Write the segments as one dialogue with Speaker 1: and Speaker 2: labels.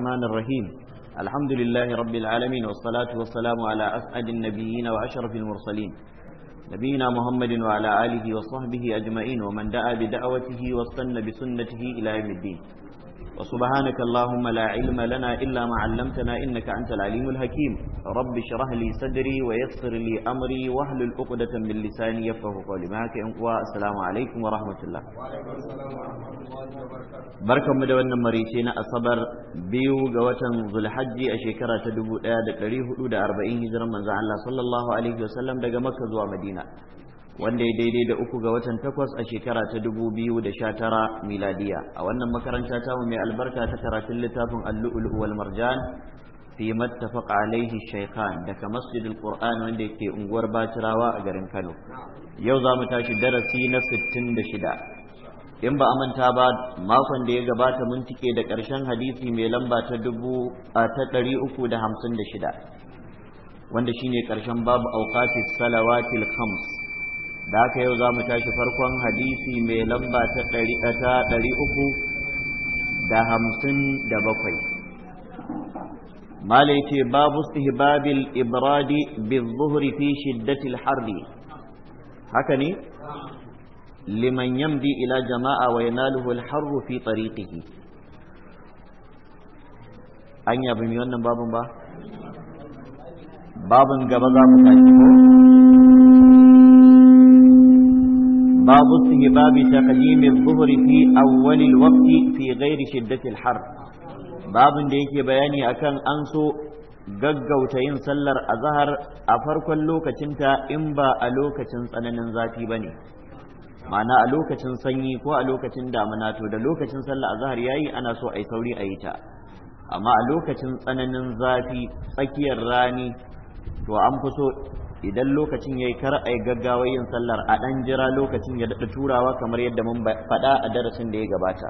Speaker 1: الرحمن الرحيم الحمد لله رب العالمين والصلاة والسلام على أسعد النبيين وأشرف المرسلين نبينا محمد وعلى آله وصحبه أجمعين ومن دعا بدعوته واستنى بسنته إلى يوم الدين وسبحانك اللهم لا علم لنا إلا ما علمتنا إنك أنت العليم الحكيم رب اشرح لي صدري ويسر لي أمري واحلل عقدة من لساني يفقه قولي معك السلام عليكم ورحمة الله
Speaker 2: وعليكم السلام ورحمة الله وبركاته بركة مدونة مريتنا أصبر بيو قوة ذو الحج أشيكرة تدبو آدك لريه أربعين هجرا من الله
Speaker 1: صلى الله عليه وسلم دقى مكة مدينة wanda ya daidai da uku ga watan takwas a shekara ta dubu biyu da sha tara miladiya a wannan makaranta ta mai albarka ta karatun littafin allu'ulu wal marjan fi mattafaqa alaihi shaykhan daga masjidil qur'an wanda yake unguwar batirawa a garin kano yau za mu tashi darasi na sittin da shida in ba a manta ba makon da ya gabata mun tike da ƙarshen hadisi mai lamba ta dubu a ta ɗari uku da hamsin da shida wanda shine ƙarshen babu auqatis salawatil khams da haka yau za mu tashi farkon hadisi mai lamba ta ɗari eh, uku da hamsin da bakwai mala ce babu istihbabil ibradi bizuhri fi shiddatil harbi haka ne liman yamdi ila jama'a wa yanaluhu al-harru fi tariqihi an yabi wannan babun ba babun gaba za mu tashi ko باب باب تقديم الظهر في أول الوقت في غير شدة الحر باب bayani akan an so gaggauta yin sallar azahar a farkon lokacinta in ba a lokacin tsananin zafi ba ne ma'ana a lokacin sanyi ko a lokacin damina to da lokacin sallar azahar yayi ana so a yi sauri a yi ta amma a lokacin tsananin zafi tsakiyar rani to an fi so idan lokacin yayi kar yi gaggawa yin sallar a dan jira lokacin ya dada turawa kamar yadda mun faɗa a darasin da ya gabata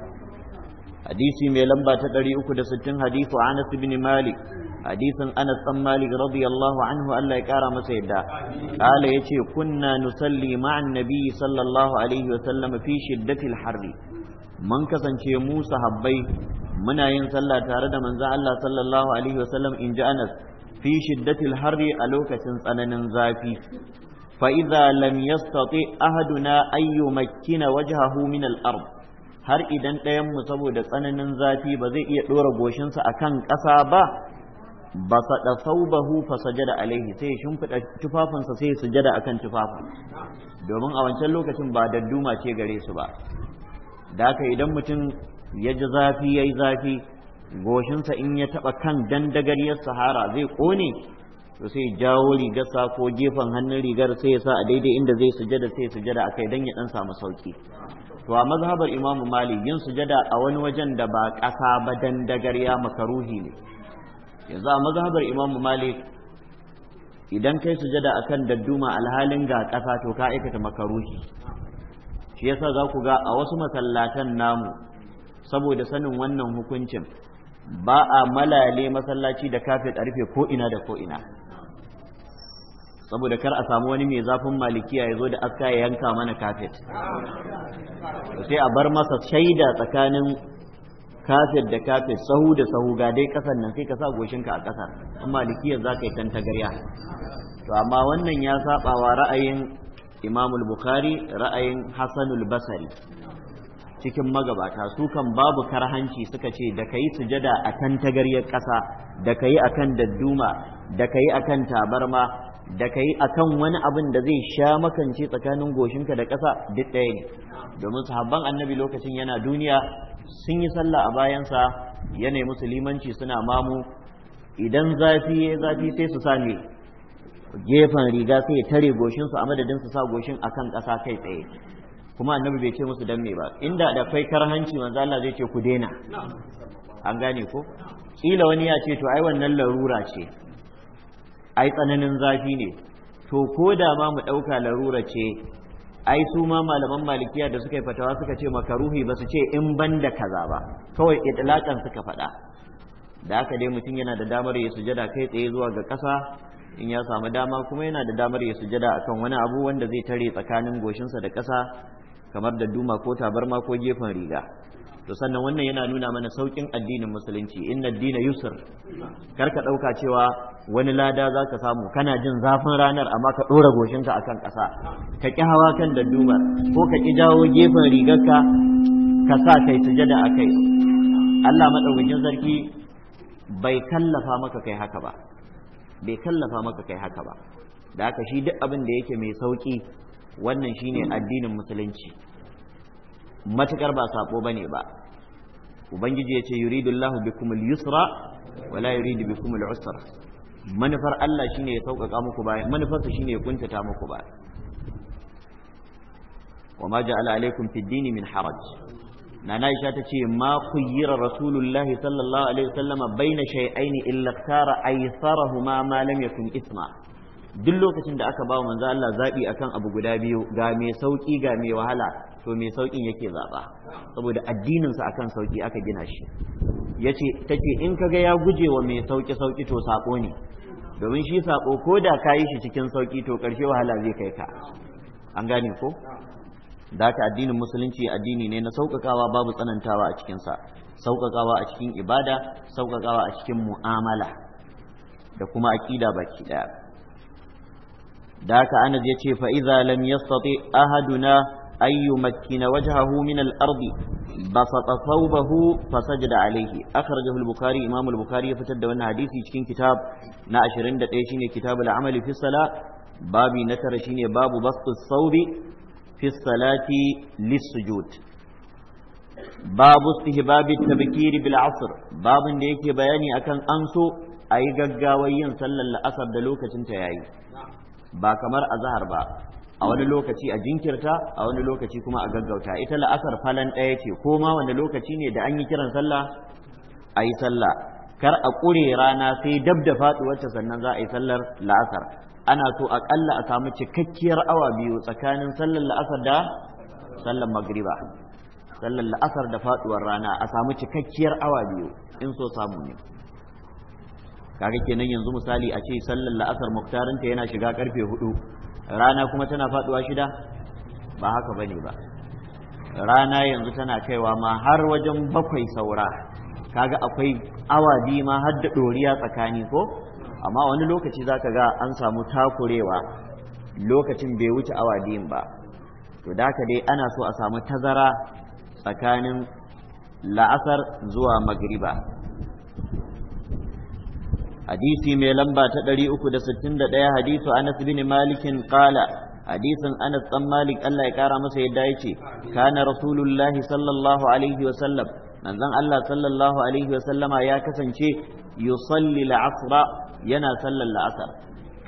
Speaker 1: hadisi mai lamba ta sittin hadisu Anas ibn Malik hadisin Anas ɗan Malik radiyallahu anhu Allah ya kara masa yadda ya ce kunna nusalli ma'an nabi sallallahu alaihi wa sallam fi shiddatil harri mun kasance mu sahabbai muna yin sallah tare da manzo Allah sallallahu alaihi wa sallam inji Anas fi shiddatil harri a lokacin tsananin zafi fa idza lam yastati ahaduna ay makina wajhahu min al-ard har idan ɗayan mu saboda tsananin zafi ba zai iya dora goshinsa akan ƙasa ba ba sada saubahu fa sajada alaihi sai shimfida tufafinsa sai sujada akan tufafin domin a wancan lokacin ba dadduma ce gare su ba da haka idan mutum ya ji zafi yayi zafi goshinsa in ya taɓa kan dandagaryar sahara zai ƙone to sai jawo rigarsa ko gefen hannun rigar sai ya sa a daidai inda zai sujada sai ya sujada akai dan ya dan samu sauki to a mazhabar imamu malik yin sujada a wani wajen da ba ƙasa ba dandagariya makaruhi ne yanzu a mazhabar imamu malik idan kai sujada akan dadduma alhalin ga ƙasa to ka aikata makaruhi shi yasa za ku ga a wasu masallatan namu saboda sanin wannan hukuncin ba a malale masallaci da kafet a rufe ko ina da ko ina saboda kar a samu wani mai zafin malikiya ya zo da aska ya yanka mana kafet sai a bar masa shaida tsakanin kafet da kafet sahu da sahu ga dai kasan nan sai ka sa goshinka a kasar in malikiya za ka yi kan gariya to amma wannan ya saba ra'ayin imamul bukhari ra'ayin hasanul basari cikin magabata su kan babu karhanci suka ce da kai sujada a kan tagaryar ƙasa da kai akan dadduma da kai akan tabarma da kai akan wani abin da zai sha makance tsakanin goshinka da ƙasa duk ɗaya ne domin sahabban annabi lokacin yana duniya sun yi sallah a bayansa yanayi musulmanci suna mamu idan zafi ya zafi sai su sa ne gefen riga sai ya tare goshinsu a madadin su sa goshin akan ƙasa kai tsaye kuma annabi bai ce musu dan me ba inda da kai karhanci manzo Allah zai ce ku daina an gane ko kila wani ya ce to ai wannan larura ce ai tsananin zafi ne to ko da ma mu dauka larura ce ai su ma malaman malikiya da suka yi fatawa suka ce makaruhi ba su ce in ban da kaza ba kawai itlaqan suka faɗa da aka dai mutum yana da damar ya sujada kai tsaye zuwa ga ƙasa in ya samu dama kuma yana da damar ya sujada akan wani abu wanda zai tare tsakanin goshinsa da ƙasa kamar da duma ko tabarma ko gefen riga to sannan wannan yana nuna mana saukin addinin musulunci inna addina yusr kar ka dauka cewa wani lada za ka samu kana jin zafin ranar amma ka dora goshinka akan ƙasa ka ki hawa kan da duma ko ka ki jawo gefen rigarka ka sa kai sujada akai Allah madaukakin sarki bai kallafa maka kai haka ba bai kallafa maka kai haka ba da haka shi duk abin da yake mai sauki wannan shine addinin musulunci matukar ba sako bane ba ubangiji yace ce yuridullahu bikum al-yusra wala yuridu bikum al-usra manufar Allah shine ya sauƙaƙa muku ba manufarsa shine ya kuntata muku ba وما ja'ala عليكم في الدين من حرج nana Aisha ta ce ma kuyyira Rasulullah sallallahu alaihi wasallam baina shay'aini illa ikhtara aysarahuma ma lam yakun isma duk lokacin da aka ba wa manzo Allah zabi akan abu guda biyu ga mai sauki ga mai wahala to mai saukin yake zaba saboda addinin sa akan sauki aka gina shi yace take in kaga ya guje wa mai sauki sauki to sako ne domin shi sako ko da kayi shi cikin sauki to karshe wahala zai kai ka an gane ko da ta addinin musulunci addini ne na sauƙaƙawa babu tsanantawa a cikinsa sauƙaƙawa a cikin ibada sauƙaƙawa a cikin mu'amala da kuma aƙida baki ɗaya da haka anas ya ce fa idza lam yastati ahaduna an yumakkina wajhahu min al-ardi basata thawbahu fasajada alayhi akhrajahu al-bukhari imam al ya fitar da wannan hadisi cikin kitab na 21 shine kitabul amali fi babi na tara shine babu bastu thawbi fi salati lis babu istihbabi at bil asr babin da yake bayani akan an so ayi gaggawar yin sallar la'asar da lokacin ta yayi ba kamar azhar ba a wani lokaci a jinkirta a wani lokaci kuma a gaggauta ita la'asar falan ɗaya ce ko ma wani lokaci ne da an yi kiran sallah a yi sallah kar a ƙure rana sai dab da faɗuwarta sannan za a yi sallar la'asar ana so aƙalla a samu cikakkiyar awa biyu tsakanin sallar la'asar da sallar magriba sallar la'asar da faɗuwar rana a samu cikakkiyar awa biyu in so samu ne kaga kenan yanzu misali a ce sallar la'asar muktarinta yana shiga karfe hudu rana kuma tana faduwa shida ba haka bane ba rana yanzu tana kaiwa ma har wajen bakwai saura kaga akwai awa biyu ma har da ɗoriya tsakani ko amma wani lokaci zaka ga an samu takurewa lokacin bai wuce awa biyun ba to da dai ana so a samu tazara tsakanin la'asar zuwa magriba hadisi mai lamba ta 361 hadisu Anas bin Malik qala hadisin Anas ɗan Malik Allah ya kara masa yadda yace kana Rasulullahi sallallahu alaihi wa sallam manzon Allah sallallahu alaihi wa sallama ya kasance yusalli al yana sallar al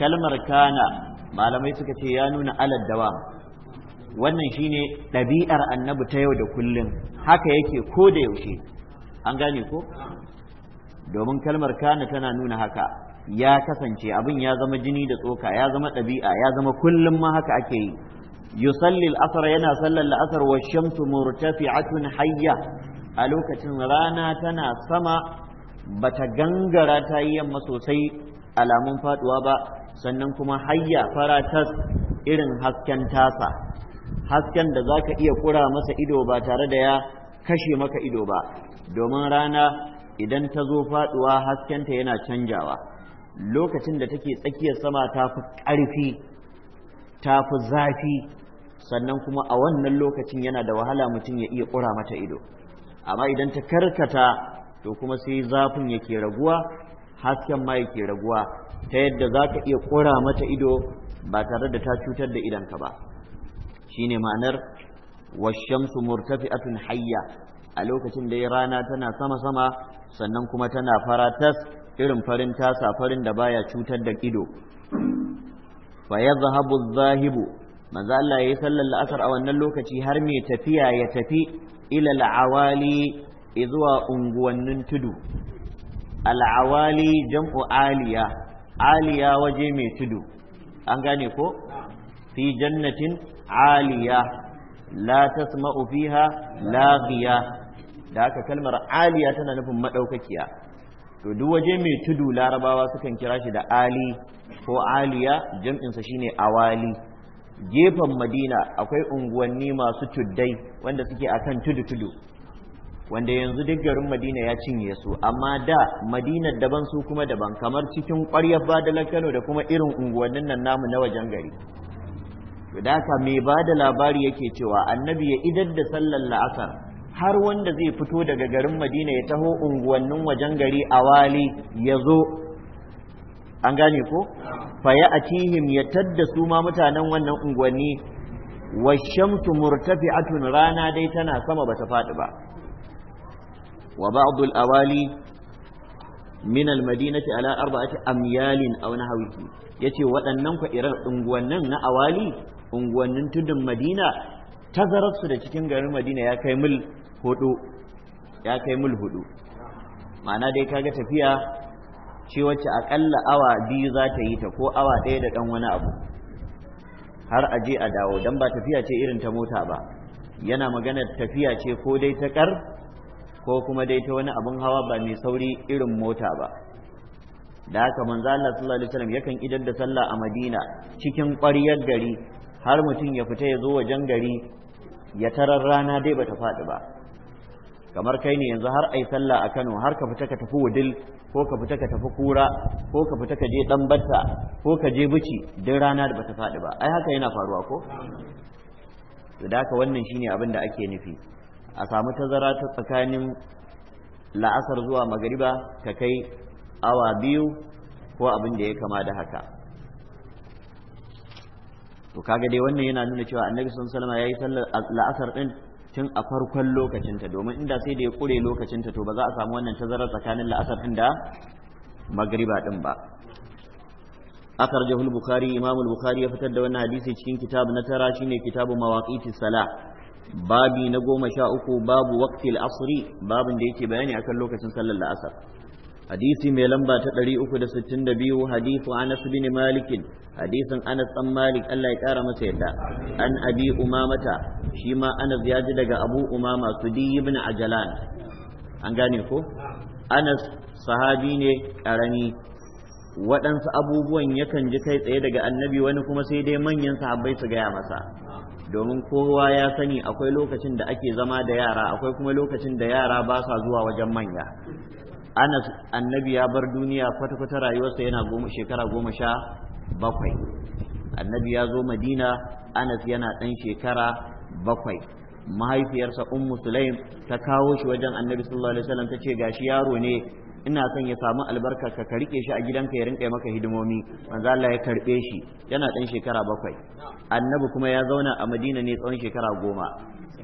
Speaker 1: kalmar kana malamai suka ce ya nuna alad dawam wannan shine ɗabi'ar annabi ta yau da kullun haka yake ko da yaushe an gane ko domin kalmar kana tana nuna haka ya kasance abin ya zama jini da tsoka ya zama ɗabi'a ya zama kullum ma haka ake yi yusalli al yana sallar la'asar wa shamsu murtafi'atun hayya a lokacin rana tana sama bata gangara ta yi yamma sosai alamun faduwa ba sannan kuma hayya faratas irin hasken tasa hasken da zaka iya kura masa ido ba tare da ya kashe maka ido ba domin rana idan ta zo faduwa haskenta yana canjawa lokacin da take tsakiyar sama ta fi ƙarfi ta fi zafi sannan kuma a wannan lokacin yana da wahala mutum ya iya ƙura mata ido amma idan ta karkata to kuma sai zafin yake raguwa hasken ma yake raguwa ta yadda za ka iya ƙura mata ido ba tare da ta cutar da idanka ba shine ma'anar washamsu murtafi'atun hayya a lokacin da ya rana tana sama-sama sannan kuma tana fara tas irin farin tasa farin da baya cutar da ido fa ya zahabu zahibu manzo Allah sallar la'asar a wannan lokaci har mai tafiya ya tafi ila al-awali zuwa unguwannin tudu al-awali jam'u aliya aliya waje mai tudu an gane ko fi jannatin aliya la tasma'u fiha laghiya da haka kalmar aliya tana nufin maɗaukakiya, to duk waje mai tudu larabawa sukan kira shi da ali ko aliya jam'insa shine awali gefen madina akwai unguwanni masu tuddai wanda suke akan tudu-tudu wanda yanzu duk garin madina ya cinye su amma da madina daban su kuma daban kamar cikin ƙwaryar badalar kano da kuma irin unguwannin nan namu na wajen gari da haka mai ba da labari yake cewa annabi ya idar da sallar la'asar har wanda zai fito daga garin madina ya taho unguwannin wajen gari a wali ya zo an gane ko faya a tihim ya tadda su ma mutanen wannan unguwanni washamsu murtafi'atun rana dai tana sama bata faɗi ba wa ba'dul awali min madinati ala arba'ati amyalin aw nahwihi yace waɗannan ku irin unguwannin na awali unguwannin tudun madina tazararsu da cikin garin madina ya kai mil hudu ya kai mil hudu ma'ana dai kaga tafiya ce wacce akalla awa biyu za ta yi ta ko awa ɗaya da ɗan wani abu har a je a dawo don ba tafiya ce irin ta mota ba yana maganar tafiya ce ko dai ta ƙar ko kuma dai ta wani abin hawa ba mai sauri irin mota ba da haka manzo Allah sallallahu alaihi wasallam yakan idar da sallah a Madina cikin ƙwaryar gari har mutum ya fita ya zo wajen gari ya tarar rana dai bata faɗi ba kamar kai ne yanzu har ai sallah a Kano har ka fita ka tafi wudil ko ka fita ka tafi kura ko ka fita ka je dan batta ko ka je bici duk rana da bata faɗi ba ai haka yana faruwa ko to da haka wannan shine abin da ake nufi a samu tazara ta tsakanin la'asar zuwa magariba ka kai awa biyu ko abin da ya kama da haka to kaga dai wannan yana nuna cewa annabi sun alaihi ya yi sallar la'asar din tun a farkon lokacinta domin inda sai da ya kure lokacinta to ba za a samu wannan tazarar tsakanin la'asar ɗin da magriba ɗin ba imamul bukhari ya fitar da wani hadisi cikin Tara shi ne kitabu مواقيت sala babi na goma sha uku babu waqtil asri babin da yake bayani akan lokacin sallar la'asar hadisi mai lamba ta 362 hadisu Anas bin Malik hadisin Anas dan Allah ya kara masa yadda an abi umamata shi ma Anas ya ji daga Abu Umama Sudi ibn Ajalan an ko Anas sahabi ne ƙarami. waɗansu abubuwan yakan ji kai tsaye daga annabi wani kuma sai dai manyan sahabbai su gaya masa domin kowa ya sani akwai lokacin da ake zama da yara akwai kuma lokacin da yara ba sa zuwa wajen manya anas annabi ya bar duniya kwata-kwata rayuwarsa yana shekara goma sha bakwai annabi ya zo madina anas yana ɗan shekara bakwai mahaifiyarsa ummu sulaim ta kawo shi wajen annabi sallallahu alaihi wasallam ta ce gashi yaro ne ina son ya samu albarka ka ka shi a gidanka ya rinka maka hidimomi manzo Allah ya karɓe shi yana ɗan shekara bakwai annabi kuma ya zauna a madina ne tsawon shekara goma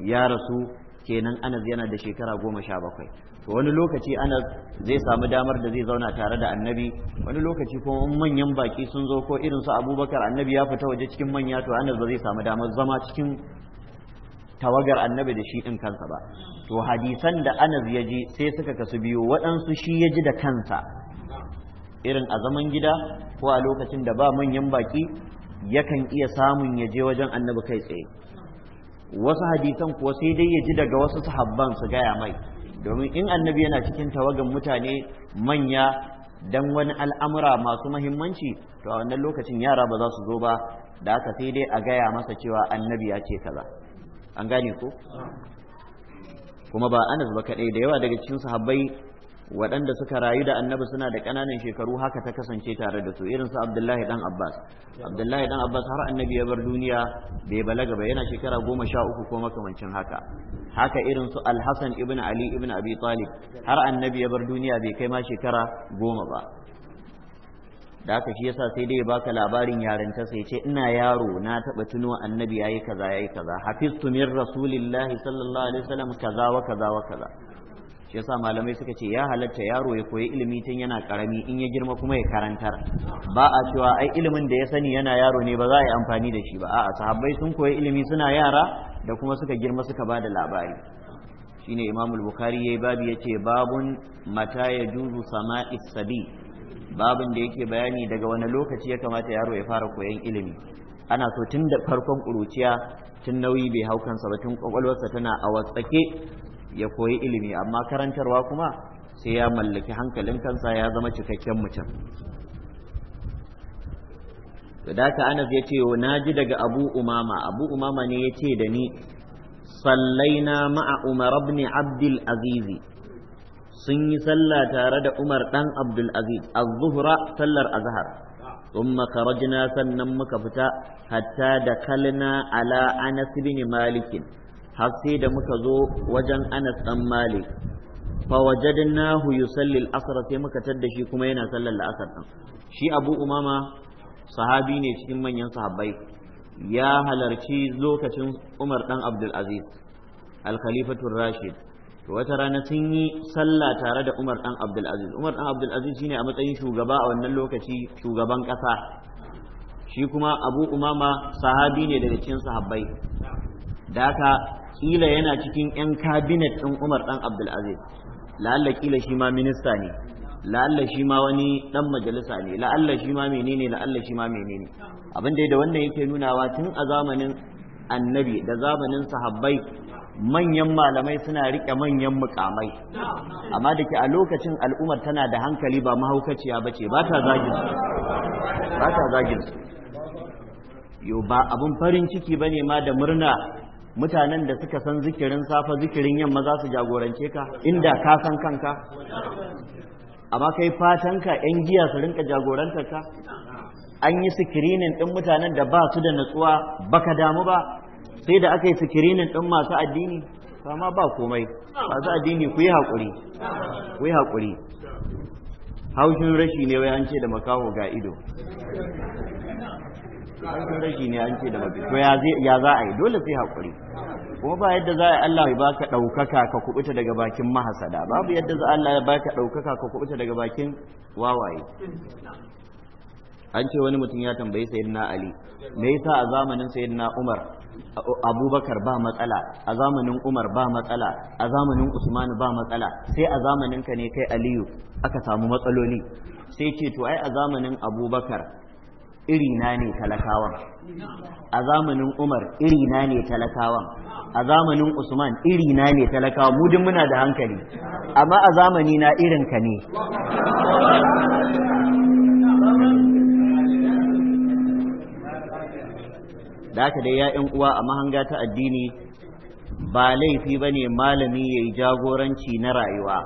Speaker 1: ya rasu kenan anas yana da shekara goma sha bakwai wani lokaci anas zai samu damar da zai zauna tare da annabi wani lokaci kuma in manyan baki sun zo ko irin su abubakar annabi ya fita waje cikin manya to anas ba zai samu damar zama cikin tawagar annabi da shi din kansa ba to hadisan da anas ya ji sai suka kasu biyu waɗansu shi ya ji da kansa irin a zaman gida ko a lokacin da ba manyan baki yakan iya samun ya je wajen annabi kai tsaye wasu hadisan kuwa sai dai ya ji daga wasu sahabban su gaya mai domin in annabi yana cikin tawagan mutane manya dan wani al'amura masu mahimmanci to a wannan lokacin yara ba za su zo ba da aka sai dai a gaya masa cewa annabi ya ce kaza an gane ko kuma ba anas ba kaɗai da yawa daga cikin sahabbai waɗanda suka rayu da annabi suna da ƙananan shekaru haka ta kasance tare da su irin su abdullahi dan abbas abdullahi dan abbas har annabi ya bar duniya bai balaga ba yana shekara goma sha uku ko makamancin haka haka irin su alhassan ibn ali ibn abi talib har annabi ya bar duniya bai kai ma shekara goma ba da haka shi yasa sai dai baka labarin yarinta sai ce ina yaro na taba tuno annabi yayi kaza yayi kaza hafiztu min rasulillahi sallallahu alaihi wasallam kaza wa kaza wa kaza shi yasa malamai suka ce ya halatta yaro ya koyi ilimi tun yana karami in ya girma kuma ya karantar ba a cewa ai ilimin da ya sani yana yaro ne ba za a yi amfani da shi ba a'a sahabbai sun koyi ilimi suna yara da kuma suka girma suka ba da labari shine imamu bukhari yayi babu ce babun mata ya juzu sama sabi babun da yake bayani daga wani lokaci ya kamata yaro ya fara koyan ilimi ana so tun da farkon ƙuruciya tun nauyi bai haukansa kansa ba tun kwakwalwarsa tana a watsake ya koyi ilimi amma karantarwa kuma sai ya mallaki hankalin kansa ya zama cikakken mutum da haka anas ya ce na ji daga abu umama abu umama ne ya ce da ni sallaina ma'a umar ibn abdul azizi sun yi sallah tare da Umar dan Abdul Aziz az-zuhra sallar azhar thumma kharajna sannan muka fita hatta da kalna ala Anas bin Malik har sai da muka zo wajen Anas dan Malik fa wajadnahu yusalli al-asr sai muka tadda shi kuma yana sallar al-asr din shi Abu Umama sahabi ne cikin manyan sahabbai ya halarci lokacin Umar dan Abdul Aziz al-Khalifatu Rashid wata rana sun yi sallah tare da Umar dan Abdul Aziz Umar dan Abdul Aziz shine a matsayin shugaba a wannan lokaci shugaban kasa shi kuma Abu Umama sahabi ne daga cikin sahabbai da haka kila yana cikin 'yan kabinet ɗin umar ɗan abdulaziz la'alla kila shi ma minista ne la'alla shi ma wani ɗan majalisa ne la'alla shi ma menene la'alla shi ma menene abin da wannan yake nunawa tun a zamanin annabi da zamanin sahabbai manyan malamai suna riƙe manyan mukamai amma da ke a lokacin al'ummar tana da hankali ba mahaukaciya ba ce ba ta zagin ba ta zagin yo ba abin farin ciki ba ne ma da murna mutanen da suka san zikirin safa zikirin yamma za su jagorance ka inda ka san kanka amma kai fatanka 'yan giya su rinka jagorantar ka an yi sikirinin ɗin mutanen da ba su da natsuwa baka damu ba sai da aka yi sikirinin ɗin masu addini kama ba komai masu addini ku yi haƙuri ku yi haƙuri haushin rashi ne wai an ce da makaho ga ido
Speaker 2: ya
Speaker 1: za a yi dole sai haƙuri kuma ba yadda za a yi Allah ya baka ɗaukaka ka kubuta daga bakin mahasada babu yadda za Allah ya baka ɗaukaka ka kubuta daga bakin wawaye an ce wani mutum ya tambayi sayyidina Ali me yasa a zamanin sayyidina Umar abubakar ba matsala a zamanin umar ba matsala a zamanin usmanu ba matsala sai a zamanin ka ne kai aliyu aka samu matsaloli sai ce to ai a zamanin abubakar irina ne talakawan a zamanin umar irina ne talakawan a zamanin usman irina ne talakawan mu muna da hankali amma a zamani na irinka ne da aka dai ya'yan uwa a mahanga ta addini ba laifi ba ne malami ya yi jagoranci na rayuwa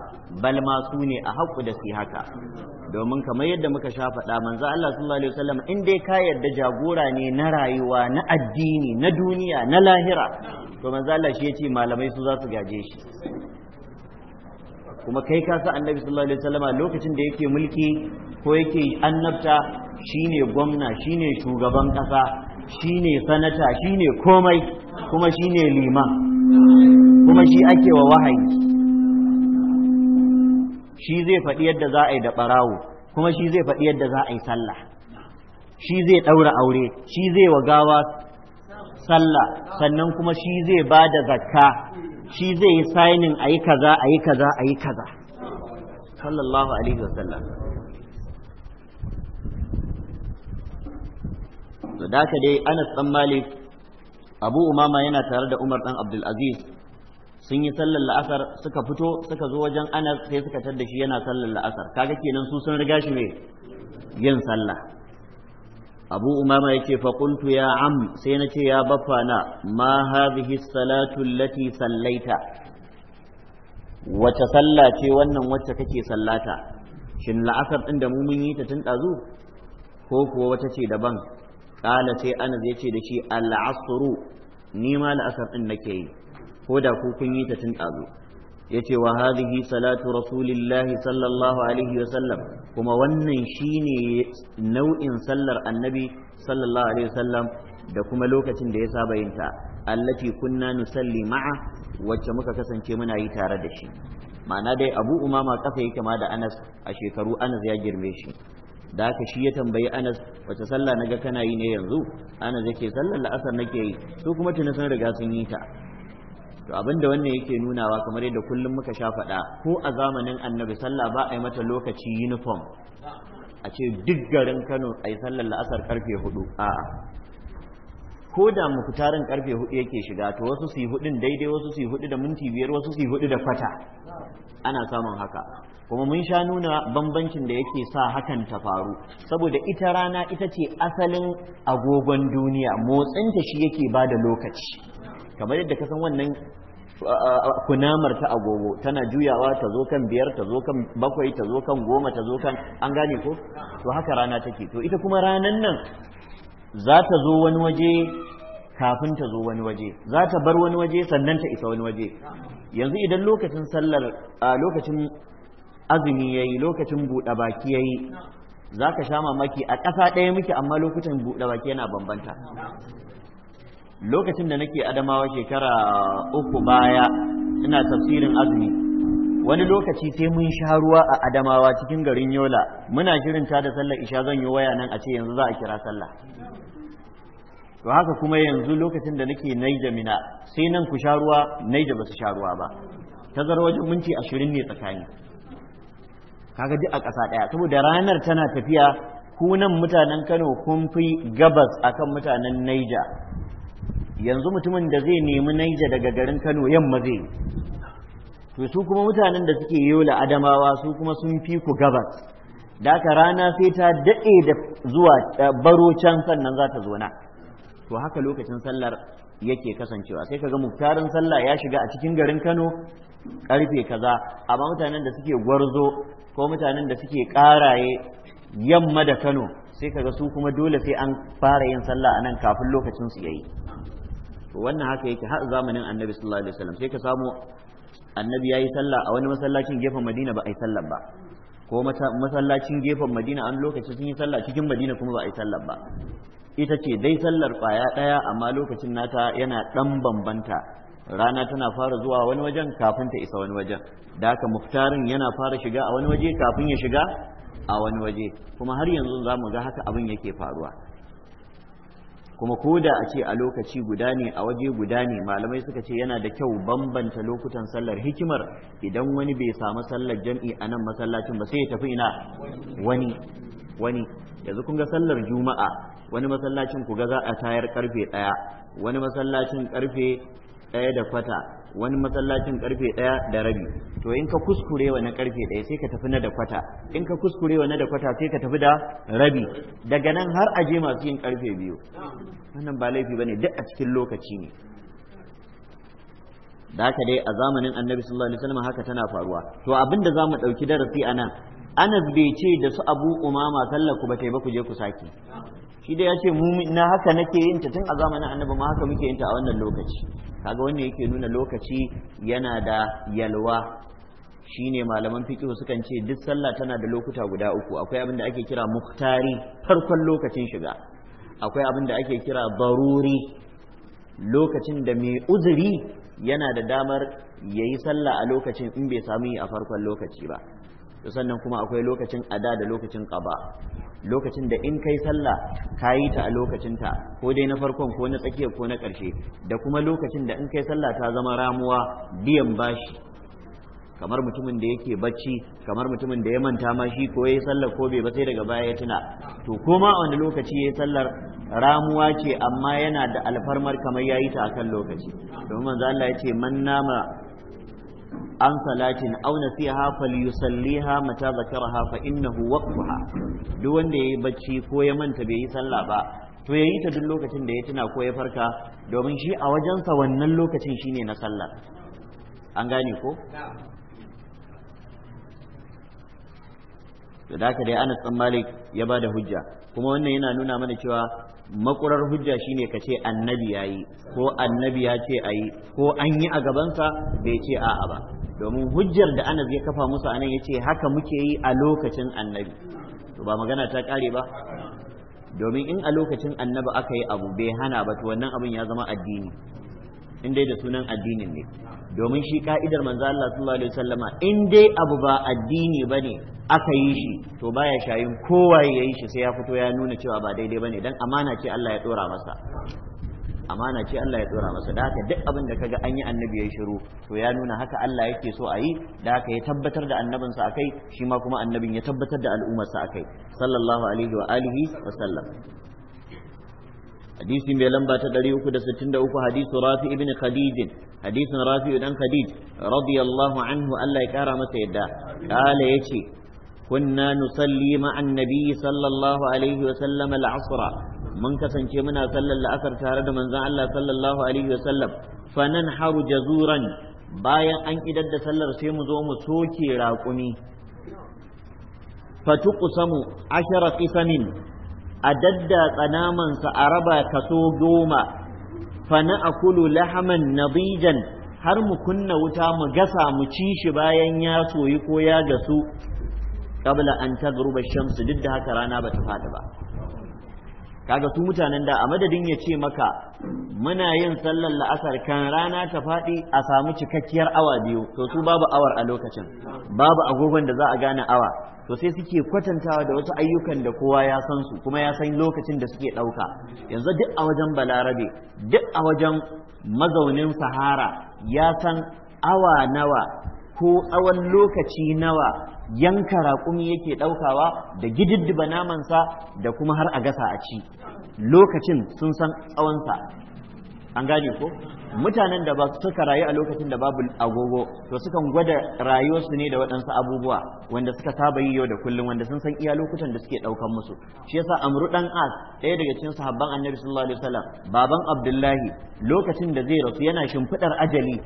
Speaker 1: balma su ne a haƙu da su haka domin kamar yadda muka sha faɗa manzo Allah sallallahu alaihi wasallam in dai ka yarda jagora ne na rayuwa na addini na duniya na lahira to manzo Allah shi yace malamai su za su gaje shi kuma kai ka sa annabi sallallahu alaihi wasallama lokacin da yake mulki ko yake annabta shine gwamna shine shugaban kasa shine sanata shine komai kuma shine liman kuma shi ake wa wahayi shi zai faɗi yadda za a yi da ɓarawo kuma shi zai faɗi yadda za a yi sallah shi zai ɗaura aure shi zai wa gawa sallah sannan kuma shi zai ba da zakka shi zai yi sainin a yi kaza a yi kaza a yi kaza sallallahu alaihi wasallam da dai anas dan malik abu umama yana tare da umar dan abdulaziz sun yi sallar la'asar suka fito suka zo wajen anas sai suka da shi yana sallar la'asar kaga kenan su sun riga shi ne yin sallah abu umama ya ce faƙuntu ya am sai na ce ya baffa na ma salatu Lati sallaita wace sallah ce wannan wacce kake sallata shin la'asar din da mu mun yi ta tun ɗazu ko kuwa wata ce daban ƙala sai anas ya ce da shi al'asru ni ma la'asar din nake yi ko da ku kun yi ta tun ɗazu ya ce wa hadhihi salatu rasulillahi sallallahu alaihi wa sallam kuma wannan shine nau'in sallar annabi sallallahu alaihi wa sallam da kuma lokacin da ya saba yin ta allati kunna nusalli ma'a wacce muka kasance muna yi tare da shi ma'ana dai abu umama kasa yake ma da anas a shekaru anas ya girme shi da haka shi ya tambayi anas wace sallah naga kana yi ne yanzu anas yake sallar la'asar nake yi su kuma tuni sun riga sun yi ta to abinda wannan yake nunawa kamar yadda kullum muka sha faɗa ko a zamanin annabi sallah ba a yi mata lokaci uniform a ce duk garin kano a yi sallar la'asar karfe hudu a'a ko da tarin karfe hudu yake shiga to wasu su yi hudun daidai wasu su yi hudu da minti biyar wasu su yi hudu da kwata ana samun haka kuma mun sha nuna bambancin da yake sa hakan ta faru saboda ita rana ita ce asalin agogon duniya motsinta shi yake ba da lokaci kamar yadda ka san wannan kunamar ta agogo tana juyawa ta zo kan biyar ta zo kan bakwai ta zo kan goma ta zo kan an gane ko to haka rana take to ita kuma ranan nan za ta zo wani waje kafin ta zo wani waje za ta bar wani waje sannan ta isa wani waje yanzu idan lokacin sallar lokacin azumi yayi lokacin buɗe baki yayi za ka sha mamaki a ƙasa ɗaya muke amma lokutan buɗe baki yana bambanta lokacin da nake adamawa shekara uku baya ina tafsirin azumi wani lokaci sai mun sha ruwa a adamawa cikin garin yola muna shirin ta da sallar isha zan yi waya nan a ce yanzu za a kira sallah to haka kuma yanzu lokacin da nake naija mina sai nan ku sha ruwa naija ba su sha ruwa ba tazar wajen minti ashirin ne tsakani kaga duk a ƙasa ɗaya saboda ranar tana tafiya kunan mutanen kano kun fi gabas akan mutanen naija yanzu mutumin da zai nemi naija daga garin kano yamma zai to su kuma mutanen da suke yola adamawa su kuma sun fi ku gabas da aka rana sai ta daɗe da zuwa baro can sannan za ta zo na to haka lokacin sallar yake kasancewa sai ka ga muktarin sallah ya shiga a cikin garin kano karfe kaza amma mutanen da suke gwarzo ko mutanen da suke ƙaraye yamma da kano sai ka ga su kuma dole sai an fara yin sallah a nan kafin lokacin su yayi wannan haka yake har zamanin annabi sallallahu alaihi wasallam sai ka samu annabi yayi sallah a wani masallacin gefen madina ba a yi ba ko masallacin gefen madina an lokaci sun yi sallah cikin madina kuma ba a yi ba ita ce dai sallar kwaya daya amma lokacin nata yana dan bambanta rana tana fara zuwa wani wajen kafin ta isa wani wajen da haka muftarin yana fara shiga a wani waje kafin ya shiga a wani waje kuma har yanzu za mu ga haka abin yake faruwa kuma ko da a ce a lokaci guda ne a waje guda ne malamai suka ce yana da kyau bambanta lokutan sallar hikimar idan wani bai samu sallar jam'i a nan masallacin ba sai ya tafi ina wani wani yanzu kun ga sallar juma'a wani masallacin ku ga za a tayar karfe ɗaya wani masallacin karfe ɗaya da kwata wani masallacin karfe daya da rabi to in ka kuskure wa na karfe ɗaya sai ka tafi na da kwata in ka kuskure wa na da kwata sai ka tafi da rabi daga nan har a je masu yin karfe biyu wannan ba laifi bane duk a cikin lokaci ne da haka dai a zamanin annabi sallallahu alaihi wasallam haka tana faruwa to abinda za mu ɗauki darasi a nan anas bai ce da su abu umama sallaku ku ba kai ba ku je ku sake shi dai ya ce mu na haka nake yin ta tun a zamanin annabi ma haka muke yin ta a wannan lokaci kaga wannan yake nuna lokaci yana da yalwa shine malaman fiqh sukan ce duk sallah tana da lokuta guda uku akwai abin da ake kira muhtari farkon lokacin shiga akwai abin da ake kira baruri lokacin da mai uzuri yana da damar yayi sallah a lokacin in bai samu a farkon lokaci ba to sannan kuma akwai lokacin ada da lokacin qaba lokacin da in kai sallah ka yi ta a lokacinta ko dai na farkon ko na tsakiya ko na ƙarshe da kuma lokacin da in kai sallah ta zama ramuwa biyan bashi kamar mutumin da yake bacci kamar mutumin da ya manta ma shi ko yayi sallar ko bai ba sai daga baya ya tuna to koma ma wani lokaci yayi sallar ramuwa ce amma yana da alfarmar kamar yayi ta akan lokaci domin manzo Allah ya ce man nama an salatin aw nasiha liyusalliha mata zakaraha fa innahu waqtuha duk wanda yayi bacci ko ya manta bai yi sallah ba to yayi ta duk lokacin da ya tuna ko ya farka domin shi a wajensa wannan lokacin shine na sallah an gane ko to da dai Anas bin Malik ya bada hujja kuma wannan yana nuna mana cewa makurar hujja shine ka ce annabi yayi ko annabi ya ce ayi ko an yi a gabansa bai ce a'a ba domin hujjar da anas ya kafa musu anan ya ce haka muke yi a lokacin annabi to ba magana ta kare ba domin in a lokacin annabi aka yi abu bai hana ba to wannan abin ya zama addini in dai da sunan addinin ne domin shi ka'idar manzo Allah sallallahu alaihi wasallama in dai abu ba addini bane aka yi shi to baya shayin kowa ya yi shi sai ya fito ya nuna cewa ba daidai bane dan amana ce Allah ya dora masa amana ce Allah ya tsora masa da haka duk abin da kaga an yi annabi ya shiru to ya nuna haka Allah yake so a yi da haka ya tabbatar da annabinsa akai shi ma kuma annabin ya tabbatar da al'ummarsa akai sallallahu alaihi wa alihi wa sallam حديث بلمبة تدريوك دستن دوك حديث رافع khadij خديج حديث رافع بن خديج رضي الله عنه ألا يكرم سيدا قال يشي كنا نصلي مع النبي صلى الله عليه وسلم العصر mun kasance muna sallar la'asar tare da manzon Allah sallallahu alaihi wa sallam fa jazuran bayan an idar da sallar sai mu zo mu soke raƙumi fa tuqsamu ashara qisamin a dadda namansa a raba kaso goma a Kulu, lahaman nadijan har mu kunna wuta mu gasa mu ci shi bayan ya soyi ko ya gasu qabla an tagruba shamsu duk da haka rana bata faɗi ba kaga su mutanen da a madadin ya ce maka muna yin sallar la'asar kan rana ta faɗi a samu cikakkiyar awa biyu to su babu awar a lokacin babu agogon da za a gane awa to sai suke kwatantawa da wasu ayyukan da kowa ya san su kuma ya san lokacin da suke ɗauka yanzu duk a wajen balarabe duk a wajen mazaunin sahara ya san awa nawa ko awan lokaci nawa yanka raƙumi yake ɗaukawa da gididdiba namansa da kuma har a gasa a ci lokacin sun san tsawonsa an gane ko mutanen da ba suka rayu a lokacin da babu agogo to sukan gwada rayuwarsu ne da waɗansu abubuwa wanda suka saba yi yau da kullum wanda sun san iya lokutan da suke ɗaukan musu shi yasa amru dan as ɗaya daga cikin sahabban annabi sallallahu alaihi wasallam baban abdullahi lokacin da zai rasu yana shimfiɗar ajali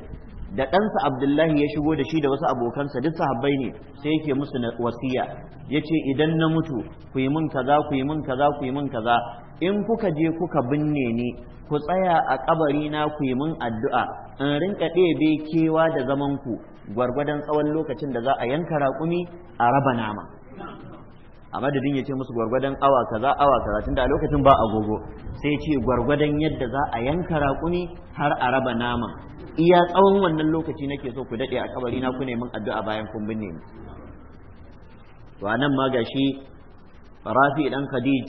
Speaker 1: da ɗansa abdullahi ya shigo da shi da wasu abokansa duk sahabbai ne sai yake musu wasiya ya ce idan na mutu ku yi mun kaza ku yi mun kaza ku yi mun kaza in kuka je kuka binne ni ku tsaya a kabari na ku yi mun addu'a in rinka ɗebe kewa da zaman ku gwargwadon tsawon lokacin da za a yanka raƙumi a raba nama a madadin ya ce musu gwargwadon awa kaza awa kaza tunda a lokacin ba agogo sai ce gwargwadon yadda za a yanka raƙumi har a raba naman iya tsawon wannan lokaci nake so ku daɗe a kabari na ku neman addu'a bayan kun binne ni to anan ma gashi rafi dan khadij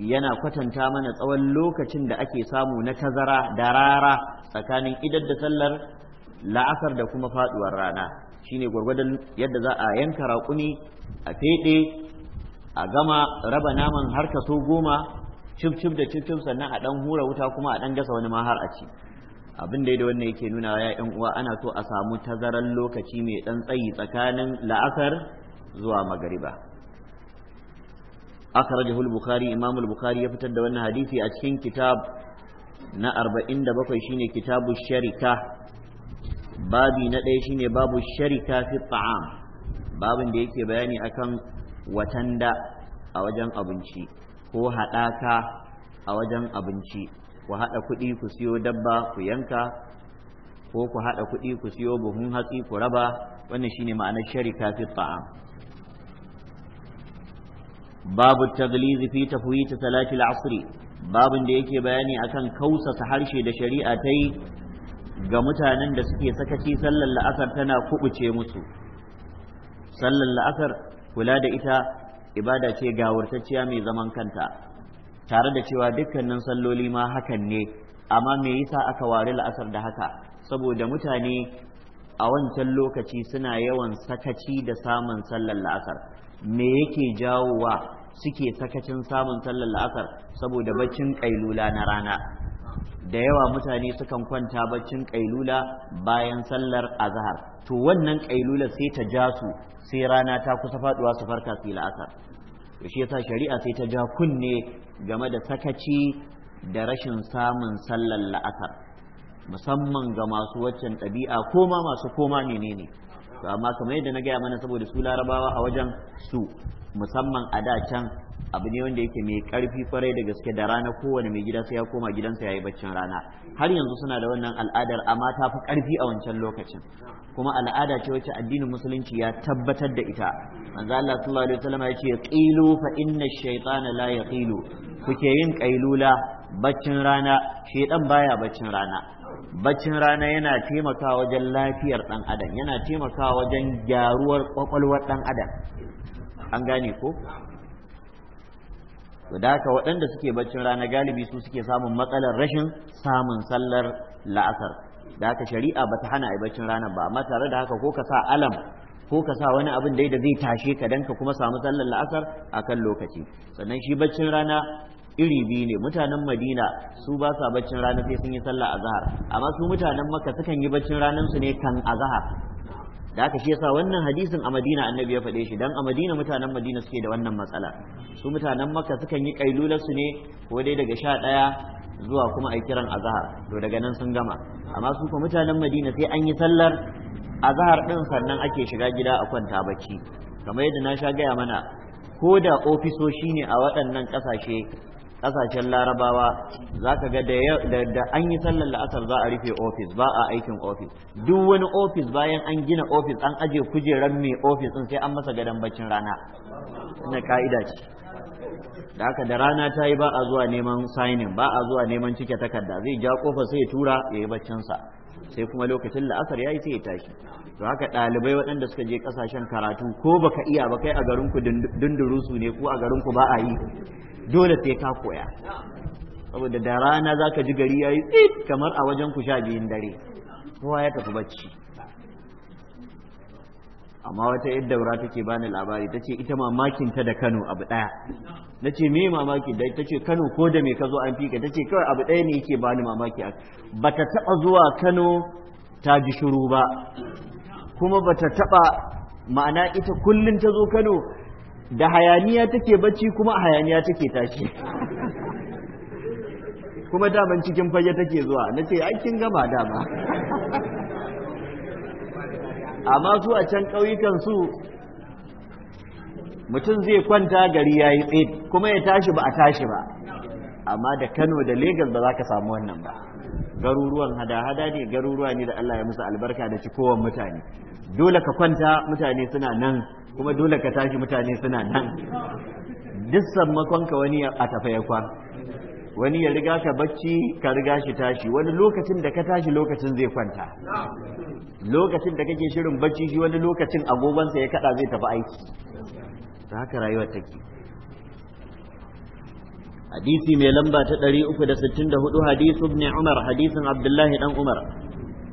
Speaker 1: yana kwatanta mana tsawon lokacin da ake samu na tazara da rara tsakanin idar da sallar la'asar da kuma faduwar rana shine gwargwadon yadda za a yanka raƙumi a feɗe a gama raba naman har kaso goma cif da cif sannan a ɗan hura wuta kuma a ɗan gasa wani ma a ci abin da wannan yake nuna ya yan uwa ana so a samu tazaran lokaci mai ɗan tsayi tsakanin la'asar zuwa magariba akhrajahu al-bukhari imam al-bukhari ya fitar da wannan hadisi a cikin kitab na 47 shine kitabu sharika babi na ɗaya shine babu sharika fi ta'am babin da yake bayani akan watanda a wajen abinci ko haɗaka a wajen abinci ku haɗa kuɗi ku siyo dabba ku yanka ko ku haɗa kuɗi ku siyo buhun hatsi ku raba wannan shine ma'anar sharika fi ta'am
Speaker 2: babu taglizi fi tafwit salati al-asr babin da yake bayani akan kausasa harshe da shari'a ta yi
Speaker 1: ga mutanen da suke sakaci sallar la'asar tana kubuce musu sallar la'asar kula da ita ibada ce gawurtacciya mai zaman kanta tare da cewa dukkanin salloli ma hakan ne amma me yasa aka ware la'asar da haka saboda mutane a wancan lokaci suna yawan sakaci da samun sallar la'asar me yake jawowa suke sakacin samun sallar la'asar saboda baccin kailula na rana da yawa mutane sukan kwanta baccin kailula bayan sallar azhar to wannan kailula sai ta ja su sai rana ta kusa faduwa su farka su la'asar to shi yasa shari'a sai ta ja kunne game da sakaci da rashin samun sallar la'asar musamman ga masu waccan ɗabi'a ko ma masu koma menene to amma kamar yadda na gaya mana saboda su larabawa a wajen su musamman a da can abu ne wanda yake mai karfi kwarai da gaske da rana kowane mai gida sai ya koma gidansa ya yi baccin rana har yanzu suna da wannan al'adar amma ta fi karfi a wancan lokacin kuma al'ada ce wacce addinin musulunci ya tabbatar da ita manzo Allah sallallahu alaihi wasallam ya ce qilu fa inna ash-shaytana la yaqilu kuke yin qailula baccin rana shedan baya baccin rana baccin rana yana taimakawa wajen lafiyar ɗan adam yana taimakawa wajen gyaruwar ƙwaƙwalwar ɗan adam an gane ko da haka waɗanda suke baccin rana galibi su suke samun matsalar rashin samun sallar la'asar da haka shari'a bata hana a baccin rana ba amma tare da haka ko ka sa alam ko ka sa wani abin dai da zai tashe ka dan ka kuma samu sallar la'asar kan lokaci sannan shi baccin rana iri biyu ne mutanen madina su ba sa baccin rana sai sun yi sallah a zahar amma su mutanen makka sukan yi baccin ranar su ne kan a zahar da aka shi yasa wannan hadisin a madina annabi ya faɗe shi dan a madina mutanen madina suke da wannan matsala su mutanen makka sukan yi kailular su ne ko dai daga sha ɗaya zuwa kuma a kiran a zahar to daga nan sun gama amma su kuma mutanen madina sai an yi sallar a zahar ɗin sannan ake shiga gida a kwanta bacci kamar yadda na sha gaya mana ko da ofisoshi ne a waɗannan ƙasashe kasashen larabawa za ka ga da an yi sallar la'asar za a rufe ofis ba a aikin ofis duk wani ofis bayan an gina ofis an aje kujerar mai ofis ɗin sai an masa gadon baccin rana na ka'ida ce da haka da rana ta yi ba a zuwa neman signing ba a zuwa neman cike takarda zai ja kofa sai ya tura ya yi baccinsa sai kuma lokacin la'asar ya yi sai ya tashi to haka ɗalibai waɗanda suka je ƙasashen karatu ko baka iya ba kai a garinku dundurusu ne ko a garinku ba a yi dole sai ka koya saboda da rana za ka ji gari ya yi tsit kamar a wajen ku sha biyun dare kowa ya tafi bacci amma wata yadda wura take bani labari ta ce ita mamakin ta da kano abu ɗaya na ce me mamaki da ta ce kano ko da me ka zo an fika ta ce kawai abu ɗaya ne yake bani mamaki ba ta taɓa zuwa kano ta ji shiru ba kuma ba ta taɓa ma'ana ita kullum ta zo kano da hayaniya take bacci kuma a hayaniya take tashi kuma daman cikin fage take zuwa na ce aikin gama dama amma su a can ƙauyukan su mutum zai kwanta gari ya yi tsaye kuma ya tashi ba a tashi ba amma da kano da Legas ba za ka samu wannan ba garuruwan hada-hada ne garuruwa ne da allah ya musu albarka da kowan mutane dole ka kwanta mutane suna nan kuma dole ka tashi mutane suna nan duk sammakon ka wani a tafaye kwan wani ya riga ka bacci ka riga shi tashi wani lokacin da ka tashi lokacin zai kwanta lokacin da kake shirin bacci shi wani lokacin agogonsa ya kada zai tafi aiki ta haka rayuwar take hadisi mai lamba ta 364 hadisu ibn umar hadisin abdullahi dan umar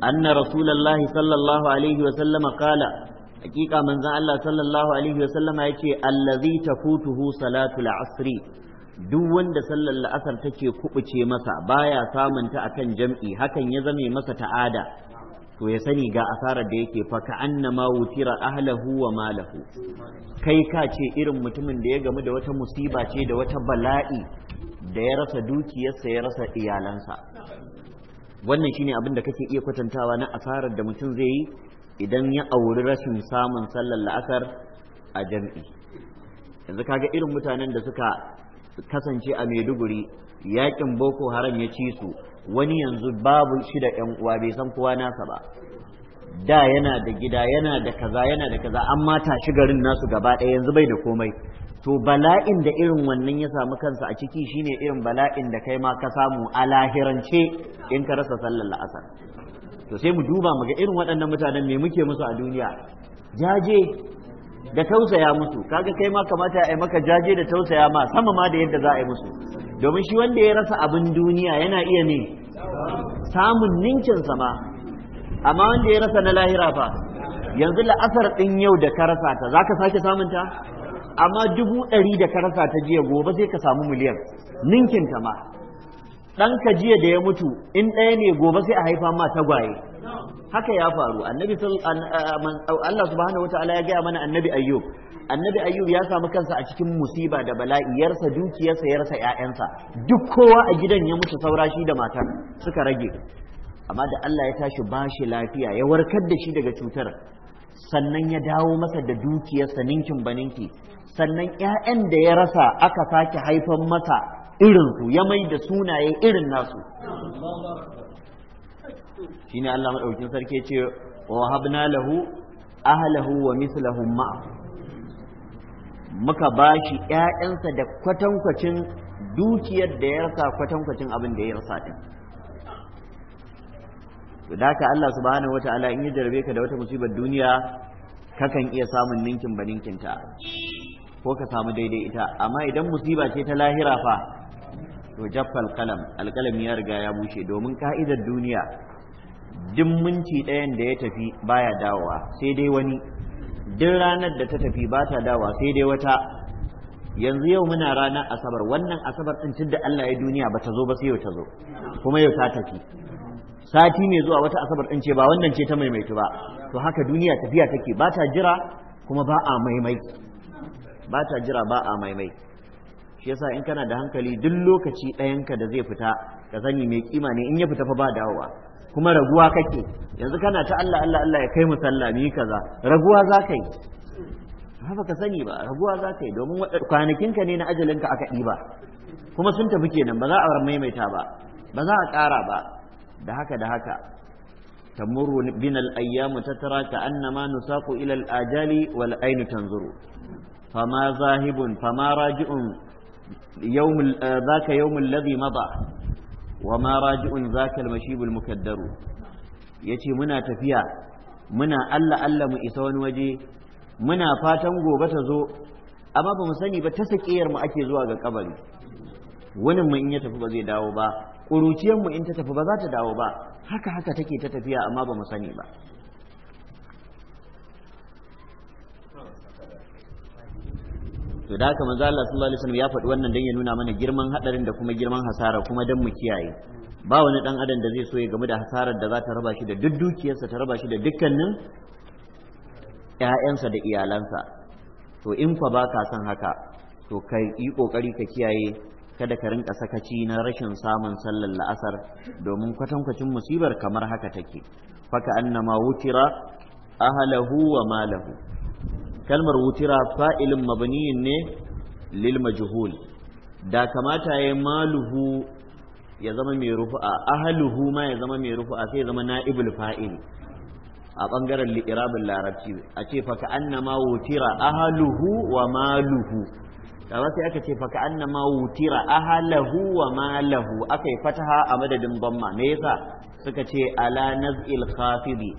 Speaker 1: anna rasulullahi sallallahu alaihi wa sallama qala hakika manzan Allah sallallahu alaihi wasallama yace allazi tafutuhu salatu asri duk wanda sallar la'asar take kubuce masa baya samun ta akan jam'i hakan ya zame masa ta'ada to ya sani ga asarar da yake fa ka annama wutira ahlahu wa malahu kai ka ce irin mutumin da ya gamu da wata musiba ce da wata bala'i da ya rasa dukiyarsa ya rasa iyalansa wannan shine abin da kake iya kwatantawa na asarar da mutum zai yi idan ya auri rashin samun sallar la'asar a jam'i yanzu kaga irin mutanen da suka kasance a maiduguri yakin boko haram ya ci su wani yanzu babu shi da yan uwa bai san kowa nasa ba da yana da gida yana da kaza yana da kaza amma tashi shi garin nasu gaba ɗaya yanzu bai da komai to bala'in da irin wannan ya samu kansa a ciki shine irin bala'in da kai ma ka samu a lahirance in ka rasa sallar la'asar to sai mu duba mu ga irin waɗannan mutanen me muke musu a duniya jaje da tausaya musu kaga kai ma kamata a yi maka jaje da tausaya ma sama ma da yadda za a yi musu domin shi wanda ya rasa abin duniya yana iya ne samun ninkin sama amma wanda ya rasa na lahira fa yanzu la'asar ɗin yau da ka rasa ta za ka sake samun ta amma dubu ɗari da ka rasa ta jiya gobe sai ka samu miliyan ninkin ta ma ɗanka jiya da ya mutu in ɗaya ne gobe sai a haifa ma tagwaye haka ya faru annabi Allah subhanahu ta'ala ya gaya mana annabi ayyub annabi ayyub ya samu kansa a cikin musiba da bala'i yarsa dukiyarsa yarsa ƴaƴansa duk kowa a gidan ya mutu saura shi da matar suka rage amma da Allah ya tashi bashi lafiya ya warkar da shi daga cutar sannan ya dawo masa da dukiyarsa ninkin baninki sannan ƴaƴan da ya rasa aka sake haifan masa irinsu ya mai da sunaye irin nasu shine Allah maɗaukin sarki ce wa habna lahu ahlahu wa mislahum ma muka bashi ƴaƴansa da kwatankwacin dukiyar da ya rasa kwatankwacin abin da ya rasa din to haka Allah subhanahu wataala in ya jarabe ka da wata musibar duniya kakan iya samun ninkin ba ko ka samu daidai ita amma idan musiba ce ta lahira fa to jaffal kalam alkalami ya riga ya bushe domin ka'idar duniya duk minti ɗayan da ya tafi baya dawowa sai dai wani duk ranar da ta tafi ba ta dawowa sai dai wata yanzu yau muna ranar asabar wannan asabar ɗin tun da Allah ya duniya ba ta zo ba sai yau ta zo
Speaker 2: kuma yau ta tafi
Speaker 1: sati ne zuwa wata asabar ɗin ce ba wannan ce ta maimaitu ba to haka duniya tafiya take ba ta jira kuma ba a maimai ba ta jira ba a maimai shi yasa in kana da hankali duk lokaci ɗayanka da zai fita ka sani mai kima ne in ya fita fa ba dawowa kuma raguwa kake yanzu kana ta Allah Allah Allah ya kai mu sallah kaza raguwa za ka yi ka sani ba raguwa za ka yi domin ka ne na ajalinka aka ɗiba kuma sun tafi kenan ba za a maimaita ba ba za a ƙara ba da haka da haka تمر بنا الأيام ayyamu كأنما نساق إلى الآجال ila تنظر ajali ذاهب فما tanzuru zahibun raji'un يوم ذاك يوم الذي مضى وما راجع ذاك المشيب المكدر yace muna tafiya muna Allah Allah mu isa wani waje muna fatan gobe ta zo amma ba mu sani ba ta sakiyar mu ake zuwa ga kabari wani mu in ya tafi ba zai dawo ba ƙuruciyar mu in ta tafi ba za dawo ba haka haka take ta tafiya amma ba mu sani ba to da haka manzo Allah sallallahu alaihi wasallam ya faɗi wannan dan ya nuna mana girman hadarin da kuma girman hasara kuma dan mu kiyaye ba wani dan adam da zai so ya gamu da hasarar da za ta raba shi da duk dukiyarsa ta raba shi da dukkanin ƴaƴansa da iyalansa to in fa ba ka san haka to kai yi kokari ka kiyaye kada ka rinka sakaci na rashin samun sallar la'asar domin kwatankwacin musibar kamar haka take faka annama wutira ahlahu wa malahu kalmar wutira fa'ilin mabniyin ne lil majhul da kamata ya maluhu ya zama mai rufu'a ahaluhu ma ya zama mai rufu'a sai ya zama na'ibul fa'il a ɓangaren li'irabin larabci a ce fa ka ma wutira ahaluhu wa maluhu kaza sai aka ce fa ka ma wutira ahalahu wa malahu aka yi fataha a madadin bamma me yasa suka ce ala naz'il khafidi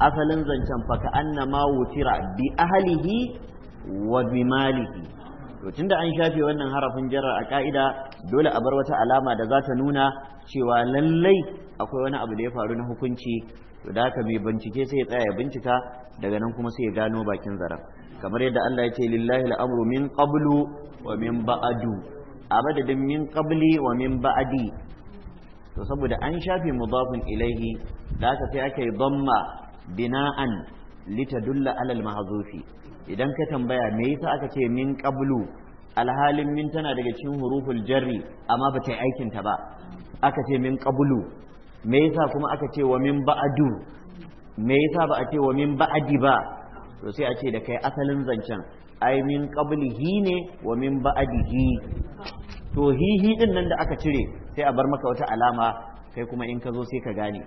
Speaker 1: asalin zancen fa annama wutira bi ahlihi wa bi malihi to tunda an shafe wannan harafin jarar a ka'ida dole a bar wata alama da za ta nuna cewa lallai akwai wani abu da ya faru na hukunci to da ka mai bincike sai ya tsaya ya bincika daga nan kuma sai ya gano bakin zarar kamar yadda Allah ya ce lillahi al'amru min qablu wa min ba'adu a min qabli wa min ba'adi to saboda an shafe mudafin ilaihi da haka sai aka yi bina'an lita litadulla alal mahzufi idan ka tambaya me yasa aka ce min qablu alhalin min tana daga cikin huruful jarri amma ba ta yi aikin ta ba aka ce min qablu me yasa kuma aka ce wa min ba'du me yasa ba a ce wa min ba'di ba to sai a ce da kai asalin zancen ai min qablihi ne wa min ba'dihi to hi hi din nan da aka cire sai a bar maka wata alama kai kuma in ka zo sai ka gane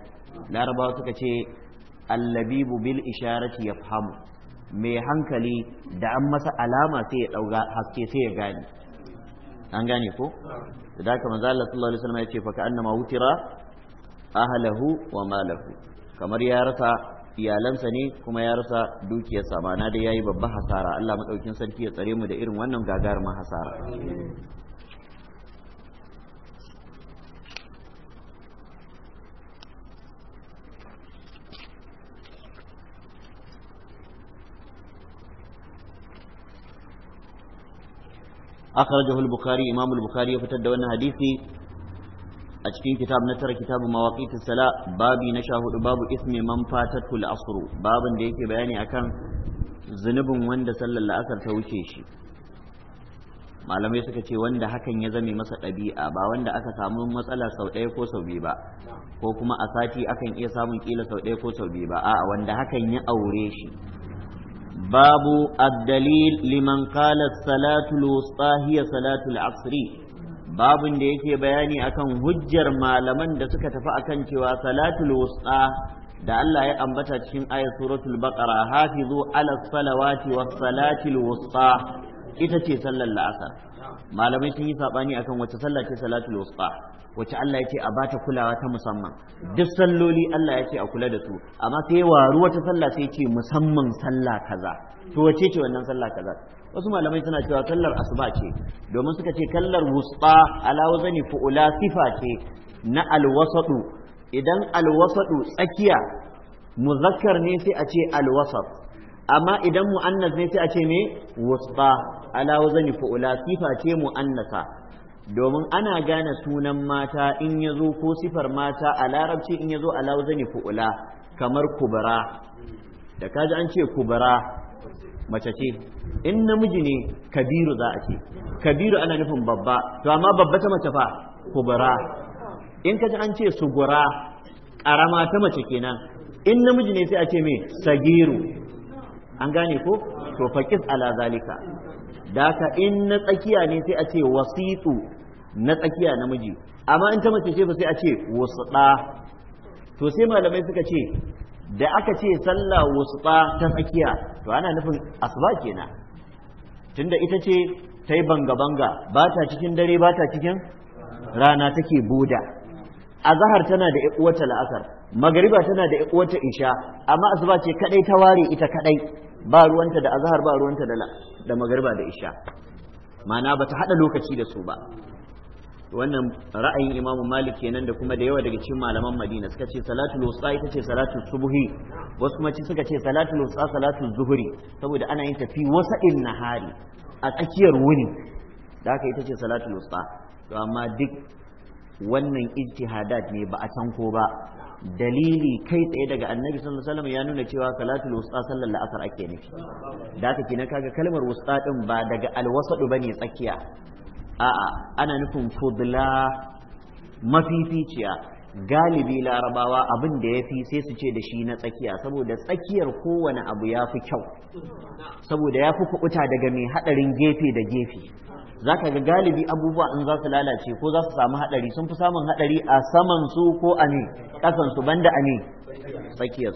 Speaker 1: larabawa suka ce allabibu bil isharati yafhamu mai hankali da an masa alama sai ya dauga haske sai ya gane an gane ko da haka manzo Allah sallallahu alaihi wasallam ya ce fa ka annama wutira ahlahu wa malahu kamar ya rasa iyalansa ne kuma ya rasa dukiyarsa ma'ana da yayi babban hasara Allah madaukin sarki ya tsare mu da irin wannan gagarumar hasara akhrajahu al-bukhari imam bukhari ya fitar da wannan hadisi a cikin kitab na tara kitabu mawaqitu sala babi na sha hudu babu ismi man fatatu al-asr babin da yake bayani akan zunubin wanda sallar la'asar ta wuce shi malamai suka ce wanda hakan ya zame masa ɗabi'a ba wanda aka samu matsala sau ɗaya ko sau ba ko kuma a sati akan iya samun kila sau ɗaya ko sau ba a'a wanda hakan ya aure shi باب الدليل لمن قال الصلاة الوسطى هي صلاة العصر باب da yake bayani akan hujjar malaman da suka tafi akan cewa salatul wusta da Allah ya ambata cikin ayat suratul baqara hafizu ala salawati was salatil wusta ita ce sallar la'asar malamai sun yi sabani akan wace sallah ce salatul wusta wacce Allah ya ce a bata kulawa ta musamman duk salloli Allah ya ce a kula da su amma sai ya waru wata sallah sai ce musamman sallah kaza to wace ce wannan sallah kaza wasu malamai suna cewa kallar asuba ce domin suka ce kallar wusta ala wazani fu'ula sifa ce na alwasatu idan alwasatu tsakiya muzakkar ne sai a ce alwasat amma idan mu'annas ne sai a ce me wusta ala wazani fu'ula sifa ce mu'annasa domin ana gane sunan mata in ya zo ko sifar mata a larabci in ya zo a lauzani fu'ula kamar kubara da kaji an ce kubara mace ce in namiji ne kabiru za a ce kabiru ana nufin babba to amma babba ta mace fa kubara in kaji an ce sugura karama ta mace kenan in namiji ne sai a ce me sagiru an gane ko to faqis ala zalika da haka in na tsakiya ne sai a ce wasitu na tsakiya namiji amma in ta mace ce ba sai a ce wasuɗa to sai malamai suka ce da aka ce sallah wasuɗa ta tsakiya to ana nufin asuba kenan tunda ita ce ta yi banga-banga ba ta cikin dare ba ta cikin rana take boda azahar tana da wata la'asar magariba tana da wata isha amma asuba ce kadai ta ware ita kadai ba ruwanta da Azahar ba ruwanta da da magariba da isha ma'ana ba ta hada lokaci da su ba wannan ra'ayin imam malik kenan da kuma da yawa daga cikin malaman madina suka ce salatul wusta ita ce salatul subhi wasu kuma suka ce salatul wusta salatu zuhri saboda ana yin tafi in nahari a tsakiyar wuni da haka ita ce salatul wusta to amma duk wannan ijtihadat ne ba a tanko ba dalili kai tsaye daga annabi sallallahu alaihi wasallam ya nuna cewa salatul wusta sallar la'asar ake nufi da haka kina kaga kalmar wusta din ba daga alwasadu bane tsakiya a'a ana nufin fudla mafificiya galibi larabawa abin da ya fi sai su ce da shi na tsakiya saboda tsakiyar kowane abu ya fi kyau saboda ya fi kubuta daga mai hadarin gefe da gefe za ka ga galibi abubuwa in za su lalace ko za su samu haɗari sun fi samun haɗari a saman su ko a ne ƙasan banda a ne tsakiyar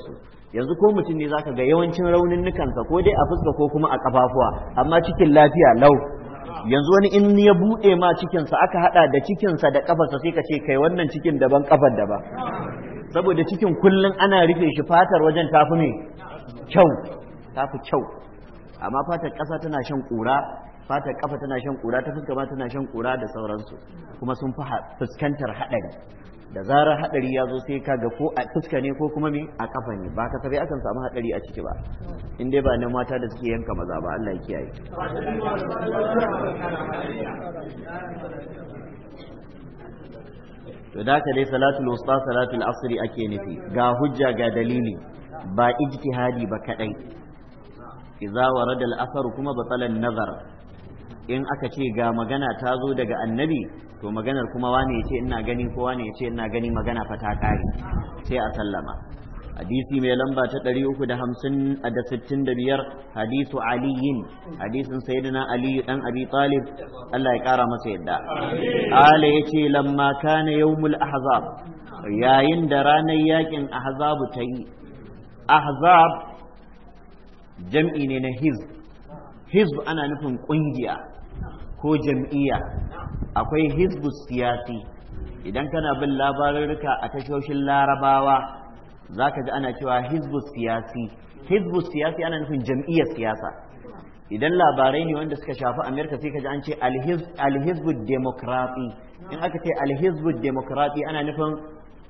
Speaker 1: yanzu ko mutum ne za ka ga yawancin raunin nukansa ko dai a fuska ko kuma a ƙafafuwa amma cikin lafiya lau yanzu wani in ya buɗe ma cikinsa aka haɗa da cikinsa da ƙafarsa sai ka ce kai wannan cikin daban ƙafar daban saboda cikin kullum ana rufe shi fatar wajen tafi ne kyau tafi kyau amma fatar ƙasa tana shan ƙura fatar kafa tana shan kura ta fuska ma tana shan kura da sauransu kuma sun fi fuskantar haɗari da zarar haɗari ya zo sai kaga ko a fuska ne ko kuma me a kafa ne ba ka sabai akan samu haɗari a ciki ba in dai ba na mata da suke yanka maza ba Allah ya kiyaye
Speaker 2: to da ka dai salatul
Speaker 1: wusta salatul asri ake nufi ga hujja ga dalili ba ijtihadi ba kadai idza warada al-athar kuma batalan nazar in aka ce ga magana ta zo daga annabi to maganar kuma wane ya ce ina gani ko wane ya ce ina gani magana fa ta kare sai a sallama hadisi mai lamba ta 365 hadisu aliyin hadisin sayyidina ali dan abi talib Allah ya kara masa yadda ala yace lamma kana yawmul ahzab yayin da ranar yakin ahzabu ta yi ahzab jam'i ne na hizb hizb ana nufin kungiya ko jam'iyya akwai hizbus siyasi idan kana bin labarurka a tashoshin larabawa za ka ji ana cewa hizbus siyasi hizbus siyasi ana nufin jam'iyya siyasa idan labarai ne wanda suka shafi amerika sai ka ji an ce alhizbud demokrati in aka ce alhizbud demokrati ana nufin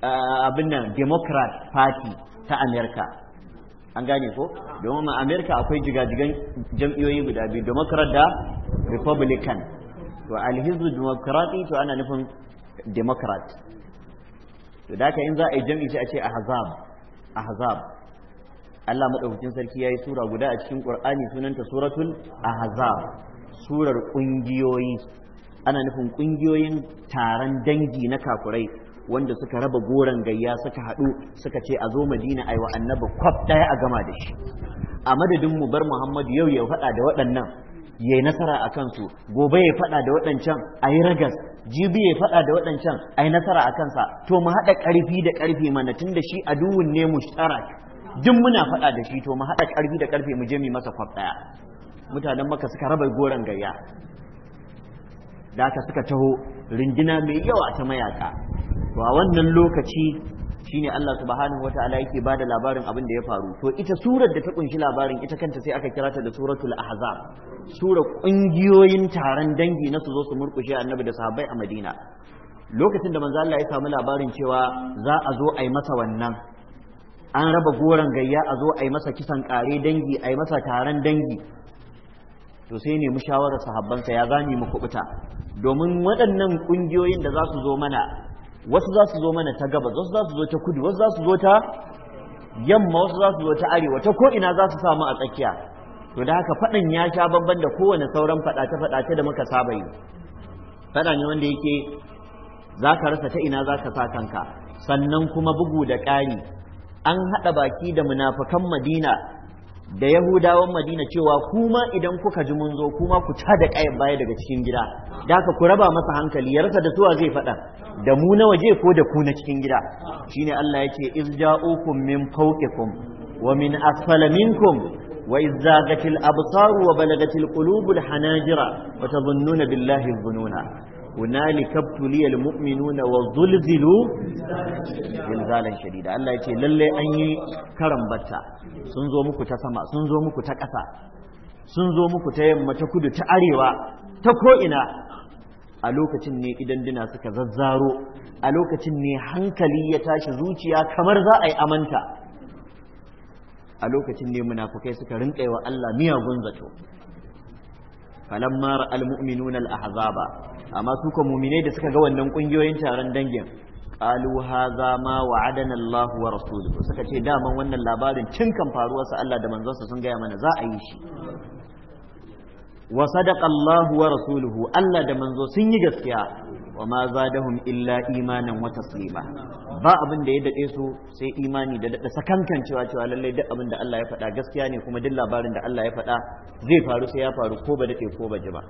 Speaker 1: ah, abin nan democrat party ta amerika an gane ko domin a america akwai jigajigan jam'iyoyi guda biyu democrat da republican to alhizbu demokrati to ana nufin democrat to da in za a yi jam'i sai a ce ahzab ahzab Allah madaukakin sarki yayi sura guda a cikin Qur'ani sunanta suratul ahzab surar kungiyoyi ana nufin kungiyoyin taron dangi na kakurai wanda suka raba goron gayya suka haɗu suka ce a zo madina a yi wa annabi kwaf ɗaya a gama da shi a madadin mu bar muhammadu yau ya faɗa da waɗannan ya yi nasara a kansu gobe ya faɗa da waɗancan a yi ragas jibi ya faɗa da waɗancan a yi nasara a kansa to mu haɗa ƙarfi da ƙarfi mana tun da shi aduwun ne tsara duk muna faɗa da shi to mu haɗa ƙarfi da ƙarfi mu je mu masa kwaf ɗaya mutanen maka suka raba goron gayya da aka suka taho rindina mai yawa ta mayaka to a wannan lokaci shine Allah subhanahu wataala yake bada labarin abin da ya faru to ita surar da ta kunshi labarin ita kanta sai aka kira ta da suratul ahzab sura kungiyoyin taron dangi na su zo su murkushe annabi da sahabbai a Madina lokacin da manzo Allah ya samu labarin cewa za a zo a yi masa wannan an raba goron gayya a zo a yi masa kisan kare dangi a yi masa taron dangi to sai nemi shawarar sahabbansa ya gani mu kubuta domin waɗannan kungiyoyin da za su zo mana wasu za su zo mana ta gaba wasu za su zo ta kudu wasu za su zo ta yamma wasu za su zo ta arewa ta ko'ina za su samu a tsakiya to da haka faɗan ya sha bambam da kowane sauran faɗace-faɗace da muka saba yi faɗa ne wanda yake za ka rasa ta ina za ka sa kanka sannan kuma bugu da ƙari an haɗa baki da munafukan madina da yahudawan madina cewa kuma idan kuka ji mun zo kuma ku ta da kayan baya daga cikin gida da haka ku raba masa hankali ya rasa da suwa zai faɗa da mu na waje ko da ku na cikin gida shine Allah ya ce iz ja'ukum min fawqikum wa min asfala minkum wa iz zagatil absar wa balagatil qulubul hanajira wa tadhunnuna billahi dhununa hunalika tuliyal mu'minuna wa zulzilu zilzalan shadida Allah ya ce lalle an yi karan bacca sun zo muku ta sama sun zo muku ta ƙasa sun zo muku ta yamma ta kudu ta arewa ta ko'ina a lokacin ne idan dina suka zazzaro a lokacin ne hankali ya tashi zuciya kamar za a yi amanta a lokacin ne munafukai suka rinƙaiwa wa Allah miyagun zato falamma ra'al mu'minuna al-ahzaba amma su mu'minai da suka ga wannan kungiyoyin taron dangin qalu hadha ma wa'adana wa rasuluhu suka ce daman wannan labarin tun kan faruwarsa Allah da manzonsa sun gaya mana za a yi shi wa sadaqa Allahu wa rasuluhu Allah da manzo sun yi gaskiya wa ma zadahum illa imanan wa taslima ba abin da ya dade su sai imani da dada sakankan cewa cewa lallai duk abin da Allah ya faɗa gaskiya ne kuma duk labarin da Allah ya faɗa zai faru sai ya faru ko ba dade ko ba ji ba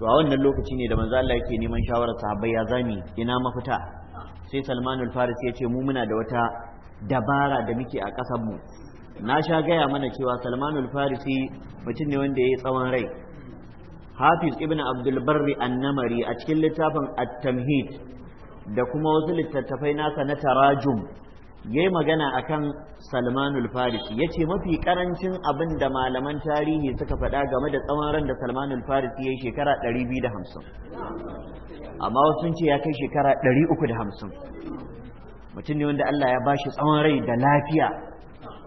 Speaker 1: to a wannan lokaci ne da manzo Allah yake neman shawarar sahabbai ya zani ina mafita sai salmanul farisi ya ce mu muna da wata dabara da muke a ƙasar mu na sha gaya mana cewa salmanul farisi mutum ne wanda ya yi tsawon rai hafiz ibn abdulbarri annamari a cikin littafin at-tamhid da kuma wasu littattafai nasa na tarajum ya yi magana akan salmanul farisi ya ce mafi karancin abin da malaman tarihi suka faɗa game da tsawon ran da salmanul farisi ya yi shekara 250 amma wasu sun ce ya kai shekara 350 mutum ne wanda Allah ya ba shi tsawon rai da lafiya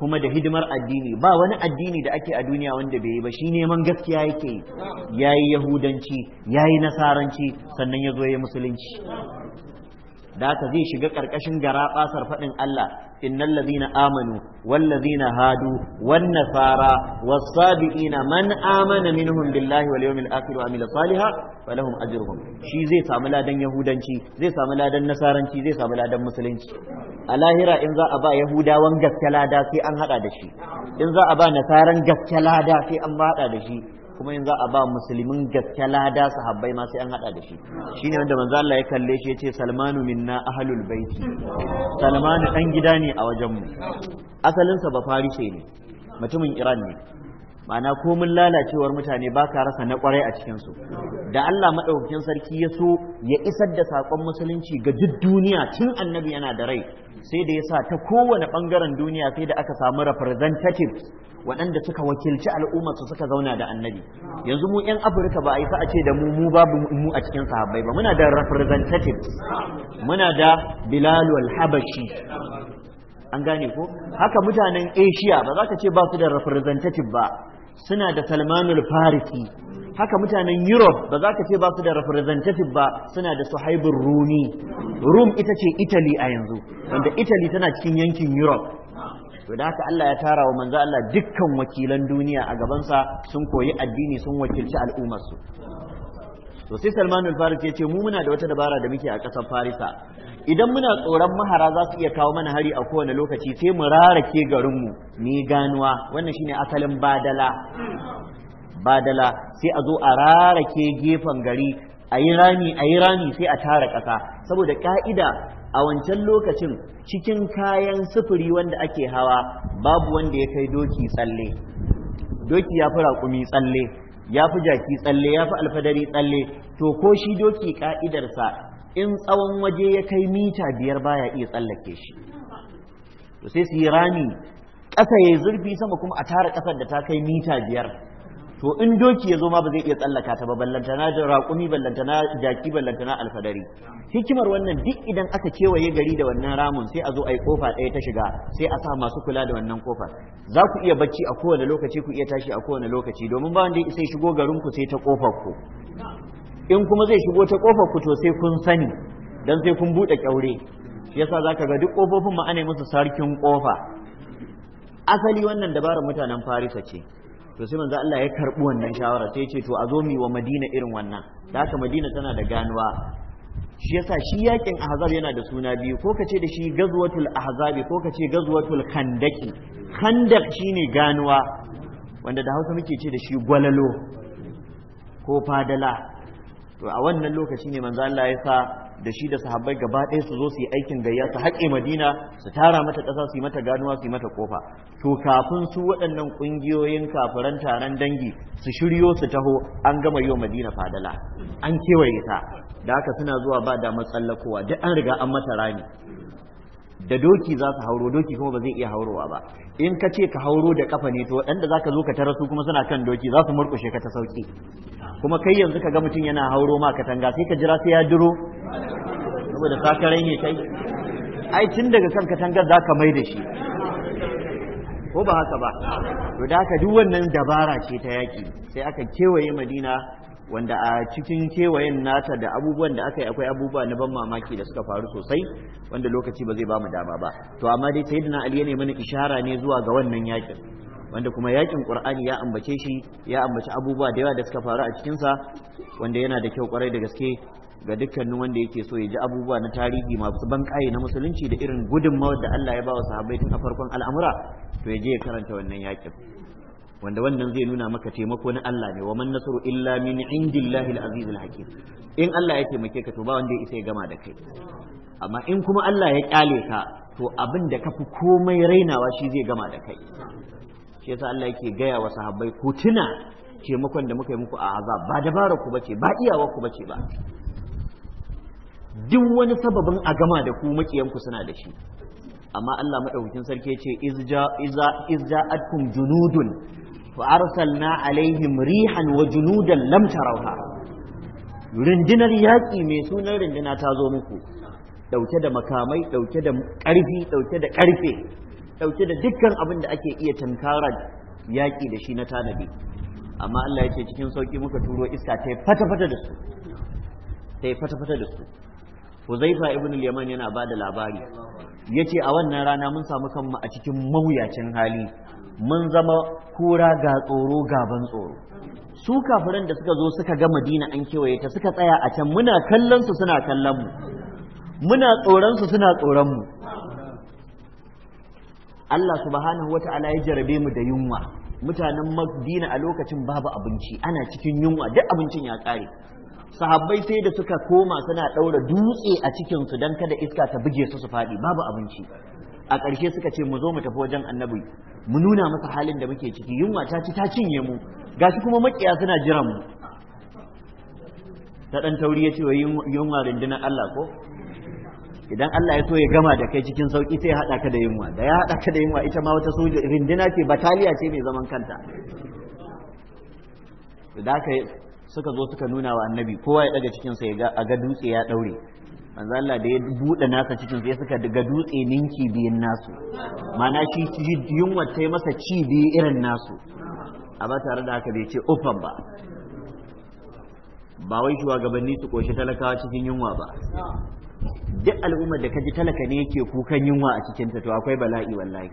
Speaker 1: kuma da hidimar addini ba wani addini da ake a duniya wanda bai yi ba shi neman gaskiya yake yi ya yahudanci yayi nasaranci sannan ya zo ya musulunci da haka zai shiga ƙarƙashin gara ƙasar faɗin Allah innal ladhina amanu wal ladhina hadu wan nasara was sabiina man amana minhum billahi wal yawmil akhir wa amila salihan falahum ajruhum shi zai samu ladan yahudanci zai samu ladan nasaranci zai samu ladan musulunci a lahira in za a ba yahudawan gaske lada sai an hada da shi in za a ba nasaran gaske lada sai an hada da shi kuma yin za a ba musulmin gaske lada sahabbai ma sai an hada da shi shine wanda manzo Allah ya kalle shi ce Salmanu minna ahlul baiti Salmanu dan gida ne a wajen
Speaker 2: Asalinsa
Speaker 1: asalin sa ba farishe ne mutumin Iran ne ma'ana komin lalacewar mutane ba ka rasa na kwarai a cikinsu da Allah maɗaukakin sarki ya so ya isar da saƙon musulunci ga duk duniya tun annabi yana da rai sai da yasa ta kowane ɓangaren duniya sai da aka samu representatives waɗanda suka wakilci al'ummar su suka zauna da annabi yanzu mu yan afirka ba a yi a ce da mu mu babu mu a cikin sahabbai ba muna da representatives muna da bilalul habashi an gane ko haka mutanen asia ba za ka ce ba su da representative ba suna da salmanul farisi haka mutanen Europe ba za ka ce ba su da representative ba suna da suhaibin Rumi Rum ita ce Italy a yanzu wanda Italy tana cikin yankin Europe to da haka Allah ya tara wa manzo Allah dukkan wakilan duniya a gabansa sun koyi addini sun wakilci al'ummarsu to sai Salman al ya ce mu muna da wata dabara da muke a ƙasar Farisa idan muna tsoron mahara za su iya kawo mana hari a kowane lokaci sai mu rarake garinmu mu yi ganuwa wannan shine asalin badala badala sai a zo a rarake gefen gari a yi rami a yi rami sai a tara ƙasa saboda ka'ida a wancan lokacin cikin kayan sufuri wanda ake hawa babu wanda ya kai doki tsalle doki ya fi raƙumi tsalle ya fi jaki tsalle ya fi alfadari tsalle to ko shi doki ka'idarsa in tsawon waje ya kai mita biyar baya iya tsallake shi to sai su yi rami ƙasa ya yi zurfi sama kuma a tara ƙasar da ta kai mita biyar to in doki ya zo ma ba zai iya tsallaka ta ba ballanta na raƙumi ballanta na jaki na alfadari hikimar wannan duk idan aka kewaye gari da wannan ramun sai a zo a yi kofa ɗaya ta shiga sai a sa masu kula da wannan kofar za ku iya bacci a kowane lokaci ku iya tashi a kowane lokaci domin ba wanda sai shigo garin ku sai ta kofar ku in kuma zai shigo ta kofar ku to sai kun sani dan sai kun buɗe kyaure yasa zaka ga duk kofofin ma ana musu sarkin kofa asali wannan dabarar mutanen farisa ce to sai manzo Allah ya karbi wannan shawara sai ya ce to a zo mi wa Madina irin wannan da haka Madina tana da ganuwa shi yasa shi yakin ahzab yana da suna biyu ko kace da shi gazwatul ahzabi ko kace gazwatul khandaki khandak shine ganuwa wanda da Hausa muke ce da shi gwalalo ko fadala to a wannan lokaci ne manzo Allah ya sa da shi da sahabbai gaba ɗaya su zo su yi aikin gayya su haƙe madina su tara mata ƙasa su yi mata ganuwa su yi mata kofa to kafin su waɗannan ƙungiyoyin kafiran taron dangi su shiryo su taho an gama yau madina fadala an kewaye ta da haka suna zuwa ba da matsallakowa duk an riga an mata rami da doki za su hauro doki kuma ba zai iya haurowa ba in ka ce ka hauro da kafa ne to waɗanda za ka zo ka tarasu kuma suna kan doki za su murƙushe ka ta sauki kuma kai yanzu ka ga mutum yana hauro ma katanga sai ka jira sai ya duro saboda kakarai ne kai ai tun daga kan katangar za ka mai da shi ko ba haka ba to da haka duk wannan dabara ce ta yaki sai aka kewaye madina wanda a cikin kewayen nata da abubuwan da aka yi akwai abubuwa na ban mamaki da suka faru sosai wanda lokaci ba zai ba mu dama ba to amma dai sayyidina ali ne mana ishara ne zuwa ga wannan yakin wanda kuma yakin qur'ani ya ambace shi ya ambaci abubuwa da yawa da suka faru a cikinsa wanda yana da kyau kwarai da gaske ga dukkanin wanda yake so ya ji abubuwa na tarihi masu bankaye na musulunci da irin gudunmawar da Allah ya ba wa sahabbai tun a farkon al'amura to ya je ya karanta wannan yakin wanda wannan zai nuna maka taimako na Allah ne wa man nasru illa min indillahi al-aziz al-hakim in Allah ya taimake ka to ba wanda ya isa ya gama da kai amma in kuma Allah ya kyale ka to abin da kafi komai rainawa shi zai gama da kai shi yasa Allah yake gaya wa sahabbai ku tuna taimakon da muka yi muku a azab ba dabara ku bace ba iyawa ku bace ba duk wani sababin a gama da ku makiyanku suna da shi amma Allah madaukakin sarki ya ce iza iza atkum junudun fa arsalna alaihim rihan wa junudan lam tarawha rundunar yaƙi mai sunan rindina ta zo muku dauke da makamai dauke da ƙarfi dauke da ƙarfe dauke da dukkan abin da ake iya tankara yaƙi da shi na tanadi amma Allah ya ce cikin sauki muka turo iska ta fata-fata da su ta fata-fata da su Huzaifa ibn al-Yaman yana ba da labari yace a wannan rana mun samu kanmu a cikin mawuyacin hali mun zama kura ga tsoro gaban tsoro su kafiran da suka zo suka ga Madina an kewaye ta suka tsaya a can muna kallon su suna kallon mu muna tsoron su suna tsoron mu Allah subhanahu wata'ala ya jarabe mu da yunwa mutanen Madina a lokacin babu abinci ana cikin yunwa duk abincin ya kare sahabbai sai da suka koma suna ɗaura dutse a cikinsu don kada iska ta buge su su faɗi babu abinci a ƙarshe suka ce mu zo mu tafi wajen annabi mu nuna masa halin da muke ciki yunwa ta ci ta cinye mu gashi kuma makiya suna jiran mu ta ɗan tauri ya ce wa yunwa rundunar Allah ko idan Allah ya so ya gama da kai cikin sauki sai ya haɗa ka da yunwa da ya haɗa ka da yunwa ita ma wata soja ce bataliya ce mai zaman kanta da haka suka zo suka nuna wa annabi kowa ya daga cikinsa ya ga ga dutse ya daure manzo Allah da ya buɗe nasa cikin sai suka ga dutse ninki biyan nasu mana shi yunwa ta masa ci biyu irin nasu a ba tare da haka bai ce ufan ba ba wai shugabanni su koshi talakawa cikin yunwa ba duk al'ummar da kaji talaka ne yake kukan yunwa a cikin ta to akwai bala'i wallahi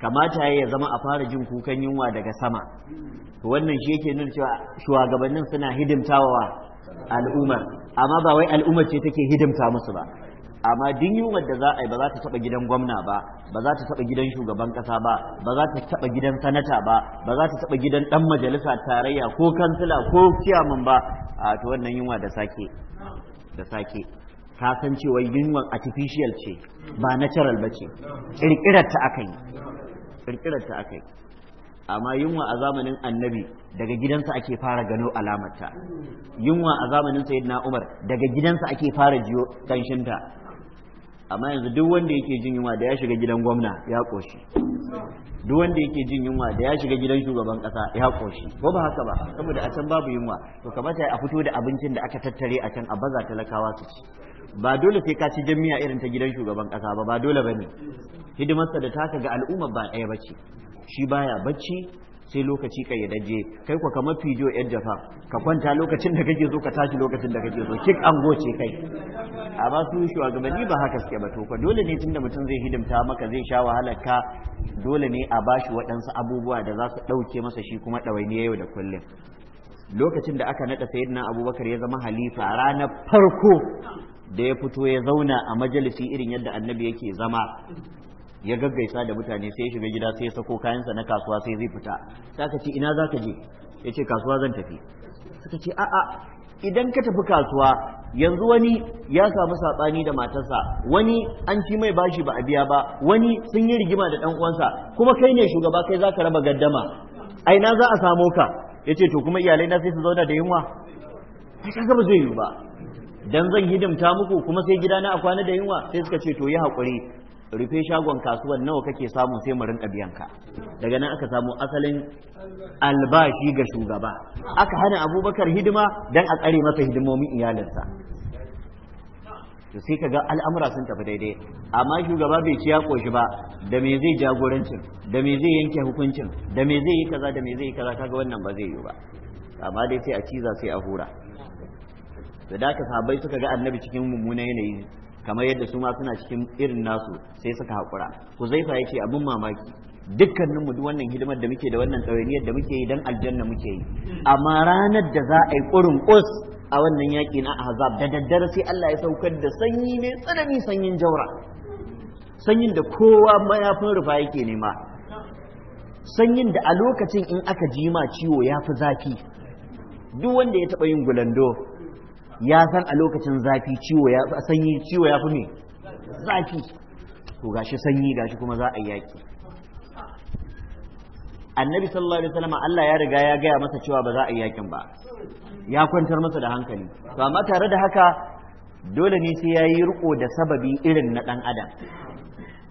Speaker 1: kamata ya zama a fara jin kukan yunwa daga sama to wannan shi yake nuna cewa shugabannin suna hidimtawa al'umma amma ba wai al'umma ce take hidimta musu ba amma din yunwar da za a yi ba za ta taɓa gidan gwamna ba ba za ta taɓa gidan shugaban ƙasa ba ba za ta taɓa gidan sanata ba ba za ta taɓa gidan ɗan majalisa tarayya ko kansila ko kiyamun ba a to wannan yunwa da sake da sake ka san cewa yunwan artificial ce ba natural ba ce ƙirƙirar ta aka yi ƙirƙirar ta aka yi amma yunwa a zamanin annabi daga gidansa ake fara gano alamarta yunwa a zamanin sayyidina umar daga gidansa ake fara jiyo kanshinta amma yanzu duk wanda yake jin yunwa da ya shiga gidan gwamna ya koshi duk wanda yake jin yunwa da ya shiga gidan shugaban kasa ya koshi ko ba haka ba saboda a can babu yunwa to kamata a fito da abincin da aka tattare a can a baza talakawa su ci ba dole sai ka ci jami'a irin ta gidan shugaban kasa ba ba dole bane hidimarsa da taka ga al'umma ba ɗaya bace shi baya bacci sai lokaci daje kai ka mafi jo yan jafa ka kwanta lokacin da kake so ka tashi lokacin da kake so kik an goce kai ba su shugabanni ba haka suke ba to dole ne tunda mutum zai hidimta maka zai sha wahalarka dole ne a bashi waɗansu abubuwa da za su ɗauke masa shi kuma ɗawainiya yau da kullum lokacin da aka naɗa sayyidina abubakar ya zama halifa ranar farko da ya fito ya zauna a majalisi irin yadda annabi yake zama ya gaggaisa da mutane sai ya shiga gida sai ya sako kayansa na kasuwa sai zai fita sai ka ce ina za ka je ya ce kasuwa zan tafi suka ce a'a idan ka tafi kasuwa yanzu wani ya samu saɓani da matarsa wani an ci mai bashi ba a biya ba wani sun yi rigima da ɗan uwansa kuma kai ne shugaba kai za ka raba gaddama aina za a samo ka ya ce to kuma iyalai na sai su zauna da yunwa ya kaga ba zai yi ba dan zan hidimta muku kuma sai gidana a kwana da yunwa sai suka ce to yi haƙuri rufe shagon kasuwan nawa kake samu sai mu rinka biyan ka daga nan aka samu asalin
Speaker 2: albashi
Speaker 1: ga shugaba aka hana abubakar hidima dan a tsare masa hidimomin iyalinsa to sai kaga al'amura sun tafi daidai amma shugaba bai ci ya koshi ba da me zai jagorancin da me zai yanke hukuncin da me zai yi kaza da me zai yi kaza kaga wannan ba zai yi ba amma dai sai a ciza sai a hura da da ka sahabbai suka ga annabi cikin mummunan yanayi kamar yadda su ma suna cikin irin nasu sai suka haƙura huzaifa ya ce abin mamaki dukkaninmu duk wannan hidimar da muke da wannan tsawainiyar da muke yi don aljanna muke yi amma ranar da za a yi ƙurin ƙus a wannan yaƙi na azab da daddare sai Allah ya saukar da sanyi ne tsanani sanyin jaura sanyin da kowa mayafin rufa yake nema sanyin da a lokacin in aka jima ciwo ya fi zafi duk wanda ya taɓa yin gulando ya san a lokacin zafi ciwo ya sanyi ciwo ya fi ne zafi to gashi sanyi gashi kuma za a yaki annabi sallallahu alaihi wasallam Allah ya riga ya gaya masa cewa ba za a yi yakin ba ya kwantar masa da hankali to amma tare da haka dole ne sai yayi riko da sababi irin na dan adam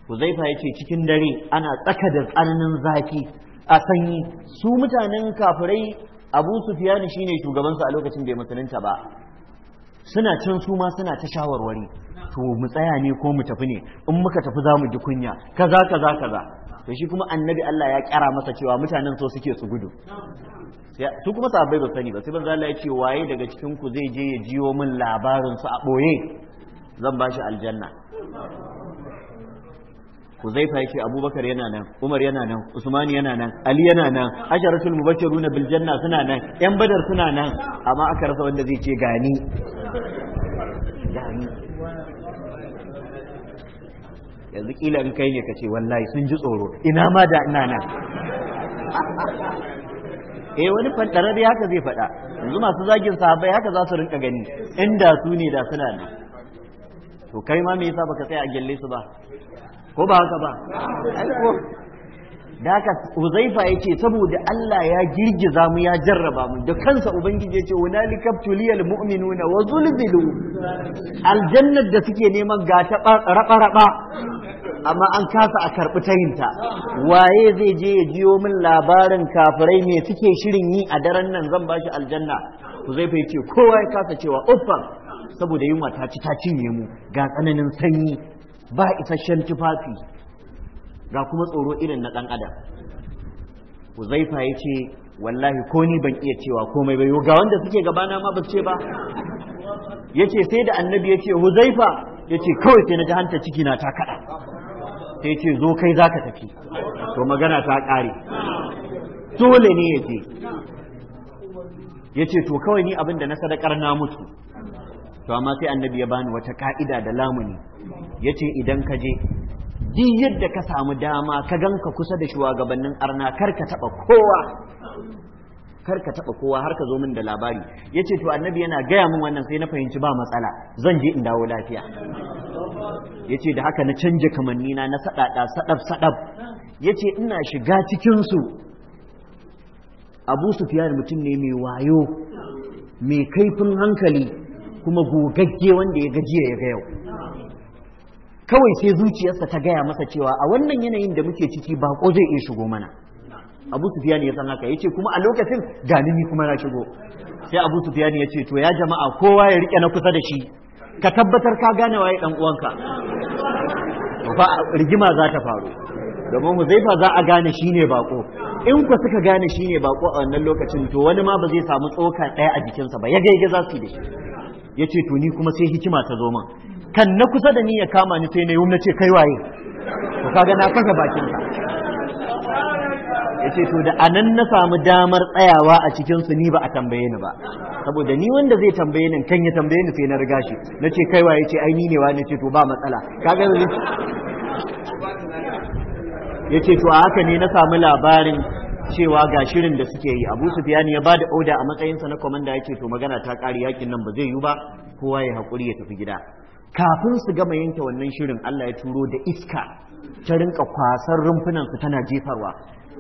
Speaker 1: Huzaifa ya ce cikin dare ana tsaka da tsananin zafi a sanyi su mutanen kafirai Abu Sufyan shine shugabansu a lokacin bai musulunta ba suna can su ma suna ta shawarwari to mu tsaya ne ko mu tafi ne in muka tafi za mu ji kunya kaza kaza kaza to shi kuma annabi Allah ya kyara masa cewa mutanen so suke su gudu su kuma sabai ba sani ba sai banza Allah ya ce waye daga cikin ku zai je ya jiyo min labarin su a boye zan ba shi aljanna Huzaifa yace Abubakar yana nan Umar yana nan Usman yana nan Ali yana nan asharatul mubashiruna bil janna suna nan yan badar suna nan amma aka rasa wanda zai ce gani gani yanzu kila in kai ne ka ce wallahi sun ji tsoro ina ma da ina nan
Speaker 2: eh wani fantarar
Speaker 1: haka zai faɗa yanzu masu zagin sahabbai haka za su rinka gani inda su ne da suna nan to kai ma me yasa baka tsaya a gyalle su ba ko ba haka ba da haka uzaifa ya ce saboda Allah ya girgiza mu ya jarraba mu da kansa ubangiji ya ce hunalika tuliyal mu'minuna wa zulzilu aljannat da suke neman ga ta raba raba amma an kasa a karbi tayinta waye zai je ya jiyo min labarin kafirai me suke shirin yi a daren nan zan bashi aljanna huzaifa ya ce kowa ya kasa cewa uffa saboda yunwa ta ci ta cinye mu ga tsananin sanyi ba isasshen tufafi ga kuma tsoro irin na ɗan adam huzaifa ya ce wallahi ko ni ban iya cewa komai ba ga wanda suke gabana ma ba ce ba ya ce sai da annabi ya ce huzaifa ya ce kawai sai na ji hanta ciki na ta kaɗa sai ce zo kai za ka tafi to magana ta ƙare dole ne ya je ya ce to kawai ni abin da na sadakar na mutu to amma sai annabi ya bani wata ka'ida da lamuni yace idan ka je duk yadda ka samu dama ka ganka kusa da shugabannin arna kar ka taba kowa kar ka taba kowa har ka zo min da labari yace to annabi yana gaya min wannan sai na fahimci ba matsala zan je in dawo lafiya yace da haka na canja kamanni na na saɗaf-saɗaf. Ya yace ina shiga cikin su Abu Sufyan mutum ne mai wayo mai kaifin hankali kuma gogagge wanda ya gajiya ya ga yau kawai sai zuciyarsa ta gaya masa cewa a wannan yanayin da muke ciki bako zai iya shigo mana abu sufiyan ya san haka ce kuma a lokacin ganini kuma na shigo sai abu sufiyan ya ce to ya jama'a kowa ya rike na kusa da shi ka tabbatar ka gane waye dan uwanka ba rigima za ta faru domin huzaifa za a gane shine bako in ku suka gane ne bako a wannan lokacin to wani ma ba zai samu tsoka ɗaya a jikinsa ba ya gaige za su yi da shi ya ce to ni kuma sai hikima ta zo min kan na kusa da ni ya kama ni sai na yi na ce kai waye to kaga na fasa bakin ka ya ce to da anan na samu damar tsayawa a cikin su ni ba a tambaye ni ba saboda ni wanda zai tambaye ni kan ya tambaye ni sai na riga shi na ce kai waye ce ai ni ne waye ce to ba matsala kaga ya ce to a haka ne na samu labarin cewa ga shirin da suke yi abu sufyan ya ba da oda a matsayinsa na komanda ya ce to magana ta ƙari yakin nan ba zai yi ba kowa ya haƙuri ya tafi gida kafin su gama yanke wannan shirin Allah ya turo da iska ta rinka kwasar rumfunan su tana jefarwa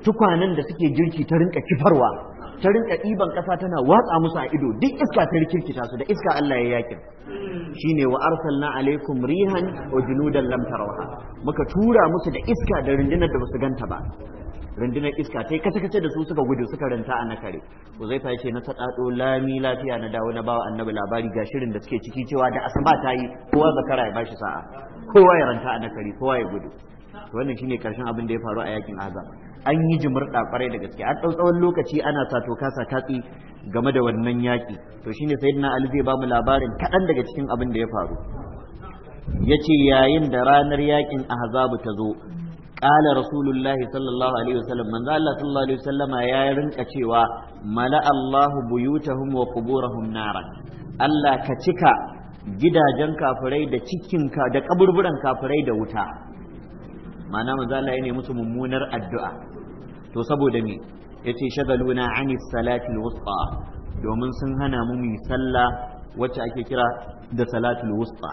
Speaker 1: tukwanen da suke girki ta rinka kifarwa ta rinka ɗiban ƙasa tana watsa musu a ido duk iska ta rikirkita su da iska Allah ya yakin shine wa arsalna alaikum rihan wa junudan lam tarawha muka tura musu da iska da rundunar da basu ganta ba rundunar iska ta kace kace da su suka gudu suka ranta a nakare ko zai ce na sadado lami lafiya na dawo na bawa annabi labari ga shirin da suke ciki cewa da asaba ta yi kowa zakara ya bashi sa'a kowa ya ranta a nakare kowa ya gudu wannan shine karshen abin da ya faru a yakin azama. an yi jimurɗa kwarai da gaske an tsawon lokaci ana sa to kasa katsi game da wannan yaƙi to shine sayyidina ali zai ba mu labarin kaɗan daga cikin abin da ya faru Ya yace yayin da ranar yaƙin ahzabu ta zo ƙala rasulullahi sallallahu alaihi wasallam عليه وسلم من ذا الله صلى الله عليه وسلم يا رنك cewa ملأ الله Allah ka cika gidajen kafirai da cikinka da kaburburan kafirai da wuta ma'ana maza Allah ya ne musu mummunar addu'a to saboda me yace shagaluna ani salati wusta domin sun hana mu mu sallah wacce ake kira da salatul wusta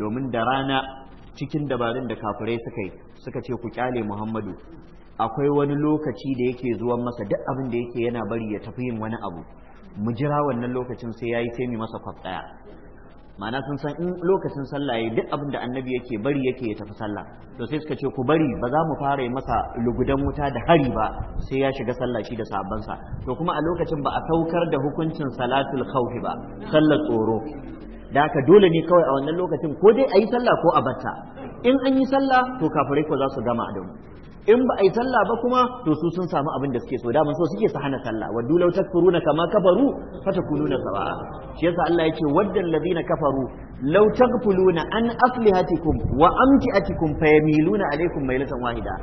Speaker 1: domin da rana cikin dabarun da kafirai suka yi suka ce ku kyale Muhammadu akwai wani lokaci da yake zuwa masa duk abin da yake yana bari ya tafi yin wani abu mu jira wannan lokacin sai yayi sai mi masa kwaf daya ma'ana sun san in lokacin sallah yayi duk abin da annabi yake bari yake ya tafi sallah to sai suka ce ku bari ba za mu fara yi masa lugudan wuta da hari ba sai ya shiga sallah shi da sa to kuma a lokacin ba a saukar da hukuncin salatul khawf ba sallar tsoro da haka dole ne kawai a wannan lokacin ko dai a yi sallah ko a batta in an yi sallah to kafirai ko za su gama da mu in ba a yi sallah ba kuma to su sun samu abin da suke so da so suke su hana sallah waddu law takfuruna kama kafaru fatakununa sawa shi yasa Allah yake waddal ladina kafaru law taghfuluna an aflihatikum wa amtiatikum yamiluna alaykum mailatan wahida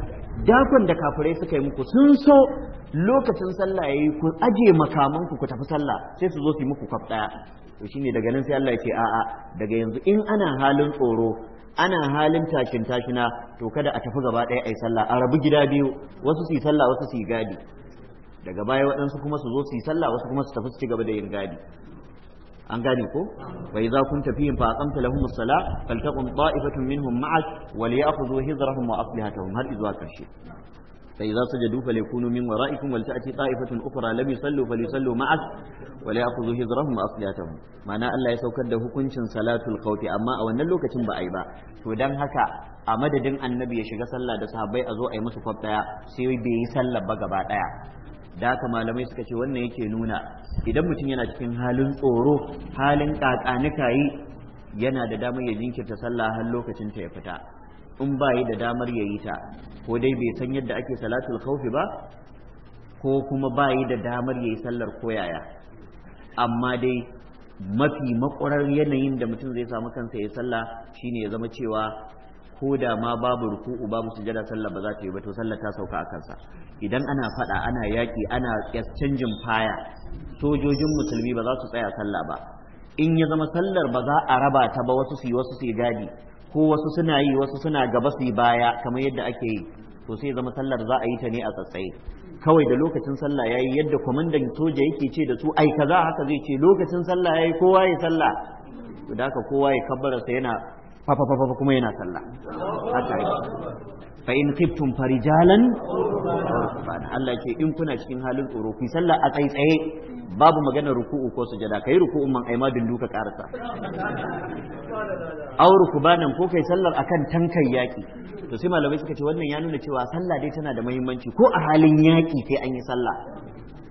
Speaker 1: dakon da kafirai suka yi muku sun so lokacin sallah yayi ku aje makaman ku ku tafi sallah sai su zo su yi muku kwaf daya to shine daga nan sai Allah ya ce a'a daga yanzu in ana halin tsoro ana halin tashin tashina to kada a tafi gaba ɗaya a yi sallah a rabu gida biyu wasu su yi sallah wasu su yi gadi daga baya waɗansu kuma su zo su yi sallah wasu kuma su tafi su ci gaba da yin gadi an gane ko wa idza kunta fihim fa aqamta lahum as-sala faltaqum ta'ifatun minhum ma'ak wa liya'khudhu hizrahum wa aslihatahum har izuwa karshe فإذا سجدوا فليكونوا من ورائكم ولتأتي طائفة أخرى لم يصلوا فليصلوا معك وليأخذوا هجرهم وأصلياتهم معنى أن لا يسوكد ده كنشن صلاة القوت أما أو أن اللوكة بأيبا فدان هكا أمد أمددن النبي يشغى صلى ده صحابي أزوء أي مصفب تايا سيوي بي صلى بقبا تايا da haka malamai suka ce wannan yake nuna idan mutum yana cikin halin tsoro halin kakanika yi yana da damar ya jinkirta sallah har lokacin ta ya fita in ba yi da damar ya yi ta ko dai bai san yadda ake salatul khawfi ba ko kuma ba yi da damar ya yi sallar koyaya amma dai mafi makwarar yanayin da mutum zai samu kansa ya sallah shine ya zama cewa ko da ma babu ruku'u babu sujada sallah ba za ta yi ba to sallah ta sauka a kansa idan ana fada ana yaki ana canjin faya sojojin musulmi ba za su tsaya sallah ba in ya zama sallar ba za a raba ta ba wasu su yi wasu su yi gadi ko wasu suna yi wasu suna gaba su baya kamar yadda ake yi to sai zama sallar za a yi ta ne a tsatsaye kawai da lokacin sallah yayi yadda kwamandan soja yake ce da su ai kaza haka zai ce lokacin sallah yayi kowa ya sallah to da haka kowa ya kabbara sa yana fa kuma yana sallah haka fa in khiftum farijalan Allah ce in kuna cikin halin tsoro ku sallah a tsaye-tsaye babu magana ruku'u ko sujada kai ruku'un man din duka karasa aw rukubanan ko kai sallar akan tankan yaki to sai malamai suka ce wannan ya nuna cewa sallah dai tana da muhimmanci ko a halin yaki sai an yi sallah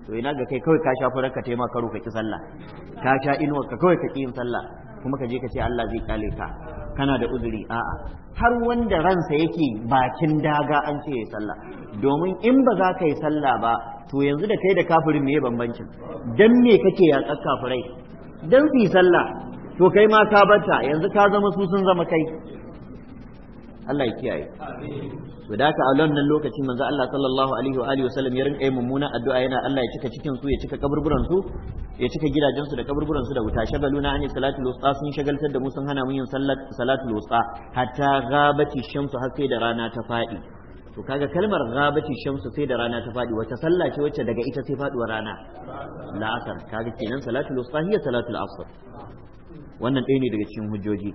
Speaker 1: to ina ga kai kawai ka sha furar ka taima ka ki sallah ka sha inuwa ka kawai ka ki yin sallah kuma ka je ka ce Allah zai kale ka kana da uzuri a'a har wanda ransa yake bakin daga an ce ya sallah domin in ba za ka yi sallah ba to yanzu da kai da kafirin me bambancin dan me kake ya kafirai dan su yi sallah to kai ma ka bata yanzu ka zama su sun zama kai Allah ya kiyaye to da haka a wannan lokaci manzo Allah sallallahu alaihi wa alihi wasallam ya rinka yin mummuna addu'a yana Allah ya cika cikin su ya cika kaburburan su ya cika gidajen su da kaburburan su da wuta shagaluna an salatul wusta sun shagaltar da mu sun hana mu yin salatul wusta hatta ghabati shamsu har sai da rana ta fadi to kaga kalmar ghabati shamsu sai da rana ta fadi wata sallah ce wacce daga ita sai faduwar rana la'asar kaga kenan salatul wusta hiya salatul asr wannan ɗaya ne daga cikin hujjoji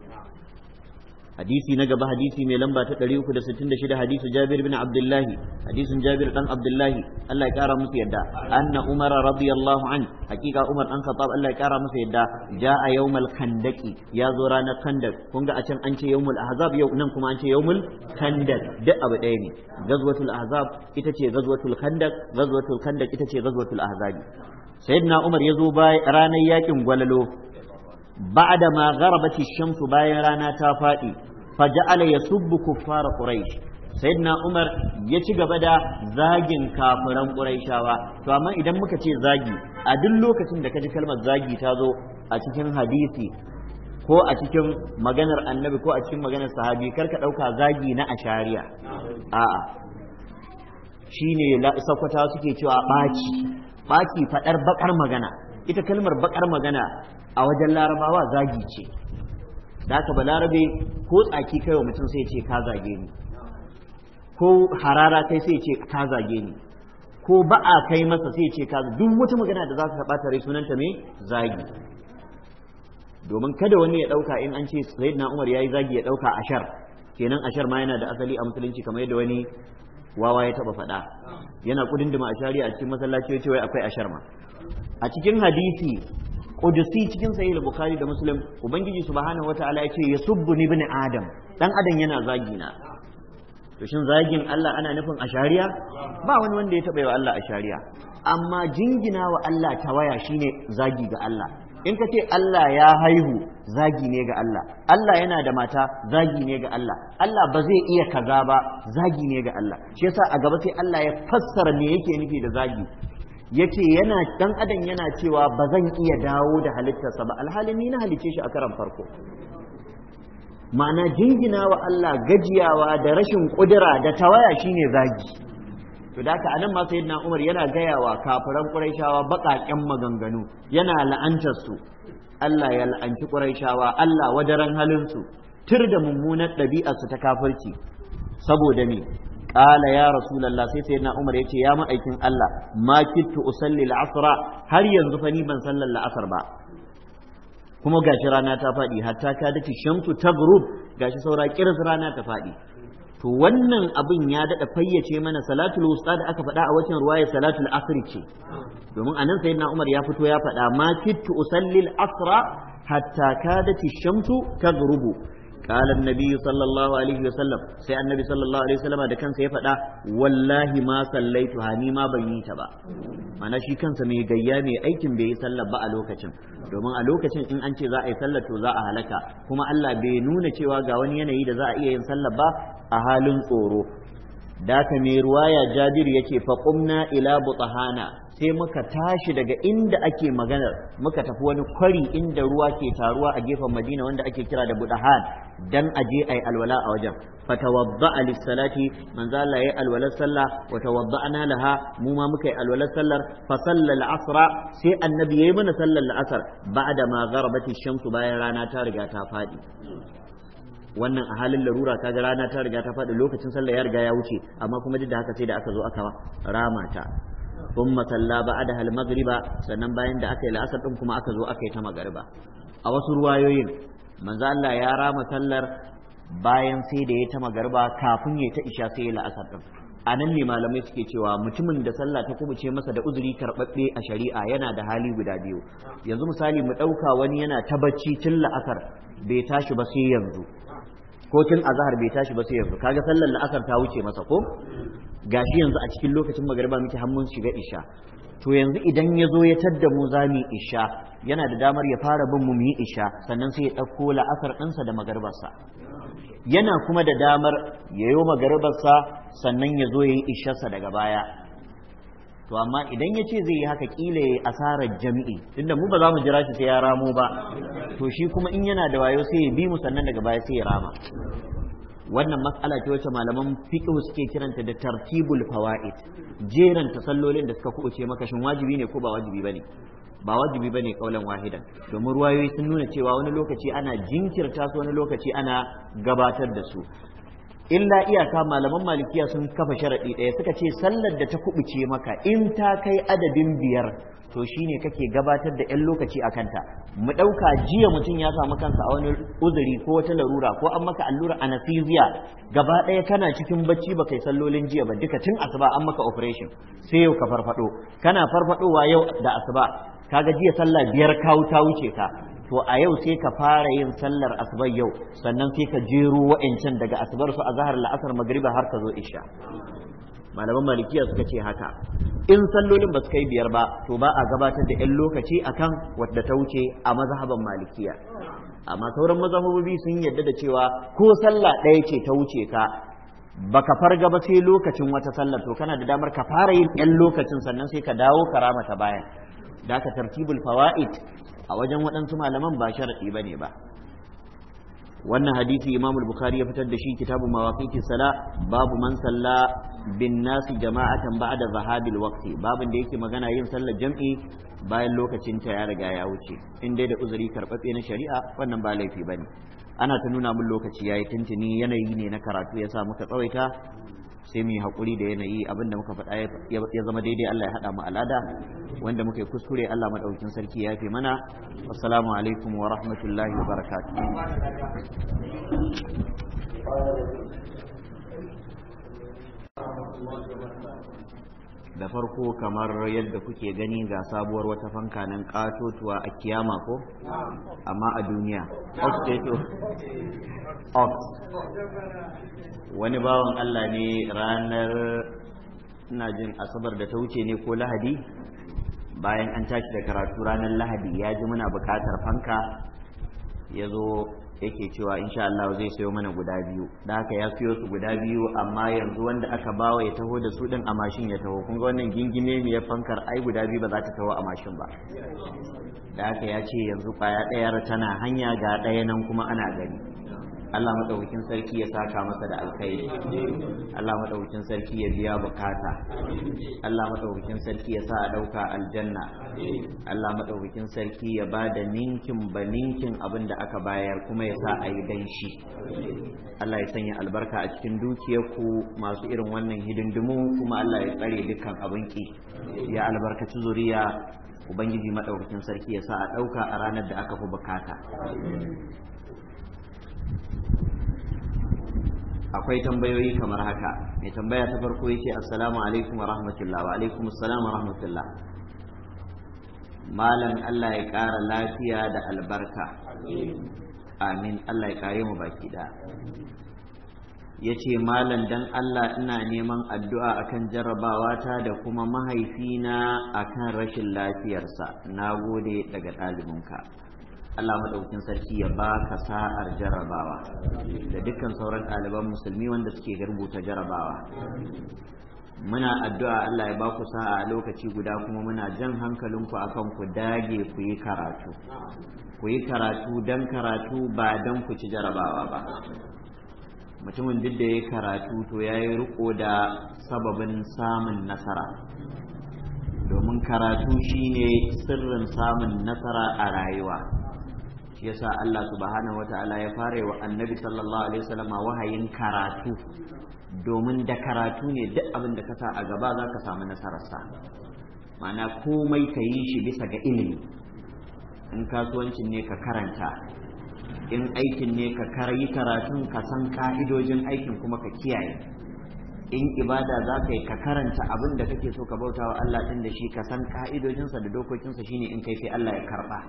Speaker 1: hadisi na gaba hadisi mai lamba ta 366 hadisu Jabir bin Abdullah hadisin Jabir dan Abdullahi. Allah ya kara musu yadda anna Umar radiyallahu an hakika Umar dan Khattab Allah ya kara musu yadda jaa yawmal khandaqi ya zo ranar khandaq kun a can an ce yawmul ahzab yau nan kuma an ce yawmul khandaq duk abu ɗaya ne gazwatul ahzab ita ce gazwatul khandaq gazwatul khandaq ita ce gazwatul ahzab sayyidina Umar ya zo ranar yakin gwalalo ba'da ma gharabati shamsu bayan rana ta faɗi faja'ala ya yasubbu kuffara quraish sayyidina Na'umar ya ci gaba da zagin kafiran quraishawa to amma idan muka ce zagi a duk lokacin da ka ji kalmar zagi ta zo a cikin hadisi ko a cikin maganar annabi ko a cikin maganar sahabi kar ka ɗauka zagi na ashariya a'a shine sakwata suke cewa ɓaci ɓaci faɗar baƙar magana ita kalmar bakar magana a wajen larabawa zagi ce da haka ba larabe ko tsaki kai wa mutum sai ce ka zage ni ko harara kai sai ce ka zage ni ko ba'a kai masa sai ce ka duk wata magana da za ka taɓa tare sunanta me zagi domin kada wani ya ɗauka in an ce na umar ya yi zagi ya ɗauka ashar kenan ashar ma yana da asali a musulunci kamar yadda wani wawa ya taɓa faɗa yana kudin dima a shari'a a cikin masallaci ya ce wai akwai ashar ma a cikin hadisi kudusi cikin sahih al-bukhari da muslim ubangiji subhanahu wataala yace yasubbu ibn adam dan adam yana zagi na to zagin Allah ana nufin a shari'a ba wani wanda ya taba yi wa Allah a shari'a amma jingina wa Allah tawaya shine zagi ga Allah in ka ce Allah ya haihu zagi ne ga Allah Allah yana da mata zagi ne ga Allah Allah ba zai iya kaza ba zagi ne ga Allah shi yasa a gaba sai Allah ya fassara me yake nufi da zagi Yace ce yana dan adam yana cewa bazan iya dawo da halittarsa ba alhali ni na halice shi a karan farko ma'ana jingina wa Allah gajiyawa da rashin kudura da tawaya shine zagi to da haka anan ma sayyidina Umar yana gayawa kafiran Quraishawa baƙaƙen maganganu yana la'antar su Allah ya la'anci Quraishawa Allah wadaran halin su tur da mummunar ɗabi'ar su ta kafirci saboda ne. qala ya rasulullah sai sai na umar yace ya ma'aikin Allah ma kittu usalli al-asra har yanzu fa ni ban sallar la'asar ba kuma gashi rana ta faɗi hatta ka dace shamsu tagrub gashi saura kirs rana ta faɗi to wannan abin ya dada fayyace mana salatul wusta da aka faɗa a wacin ruwaya salatul asri ce domin a nan sayyidina umar ya fito ya faɗa ma kittu usallil asra hatta kadati shamsu tagrubu قال النبي صلى الله عليه وسلم سي النبي صلى الله عليه وسلم da kansa ya faɗa wallahi ma sallaituha ni ma ban yi ta ba mana shi kansa mai gayya mai aikin bai yi sallar ba a lokacin domin a lokacin in an ce za a yi sallar to za a halaka kuma Allah bai nuna cewa ga wani yanayi da za a iya yin sallar ba a halin tsoro da ka mai ruwaya jabir yake faqumna ila butahana sai muka tashi daga inda ake maganar muka tafi wani kwari inda ruwa ke taruwa a gefen madina wanda ake kira da budahan dan aje ayi alwala a wajen fatawadda lis-salati manzo Allah yayi alwalar sallah wa tawadda'na laha mu ma muka yi alwalar sallar fa salla asra sai annabi yayi mana sallar al-asr ba'da ma gharabati shamsu bayan rana ta riga ta fadi wannan a halin larura kaga rana ta riga ta faɗi lokacin sallar ya riga ya wuce amma kuma duk da haka sai da aka zo aka rama ta ثم صلى ba'daha المغرب maghriba sannan bayan da aka yi la'asar din kuma aka zo aka yi ta magariba a wasu ruwayoyin manzo Allah ya rama sallar bayan sai da ya ta magariba kafin ya ta isha sai ya la'asar din a nan ne malamai suke cewa mutumin da sallah ta kubuce masa da uzuri karɓaɓɓe a shari'a yana da hali guda biyu yanzu misali mu ɗauka wani yana ta bacci tun la'asar bai tashi ba sai yanzu ko tun azahar bai tashi ba sai yanzu kaga sallar la'asar ta wuce masa ko gashi yanzu a cikin lokacin magariba muke hannun shiga isha to yanzu idan ya zo ya tadda mu za mu isha yana da damar ya fara bin mu yi isha sannan sai ya ɗauko la'asar ɗinsa da magaribarsa yana kuma da damar ya yo magaribarsa sannan ya zo ya yi isharsa daga baya to amma idan ya ce zai yi haka kila ya asarar jami'i, tunda mu ba za mu jira shi sai ya ramo ba to shi kuma in yana da wayo sai ya bi mu sannan daga baya sai ya rama wannan matsala ce wacce malaman fiqh suke kiranta da tartibul fawaid jeran sallolin da suka kuɓuce maka shin wajibi ne ko ba wajibi bane ba wajibi bane kaulan wahidan domin ruwayoyi sun nuna cewa wani lokaci ana jinkirta su wani lokaci ana gabatar da su illa iyaka malaman malikiya sun kafa sharaɗi ɗaya suka ce sallar da ta kubuce maka in ta kai adadin biyar to shine kake gabatar da 'yan lokaci a kanta mu ɗauka jiya mutum ya samu kansa a wani uzuri ko wata larura ko an maka allura anesthesia gaba ɗaya kana cikin bacci ba kai sallolin jiya ba duka tun asuba an maka operation sai yau ka farfaɗo kana farfaɗowa yau da asuba kaga jiya sallah biyar kawo ta wuce ka to a yau sai ka fara yin sallar asubar yau sannan sai ka jero wa'ancan daga asubar su a zahar la'asar magriba har ka zo isha malaman malikiya suka ce haka in sallolin ba su kai biyar ba to ba a gabatar da yan lokaci akan wadda ta wuce a mazhaban malikiya amma sauran mazhabobi sun yadda da cewa ko sallah ɗaya ce ta wuce ka baka farga ba sai lokacin wata sallar to kana da damar ka fara yin yan lokacin sannan sai ka dawo ka ta bayan da aka tartibul fawaid a wajen waɗansu malaman ba sharaɗi ba ne ba wannan hadisi imam bukhari ya fitar da shi kitabun mawaƙiƙin sala babu man salla bin nasi jama'atan da zahabil waqti babin da yake magana yin sallar jam'i bayan lokacin ta ya riga ya wuce in dai da uzuri karɓaɓɓe na shari'a wannan ba laifi bane ana ta nuna min lokaci yayi tuntuni yanayi ne na karatu ya sa muka tsawaita sai mu yi haƙuri da yanayi abinda muka faɗa ya zama daidai Allah ya haɗa mu al'ada wanda muka yi kuskure Allah maɗaukin sarki ya fi mana assalamu alaikum wa rahmatullahi wa barakatu. da farko kamar yadda kuke gani ga sabuwar wata fanka nan katotuwa a kiyama ko amma a duniya wani bawan allah ne ranar ina jin asabar da ta wuce ne ko lahadi bayan an tashi da karatu ranar lahadi ya ji muna buƙatar fanka ya zo yake cewa insha Allah zai sayo mana guda biyu da haka ya siyo su guda biyu amma yanzu wanda aka bawa ya taho da su din a mashin ya taho kun ga wannan gingine mai ya fankar ai guda biyu ba za ta taho a mashin ba
Speaker 2: da haka ya ce yanzu kwaya ɗayar tana hanya ga ɗaya nan kuma ana
Speaker 1: gani Allah madaukakin sarki ya saka masa da alkhairi Allah madaukakin sarki ya biya bukata Allah madaukakin sarki ya sa a dauka aljanna Allah madaukakin sarki ya ba da ninkin ba ninkin abin da aka bayar kuma ya sa a yi danshi Allah ya sanya albarka a cikin dukiyarku masu irin wannan hidindimu kuma Allah ya tsare dukkan abin ki ya albarkaci zuriya ubangiji madaukakin sarki ya sa a dauka a ranar da aka fi bukata akwai tambayoyi kamar haka mai tambaya ta farko yake, assalamu alaikum wa rahmatullah wa alaikum assalam wa rahmatullah malam Allah ya ƙara lafiya da albarka amin Allah ya kare mu baki da ya ce malam dan Allah ina neman addu'a akan ta da kuma mahaifina akan rashin lafiyarsa na gode daga ɗalibinka Allah madaukin sarki ya baka sa'ar jarabawa da dukkan sauran ɗaliban musulmi wanda suke rubuta jarabawa muna addu'a Allah ya baku sa'a a lokaci guda kuma muna jan hankalinku akan ku dage ku yi karatu ku yi karatu dan karatu ba dan ku ci jarabawa ba mutumin duk da ya karatu to ya yi riko da sababin samun nasara domin karatu shine sirrin samun nasara a rayuwa shi yasa Allah subhanahu wataala ya fara wa annabi sallallahu alaihi wasallam wahayin karatu domin da karatu ne duk abin da ka sa a gaba za ka samu nasararsa ma'ana komai ka yi shi bisa ga ilimi in kasuwancin ne ka karanta in aikin ne ka karayi karatun ka san ka'idojin aikin kuma ka kiyaye in ibada za ka yi ka karanta abin da kake so ka bauta wa Allah ɗin da shi ka san ka'idojinsa da dokokinsa shine in kai sai Allah ya karɓa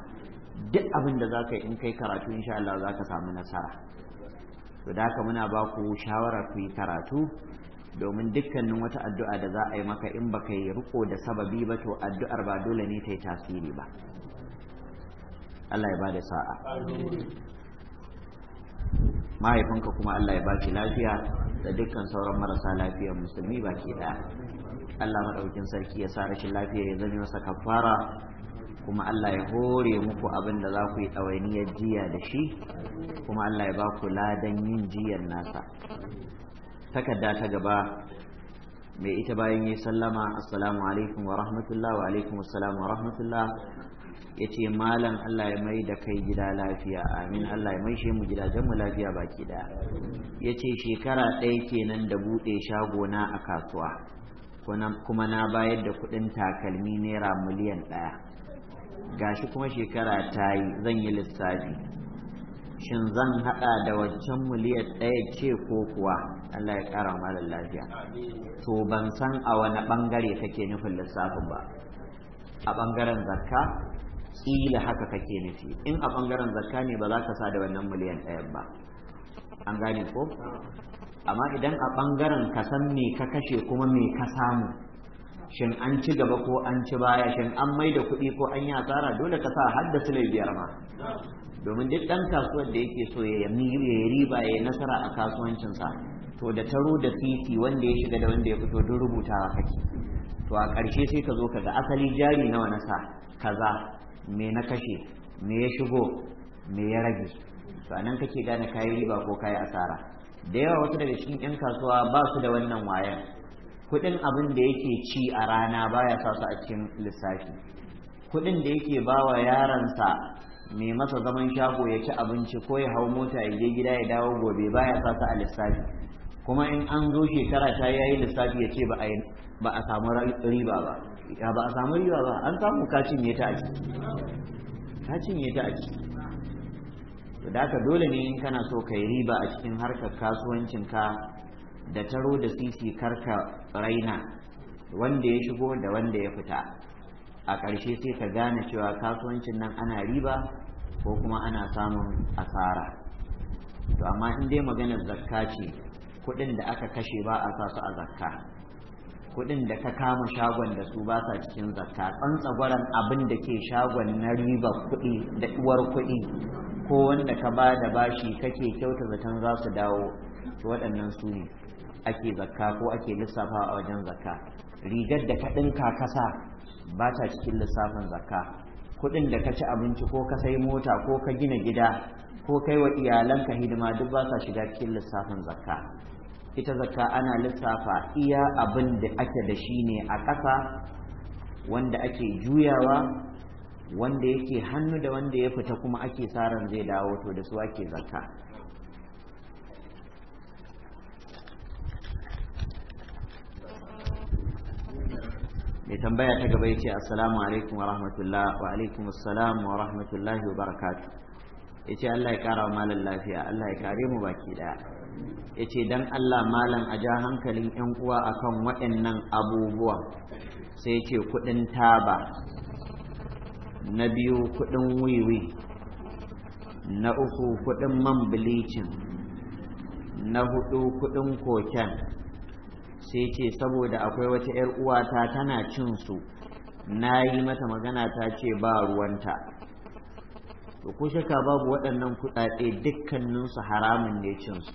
Speaker 1: duk abin da za ka yi in kai karatu insha Allah za ka samu nasara to da haka muna ba ku shawara ku yi karatu domin dukkanin wata addu'a da za a yi maka in baka yi riko da sababi ba to addu'ar ba dole ne ta yi tasiri ba Allah ya ba da sa'a mahaifinka kuma Allah ya ba ki lafiya da dukkan sauran marasa lafiyar musulmi ba baki daya Allah maɗaukin sarki ya sa rashin lafiya ya zame masa kafara kuma Allah ya hore muku abin da za ku yi ɗawainiyar jiya da shi kuma Allah ya ba ku ladan yin jiyan nasa takarda ta gaba mai ita bayan yi sallama assalamu alaikum wa rahmatullah wa alaikum assalamu wa rahmatullah ya ce malam Allah ya mai da kai gida lafiya amin Allah ya mai shi mu gidajenmu lafiya baki daya ya ce shekara ɗaya ke nan da buɗe shagona a kasuwa kuma na bayar da kuɗin takalmi naira miliyan ɗaya gashi kuma shekara ta yi zan yi lissafi shin zan haɗa da waccan miliyar ɗaya ce ko kuwa Allah ya ƙara malar lafiya to ban san a wani ɓangare kake nufin lissafin ba a ɓangaren zakka ƙila haka kake nufi in a ɓangaren zakka ne ba za ka sa da wannan miliyan ɗaya ba an gane ko amma idan a ɓangaren ka san me ka kashe kuma me ka samu shin an ci gaba ko an ci baya shin an mai da kuɗi ko an yi asara dole ka sa har da sulai biyar ma domin duk ɗan kasuwar da yake so ya riba ya yi nasara a kasuwancinsa to da taro da titi wanda ya shiga da wanda ya fito duk rubutawa kake to a ƙarshe sai ka zo ka ga asali jari nawa na sa kaza me na kashe me ya shigo me ya rage to anan kake gane kayi riba ko kayi asara da yawa wasu daga cikin 'yan kasuwa ba su da wannan wayan Kudin abin da yake ci a rana baya sa su a cikin lissafi kudin da yake ba wa yaransa mai masa zaman shago ya ci abinci ko ya hau mota ya je gida ya dawo gobe baya sa su a lissafi kuma in an zo shekara ta yayi lissafi ya ce ba a samu riba ba ya ba a samu riba ba an samu ka cinye ta a ciki ka ta a ciki to da haka dole ne in kana so ka yi riba a cikin harkar kasuwancinka da taro da sisi karka raina wanda ya shigo da wanda ya fita a ƙarshe sai ka gane cewa kasuwancin nan ana riba ko kuma ana samun asara to amma in dai maganar zakka ce kuɗin da aka kashe ba a sa su a zakka kuɗin da ka kama shagon da su ba sa cikin zakka tsantsagwaran abin da ke shagon na riba kuɗi da uwar kuɗi ko wanda ka ba da bashi kake kyauta zaton za su dawo waɗannan su ne ake zakka ko ake lissafa a wajen zakka rigar da ka ɗinka kasa ba ta cikin lissafin zakka kuɗin da ka ci abinci ko ka sai mota ko ka gina gida ko kai wa iyalanka hidima duk ba sa shiga cikin lissafin zakka ita zakka ana lissafa iya abin da ake da shi ne a ƙasa wanda ake juyawa wanda yake hannu da wanda ya fita kuma ake saran zai dawo to da su ake zakka mai tambaya ta gaba yace assalamu alaikum wa rahmatullah wa alaikum assalam wa rahmatullahi wa barakatuh yace Allah ya kara wa malam lafiya Allah ya kare mu baki daya yace dan Allah malam a ja hankalin yan uwa akan waɗannan abubuwa sai yace kuɗin taba na biyu kuɗin wiwi na uku kuɗin man bilicin na hudu kuɗin koken sai ce saboda akwai wata 'yar uwata tana cin su na yi mata magana ta ce ba ruwanta to ko shaka babu waɗannan kuɗaɗe dukkaninsu haramun ne cin su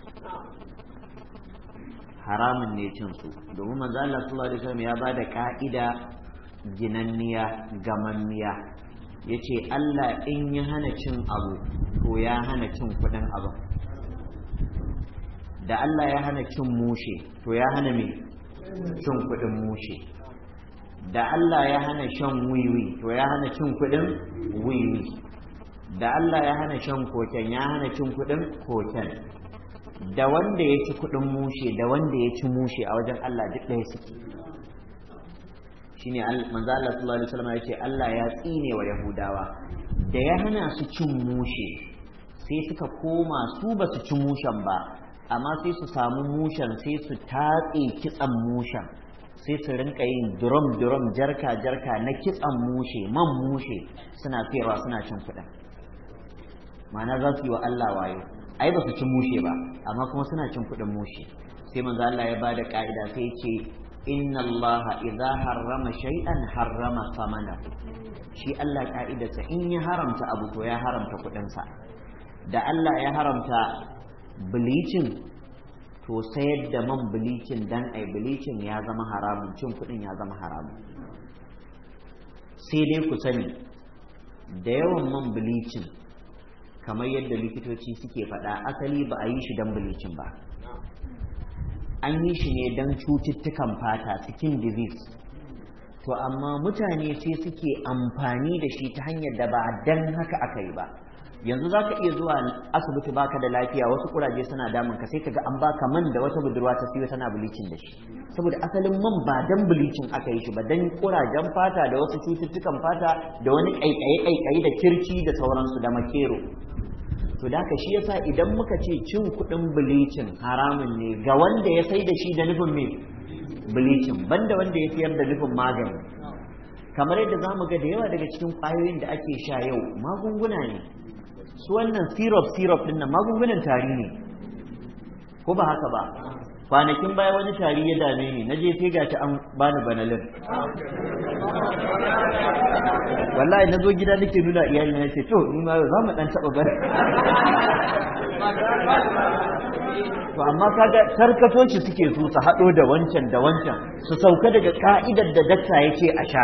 Speaker 1: haramun ne cin su domin maza Allah sallallahu alaihi wasallam ya bada ka'ida ginanniya gamanniya yace Allah in ya hana cin abu to ya hana cin kuɗin abu da Allah ya hana cin mushe to ya hana me cin kuɗin mushe da Allah ya hana shan wiwi to ya hana cin kuɗin wiwi da Allah ya hana shan koken ya hana cin kuɗin koken da wanda ya ci kuɗin mushe da wanda ya ci mushe a wajen Allah duk ɗaya suke shine manzo Allah sallallahu alaihi wasallam yace Allah ya tsine wa Yahudawa da ya hana su cin mushe sai suka koma su ba su ci mushen ba amma sai su samu mushan, sai su tatse kitsan mushan, sai su rinka yin drum drum jarka jarka na kitsan mushe man mushe suna sayarwa suna cin kuɗin ma'ana za su yi wa Allah wayo ai ba su ci mushe ba amma kuma suna cin kuɗin mushe sai manzo Allah ya bada ka'ida sai ce inna Allah idza harrama shay'an harrama samanahu shi Allah ka'idarsa in ya haramta abu to ya haramta kuɗinsa da Allah ya haramta bleaching to sayar da man bleaching dan ai bleaching ya zama haramun cin kuɗin ya zama haramun sai dai ku sani da yawan man bleaching kamar yadda likitoci suke faɗa asali ba a yi shi dan bleaching ba an yi shi ne dan cututtukan fata skin disease to amma mutane sai suke amfani da shi ta hanyar da ba dan haka aka yi ba yanzu za ka iya zuwa asibiti baka da lafiya wasu kuraje suna damun ka sai ka ga an baka man da wata budurwa ta siyo tana bulicin da shi saboda asalin man ba dan bilicin aka yi shi ba dan kurajen fata da wasu cututtukan fata da wani ƙaiƙayi ƙaiƙayi da kirci da sauransu da makero to da ka shi yasa idan muka ce cin kuɗin bulicin haramun ne ga wanda ya sai da shi da nufin me bilicin banda wanda ya siyar da nufin magani kamar yadda za mu ga da yawa daga cikin ƙwayoyin da ake sha yau magunguna ne su wannan syrup syrup din nan magungunan tari ne ko ba haka ba kwanakin baya wani tari ya dame ni na je sai ta an bani banalin wallahi na zo gida nake nuna iyali na ce to ni ma za mu dan taba bar to amma kaga suke so su hado da wancan da wancan su sauka daga ka'idar da dakta yake a sha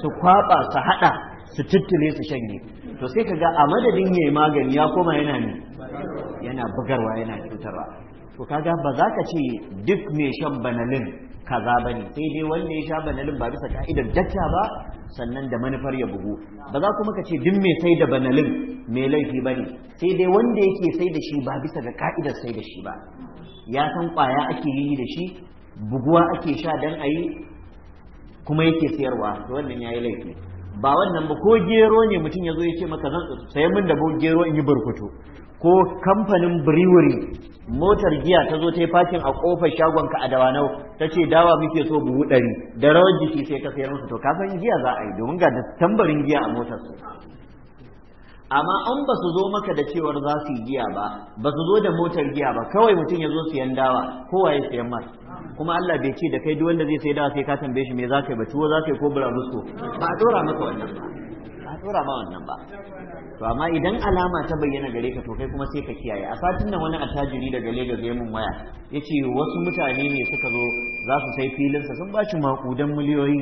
Speaker 1: su kwaba su hada su tittile su shanye to sai ka ga a madadin yayi magani ya koma yana ne yana bugarwa yana cutarwa to kaga ba za ka ce duk mai shan banalin kaza bane sai dai wanda ya sha banalin ba bisa ka'idar dakta ba sannan da manufar ya bugu ba za kuma ka ce duk mai sai da banalin mai laifi bane sai dai wanda yake sai da shi ba bisa ga ka'idar sai da shi ba ya san kwaya ake yi da shi buguwa ake sha dan ayi kuma yake sayarwa to wannan yayi laifi ba wannan ba ko gero ne mutum ya zo ya ce maka zan sayan mun da gero in yi burkutu ko kamfanin brewery motar giya ta zo ta yi fakin a kofar shagon ka a dawanau ta ce dawa muke so buhu ɗari da rawar jiki sai ka sayar musu to kafin giya za a yi domin ga da tambarin giya a motar amma an ba su zo maka da cewar za su giya ba ba su zo da motar giya ba kawai mutum ya zo siyan dawa kowa ya siyan mar kuma Allah bai ce da kai duk wanda zai sai dawa sai ka tambaye shi me za ka yi ba tuwo za ka yi ko musu ba a dora maka wannan ba ba a dora ma wannan ba to amma idan alama ta bayyana gare ka to kai kuma sai ka kiyaye a satin nan wani attajiri daga Lagos ya mun waya yace wasu mutane ne suka zo za su sai filinsa sun ba shi makudan miliyoyi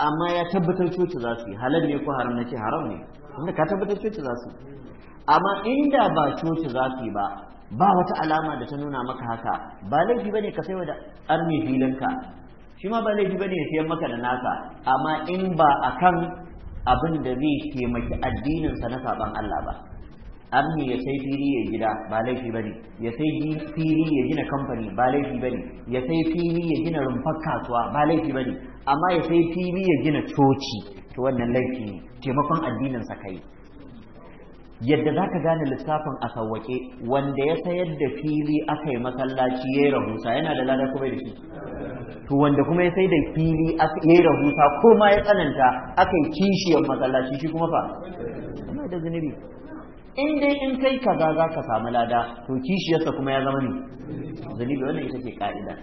Speaker 1: amma ya tabbatar coci za su yi halal ne ko haram na ce haram ne inda ka tabbatar coci za su amma inda ba coci za su ba ba wata alama da ta nuna maka haka ba laifi bane ka saiwa da arni filinka shi ma ba laifi bane ya siyan maka da naka amma in ba akan abin da zai taimaki addinin sa na saban Allah ba arni ya sai fili ya gida ba laifi bane ya sai fili ya gina kamfani ba laifi bane ya sai fili ya gina rumfar kasuwa ba laifi bane amma ya sai fili ya gina coci to wannan laifi ne taimakon addinin sa kai yadda za ka gane lissafin a sawwake wanda ya sayar da fili aka yi masallaci ya yi rahusa yana da lada kuma da shi to wanda kuma ya sai da fili ya yi rahusa ko ma ya tsananta aka yi kishiyar masallaci shi kuma fa yana da zunubi in dai in kai kaza za ka samu lada to kishiyarsa kuma ya zama ne zunubi wannan ita ce ka'ida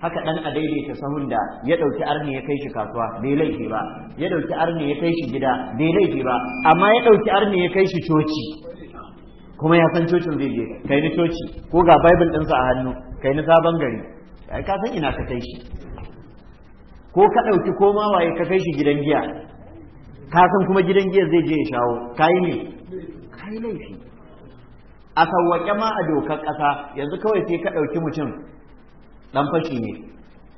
Speaker 1: haka dan a daidaita sahun da ya dauki arni ya kai shi kasuwa bai laifi ba ya dauki arni ya kai shi gida bai laifi ba amma ya dauki arni ya kai shi coci kuma ya san cocin zai je kai ni coci ko ga bible ɗinsa a hannu kai ni sabon gari ai ka san ina ka kai shi ko ka dauki ko ma waye ka kai shi gidan giya ka san kuma gidan giya zai je ya shawo kai ne kai laifi a sauwaƙe ma a dokar ƙasa yanzu kawai sai ka ɗauki mutum dan fashi ne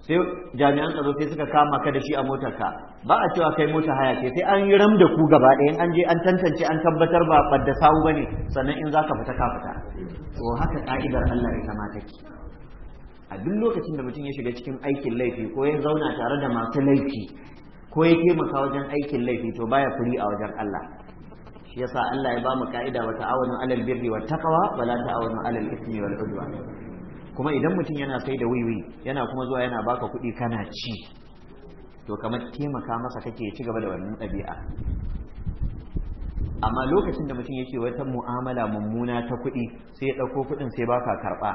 Speaker 1: sai jami'an tsaro sai suka kama ka da shi a motar ka ba a cewa kai mota haya ce sai an yi ram da ku gaba ɗaya an je an tantance an tabbatar ba badda sawu bane sannan in zaka fita ka fita to haka ka'idar Allah ita ma take a duk lokacin da mutum ya shiga cikin aikin laifi ko ya zauna tare da masu laifi ko ya taimaka wajen aikin laifi to baya furi a wajen Allah shi yasa Allah ya ba mu ka'ida wa ta'awunu alal birri wat taqwa wa la alal ismi wal udwan kuma idan mutum yana sai da wiwi yana kuma zuwa yana baka kuɗi kana ci to kamar taimaka masa kake ci gaba da wannan ɗabi'a amma lokacin da mutum yake wata mu'amala mummuna ta kuɗi sai ya ɗauko kuɗin sai baka karɓa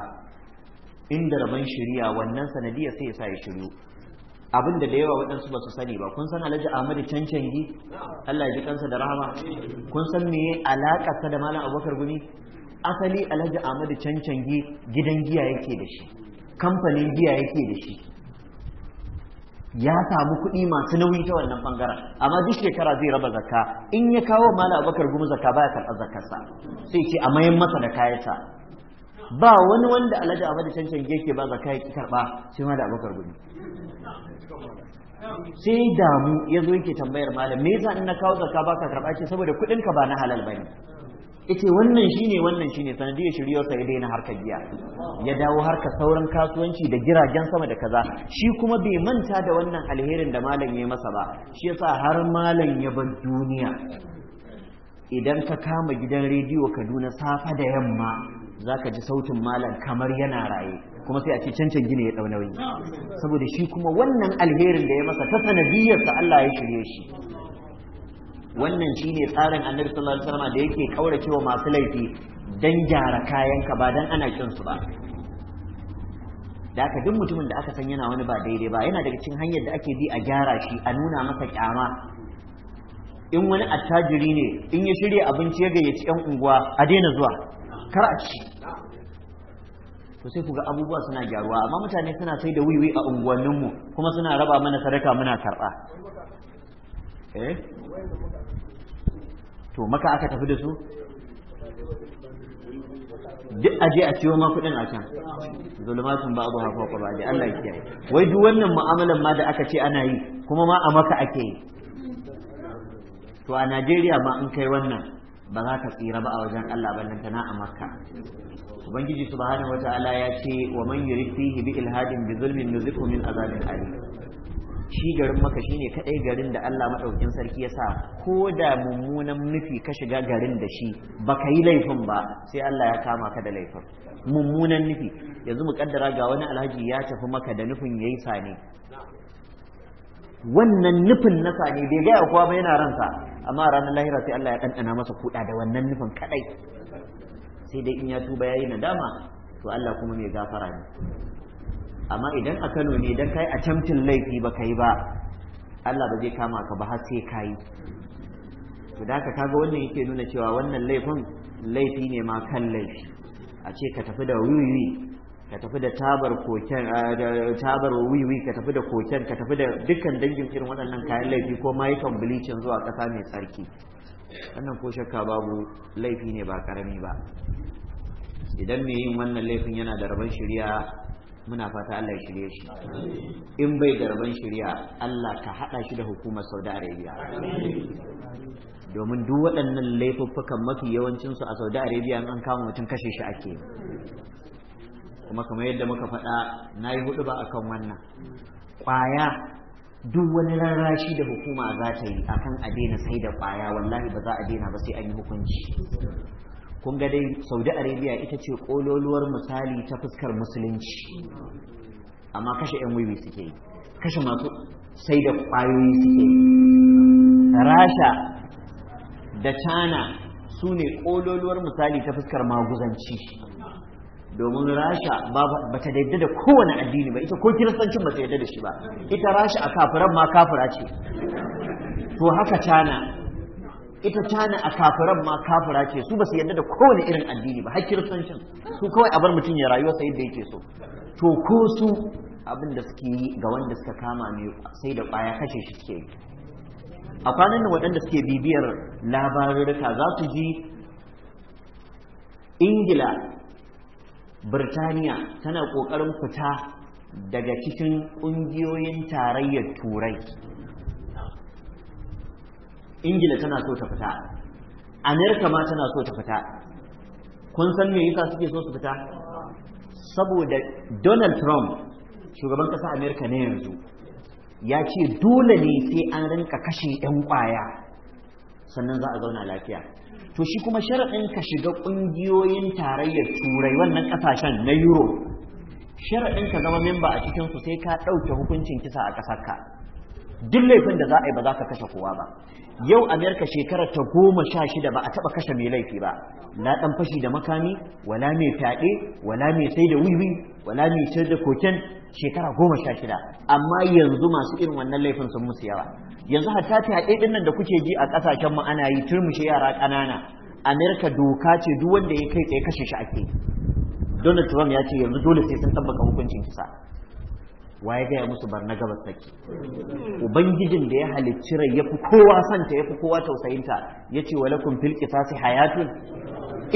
Speaker 1: inda rabon shirya wannan sanadiyar sai ya sa ya shiru abin da da yawa waɗansu ba su sani ba kun san alhaji can cancangi allah ji kansa da rahama kun san meye alaƙasa da malam abubakar guni asali alhaji can cancangi gidan giya yake da shi kamfanin giya yake da shi ya samu kuɗi masu nauyi ta wannan bangaren amma duk shekara zai raba zakka in ya kawo malam abubakar gumi zakka baya karɓar zakkarsa sai ce a mayan masa da kayansa ba wani wanda alhaji amadu cancan yake ba zaka ya karba sai ma da abokar gudu sai damu ya zo yake tambayar malam me yasa in na kawo zaka baka karba ce saboda kuɗin ka ba na halal bane yace wannan shine wannan shine sanadiyar shirya sai ya na harkar giya ya dawo harkar sauran kasuwanci da jiragen sama da kaza shi kuma bai manta da wannan alherin da malam ya masa ba shi yasa har malam ya bar duniya idan ka kama gidan rediyo Kaduna safa da yamma za ka ji sautin malam kamar yana raye kuma sai a ce cancan gini ya ɗau nauyi saboda shi kuma wannan alherin da ya masa ta ta Allah ya shirye shi wannan shi ne tsarin annabi sallallahu alaihi da yake kaurace wa masu laifi dan gyara kayanka ba dan ana kin ba da aka duk mutumin da aka san yana wani ba daidai ba yana daga cikin hanyar da ake bi a gyara shi a nuna masa kyama in wani attajiri ne in ya shirya abinci ya gayyaci yan unguwa a daina zuwa kar a ci to sai ku ga abubuwa suna gyaruwa amma mutane suna sai da wiwi a unguwanninmu kuma suna raba mana sadaka muna karɓa eh to maka aka tafi da su duk aje a ciwo ma kuɗin a can zulumatun ba abu hafa ba da Allah ya kiyaye wai duk wannan mu'amalan ma da aka ce ana yi kuma ma a maka ake yi to a Najeriya ma in kai wannan ba za ka tsira ba a wajen Allah ballanta na a makka ubangiji subhanahu wataala ya ce wa man yurid fihi bi ilhadin bi zulmin nuzikhu min azabin alim shi garin maka shine kadai garin da Allah madaukin sarki ya sa ko da mummunan nufi ka shiga garin da shi baka yi laifin ba sai Allah ya kama ka da laifin mummunan nufi yanzu mu kaddara ga wani alhaji ya tafi maka da nufin yayi sane wannan nufin na sane bai ga kowa ba yana ransa amma ranar lahira sai Allah ya ɗanɗana masa kuɗa da wannan nufin kaɗai sai dai in ya tuba ya yi nadama to Allah kuma mai gafara ne amma idan a Kano ne dan kai camcin laifi ba yi ba Allah ba zai kama ka ba har sai kai to da ka kaga wannan yake nuna cewa wannan laifin laifi ne ma kan laifi a ce ka tafi da wiwi ka tafi da tabar koken tabar wiwi ka tafi da koken ka tafi da dukkan dangin irin waɗannan kayan laifi ko mayukan bilicin zuwa ƙasa mai tsarki wannan ko shakka babu laifi ne ba ƙarami ba idan mai yin wannan laifin yana da rabon shirya muna fata Allah ya shirye shi in bai da rabon shirya Allah ka haɗa shi da hukumar Saudi Arabia domin duk waɗannan laifuffukan mafi yawancinsu a Saudi Arabia an kama mutum kashe shi ake kuma kamar yadda muka faɗa na yi hudu ba akan wannan ƙwaya duk wani rarrashi da hukuma za ta yi akan a daina sai da ƙwaya wallahi ba za a daina ba sai an yi hukunci kun ga dai saudi arabia ita ce ƙololuwar misali ta fuskar musulunci amma kashe 'yan wiwi suke yi kashe masu sai da ƙwayoyi suke yi rasha da china su ne ƙololuwar misali ta fuskar maguzanci domin rasha ba ta daidai da kowane addini ba ita ko kiristancin ba ta yadda da shi ba ita rasha a kafiran ma kafira ce to haka tana ita tana a kafiran ma kafira ce su ba su yadda da kowane irin addini ba har kiristancin su kawai a bar mutum ya rayuwa sai yadda yake so to ko su abin da suke yi ga wanda suka kama ne sai da kwaya kashe shi suke a kwanan nan waɗanda suke bibiyar labarurruka za su ji ingila birtaniya tana ƙoƙarin fita daga cikin ƙungiyoyin tarayyar turai ingila tana so ta fita amerika ma tana so ta fita kun san me yasa suke so su fita saboda donald trump shugaban ƙasar amerika ne yanzu ya ce dole ne sai an rinka kashe 'yan kwaya sannan za a zauna lafiya to shi kuma sharaɗin ka shiga ƙungiyoyin tarayyar turai wannan ƙasashen na euro sharaɗin ka zama memba a cikinsu sai ka ɗauke hukuncin kisa a ƙasarka duk laifin da za a yi ba za ka kashe kowa ba yau amerika shekara ta goma sha shida ba a taɓa kashe mai laifi ba na ɗan fashi da makami wala mai fyaɗe wala mai sai da wiwi wala mai sai da koken shekara goma sha shida amma yanzu masu irin wannan laifin sun musu yawa yanzu hatta ta haɗe ɗin nan da kuke ji a ƙasashen mu ana yi turmushe yara ƙanana amerika doka ce duk wanda ya kai tsaye kashe shi ake donald trump ya ce yanzu dole sai sun tabbaka hukuncin kisa Wa ya gaya musu barna na gabas take ubangijin da ya halicci rai ya fi kowa santa ya fi kowa tausayinta ya ce walakum fil qisasi hayatun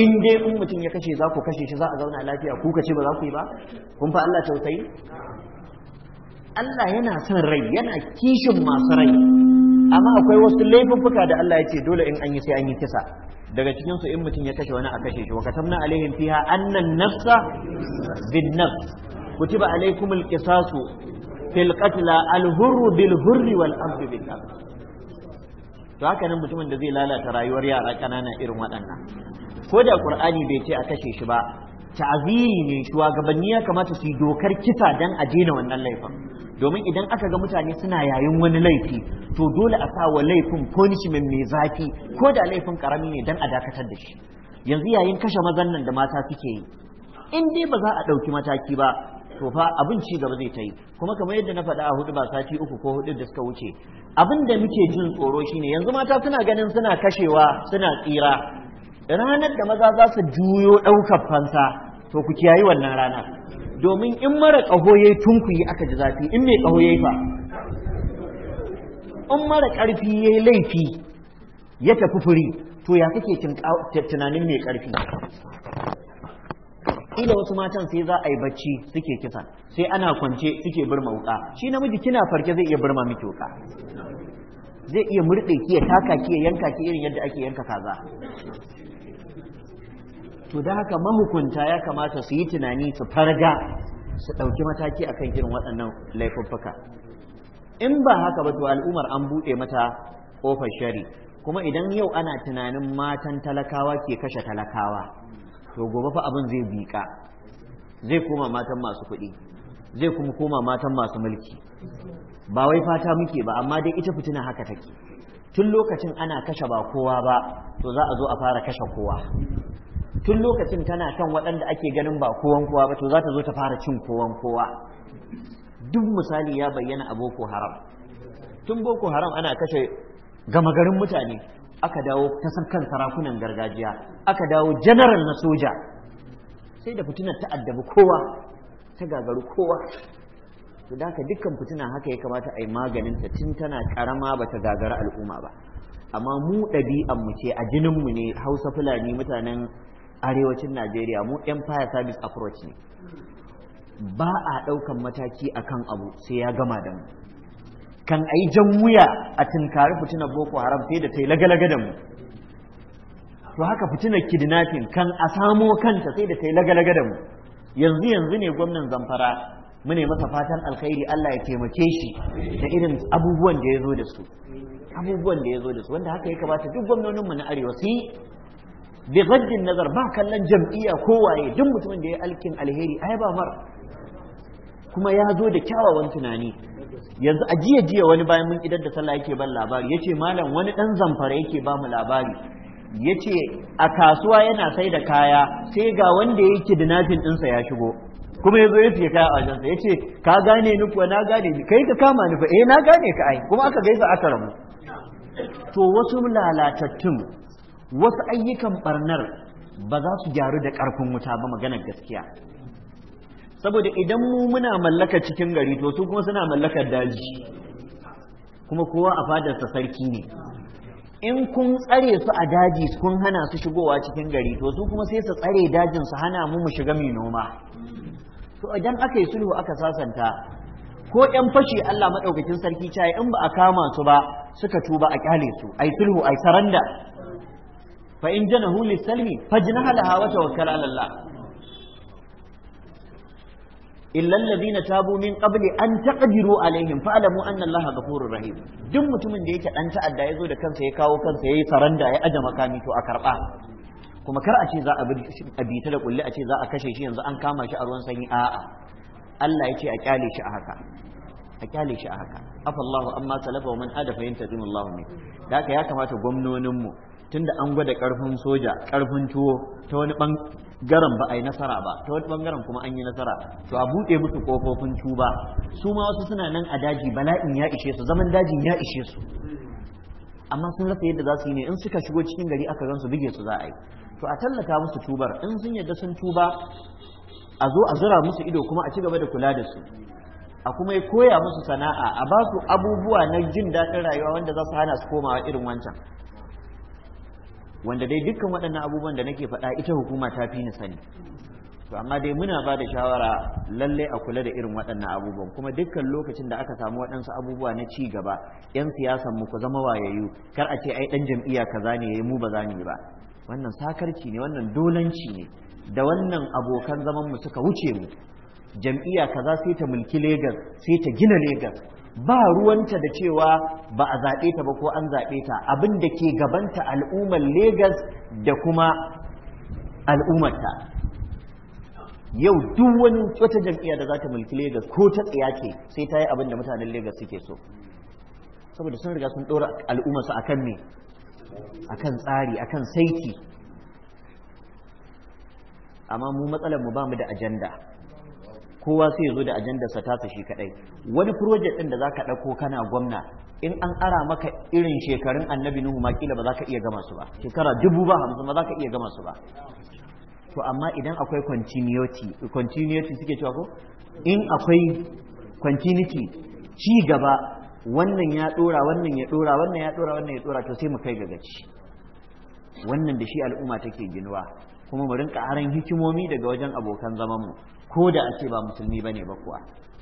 Speaker 1: in dai in mutum ya kashe za ku kashe shi za a zauna lafiya ku kace ba za ku yi ba kun fa Allah tausayi Allah yana son rai yana kishin masu rai amma akwai wasu laifuffuka da Allah ya ce dole in an yi sai an yi kisa daga cikin su in mutum ya kashe wani a kashe shi wa katamna alaihim fiha annan nafsa bin nafs kutiba alaikumul qisasu fil qatla al hurru bil hurri wal abd bil abd to haka nan mutumin da zai lalata rayuwar yara kanana irin waɗannan ko da qur'ani bai ce a kashe shi ba ta'ziri ne shugabanni ya kamata su yi dokar kisa dan a daina wannan laifin domin idan aka ga mutane suna yayin wani laifi to dole a sa wa laifin punishment mai zafi ko da laifin karami ne dan a dakatar da shi yanzu yayin kashe mazan nan da mata suke yi in dai ba za a ɗauki mataki ba to fa abin ci gaba zai ta yi kuma kamar yadda na faɗa a hudu ba sati uku ko hudu da suka wuce abin da muke jin tsoro shine yanzu mata suna ganin suna kashewa suna tsira ranar da maza za su juyo ɗaukar fansa to ku kiyayi wannan rana domin in mara ƙaho ya yi tunkuyi aka ji zafi in mai ƙaho ya yi fa in mara ƙarfi ya yi laifi ya tafi furi to ya kake tunanin mai ƙarfi ila wasu matan sai za a yi bacci suke kisa sai ana kwance suke birma wuka shi namiji kina farke zai iya birma miki wuka zai iya murɗe ki ya taka ki ya yanka ki irin yadda ake yanka kaza to da haka mahukunta ya kamata su yi tunani su farga su ɗauki mataki akan irin waɗannan laifuffuka in ba haka ba to al'ummar an buɗe mata ƙofar shari kuma idan yau ana tunanin matan talakawa ke kashe talakawa to gobe fa abin zai biƙa zai koma matan masu kuɗi zai kuma koma matan masu mulki ba wai fata muke ba amma dai ita fitina haka take tun lokacin ana kashe ba kowa ba to za a zo a fara kashe kowa tun lokacin tana kan waɗanda ake ganin ba kowan kowa ba to za ta zo ta fara cin kowan kowa duk misali ya bayyana a boko haram tun boko haram ana kashe gama garin mutane aka dawo ta kan sarakunan gargajiya aka dawo janaral na soja sai da fitinar ta addabi kowa ta gagaru kowa to dukkan fitina haka ya kamata a yi maganin ta tun tana karama ba ta gagara al'umma ba amma mu ɗabi'an mu ce a jinin mu ne hausa fulani mutanen arewacin najeriya mu empire service approach ne ba a ɗaukan mataki akan abu sai ya gama da mu kan a yi jan wuya a tunkari fitinar boko haram sai da ta yi lagalaga da mu to haka fitinar kidnapping kan a samo kanta sai da ta yi lagalaga da mu yanzu yanzu ne gwamnan zamfara mune masa fatan alkhairi Allah ya taimake shi da irin abubuwan da ya zo da su abubuwan da ya zo da su wanda haka ya kamata duk mu na arewa su bi gaddin nazar ba kallon jam'iyya kowaye duk mutumin da ya alkin alheri ai ba mar kuma ya zo da kyawawan tunani yanzu ajiye jiya wani bayan mun idan da sallah yake ban labari ya ce malam wani dan zamfara yake ba mu labari Ya ce a kasuwa yana sai da kaya sai ga wanda yake kidnapping ɗinsa ya shigo kuma ya zo ya fiye kaya a wajensa ya ce ka gane ni kuwa na gane ni kai ka kama ni fa eh na gane ka ai kuma aka gaisa aka rabu to wasu lalatattun wasu ayyukan barnar ba za su gyaru da ƙarfin wuta ba maganar gaskiya saboda idan mu muna mallaka cikin gari to su kuma suna mallakar daji kuma kowa a fadarsa sarki ne in kun tsare su a daji kun hana su shigowa cikin gari to su kuma sai su tsare dajin su hana mu mu shiga mai noma to idan aka yi sulhu aka sasanta ko ƴan fashi Allah madaukakin sarki ta in ba a kama su ba suka tuba a kyale su ai sulhu ai saranda fa in janahu lisalmi fajnah laha wa tawakkal ala Allah illa alladhina tabu qabli an taqdiru alaihim fa'lamu anna Allah ghafurur rahim duk mutumin da yake ɗan ta'adda yazo da kansa ya kawo kansa yayi saranda ya aje makami to a karba kuma kar a ce za a bi da kulli a ce za a kashe shi yanzu an kama shi a ruwan sanyi a'a Allah ya ce a kyale shi a haka a kyale shi a haka afallahu amma salafa wa man ada fa yantazimullahu da haka ya kamata gwamnonin mu tunda an gwada karfin soja karfin tuwo ta wani bangaren ba a yi nasara ba ta wani bangaren kuma an yi nasara to a buɗe musu kofofin tuba su ma wasu suna nan a daji bala'in ya ishe su zaman dajin ya ishe su amma sun rasa yadda za su yi ne in suka shigo cikin gari aka gan su bige su za a yi to a tallata musu tubar in sun yadda sun tuba a zo a zura musu ido kuma a ci gaba da kula da su a kuma koya musu sana'a a ba su abubuwa na jin daɗin rayuwa wanda za su hana su komawa irin wancan wanda dai dukkan waɗannan abubuwan da nake faɗa ita hukuma ta fi ni sani to amma dai muna ba da shawara lallai a kula da irin waɗannan abubuwan kuma dukkan lokacin da aka samu waɗansu abubuwa na ci gaba yan siyasan mu ku zama wayayyu kar a ce ai dan jam'iyya kaza ne yayi mu ba za mu ba wannan sakarci ne wannan dolanci ne da wannan abokan zaman mu suka wuce mu jam'iyya kaza sai ta mulki Legas sai ta gina Legas ba ruwanta da cewa ba a zaɓe ta ba ko an zaɓe ta abin da ke gabanta al'ummar Legas da kuma al'ummarta yau duk wani wata jam'iyya da za ta mulki Legas ko ta tsaya ce sai ta yi abin da mutanen Legas suke so saboda sun riga sun ɗora al'ummarsu akan me akan tsari akan saiti amma mu matsalar mu ba mu da ajanda kowa sai ya zo da sa tasa shi kadai wani project din da zaka dauko kana gwamna in an ara maka irin shekarun annabi nuhu ma kila ba zaka iya gama su ba shekara dubu ba hamsin ba zaka iya gama su ba to amma idan akwai continuity continuity suke cewa ko in akwai continuity ci gaba wannan ya dora wannan ya dora wannan ya dora wannan ya dora to sai mu kai ga gaci wannan da shi al'umma take ginuwa kuma mu rinka aran hikimomi daga wajen abokan zaman mu ko da a ce ba musulmi bane ba kuwa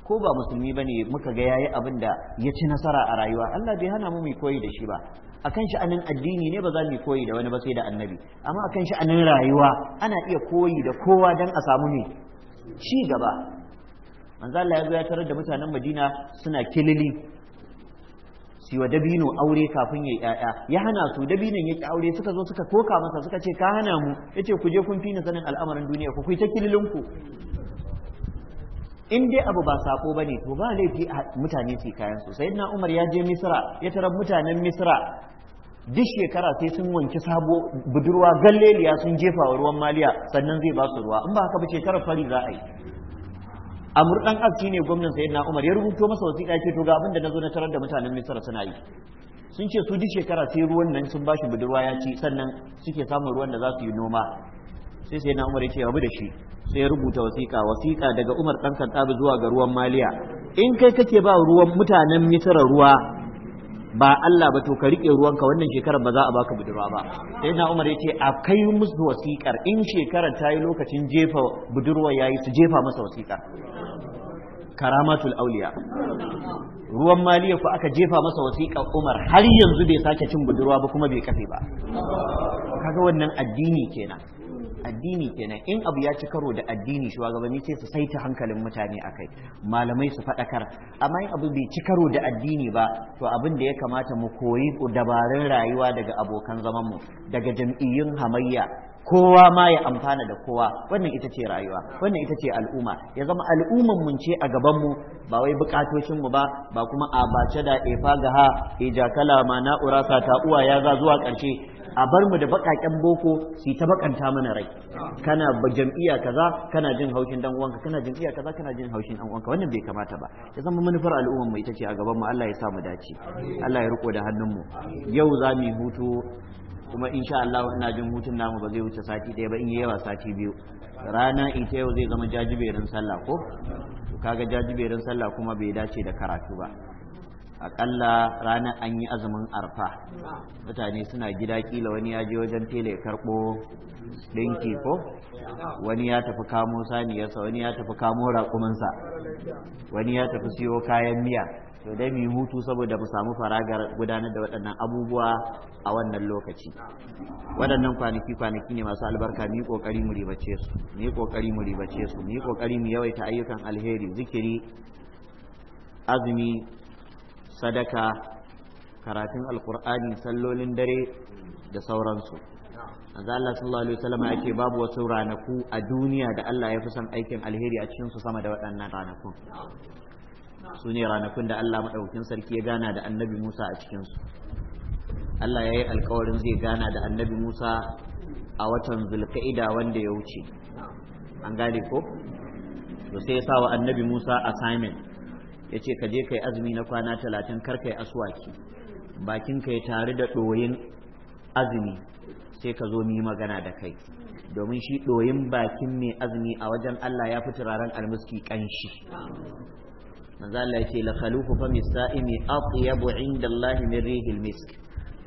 Speaker 1: ko ba musulmi bane muka ga yayi abin da ya ci nasara a rayuwa Allah bai hana mu mu koyi da shi ba akan sha'anin addini ne ba za mu koyi da wani ba sai da annabi amma akan sha'anin rayuwa ana iya koyi da kowa dan a samu ne ci gaba manzo Allah ya zo ya tarar da mutanen Madina suna kilili shi wa dabino aure kafin ya yaya ya hana su dabino ya aure suka zo suka koka masa suka ce ka hana mu yace ku je kun fi sanin al'amarin duniya ku kai ta kililin ku in dai abu ba sako bane to ba laifi a mutane su kayan su na Umar ya je Misra ya tarar mutanen Misra duk shekara sai sun wanke sabo budurwa galleliya sun jefa wa ruwan maliya sannan zai ba su ruwa in ba haka ba shekarar fari za a yi amur dan aski ne gwamnan na Umar ya rubuto masa wasiƙa ce to ga abin da nazo na tarar da mutanen Misra suna yi sun ce su duk shekara sai ruwan nan sun bashi budurwa ya ci sannan suke samun ruwan da za su yi noma sai sai na umar ya ce rabu da shi sai ya rubuta wasiƙa wasiƙa daga umar ɗan khattab zuwa ga ruwan maliya in kai kake ba ruwan mutanen misra ruwa ba Allah ba to ka rike ruwanka wannan shekarar ba za a baka budurwa ba sai na umar ya ce a kai musu wasiƙar in shekarar ta yi lokacin jefa budurwa ya yi su jefa masa wasiƙa. karamatul auliya ruwan maliya fa aka jefa masa wasiƙa umar har yanzu bai sake cin budurwa ba kuma bai kafe ba kaga wannan addini kenan addini kenan in abu ya ci karo da addini shugabanni sai su saita hankalin mutane a kai malamai su faɗakar amma in abu bai ci karo da addini ba to abin da ya kamata mu koyi dabarun rayuwa daga abokan zamanmu daga jam'iyyun hamayya kowa ma ya amfana da kowa wannan ita ce rayuwa wannan ita ce al'umma ya zama al'umman mun ce a gabanmu ba wai bukatocin mu ba ba kuma a bace da efa ga ha ejakala ma na urasa ta uwa ya za zuwa karshe a bar mu da bakaken boko su ta bakanta mana rai kana jam'iyya kaza kana jin haushin dan uwanka kana jam'iyya kaza kana jin haushin dan uwanka wannan bai kamata ba ya zama manufar al'umman mu ita ce a gaban mu Allah ya sa mu dace Allah ya riko da hannun mu yau za mu hutu kuma in sha Allah ina jin hutun namu ba zai wuce sati ɗaya ba in yi yawa sati biyu rana ita yau zai zama jajiberin sallah ko to kaga jajiberin sallah kuma bai dace da karatu ba akalla ranar an yi azumin arfa mutane suna gida kila wani ya je wajen tele karɓo ɗinki ko wani ya tafi kamo saniyarsa wani ya tafi kamo raƙuminsa wani ya tafi siyo kayan miya to dai mu hutu saboda mu samu faragar gudanar da waɗannan abubuwa a wannan lokaci waɗannan kwanaki kwanaki ne masu albarka mu yi kokari mu ribace su mu yi kokari mu ribace su mu yi kokari mu yawaita ayyukan alheri zikiri azumi sadaka karatun alkur'ani sallolin dare da sauransu manzo Allah sallallahu alaihi wasallam yake babu wasu ranaku a duniya da Allah ya fi son aikin alheri a cikin su sama da waɗannan ranakun su ne ranakun da Allah maɗaukin sarki ya gana da annabi Musa a cikinsu Allah ya yi alkawarin zai gana da annabi Musa a watan zulka'ida wanda ya wuce an gane ko to sai ya sawa annabi Musa assignment ya ce ka je ka azumi na kwana talatin kar ka yi aswaki bakin ka tare da ɗoyin azumi sai ka zo mu magana da kai domin shi ɗoyin bakin mai azumi a wajen Allah ya fi turaren almuski ƙanshi manzo Allah yace la khalufu fami sa'imi atyabu inda Allah min rihil misk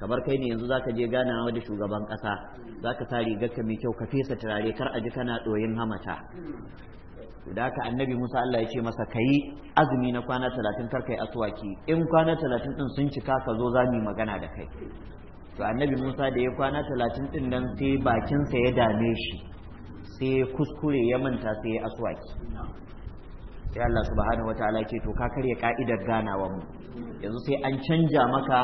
Speaker 1: kamar kai ne yanzu zaka je gana da shugaban kasa zaka sa rigar ka mai kyau ka fesa turare kar a ji kana doyin hamata da haka annabi Musa Allah ya ce masa kayi azumi na kwana talatin kar kai aswaki in kwana talatin din sun cika ka zo za magana da kai to annabi Musa da ya kwana talatin din nan sai bakinsa ya dame shi sai kuskure ya manta sai ya aswaki sai Allah subhanahu wataala ke to ka karya ka'idar ganawa mu yanzu sai an canja maka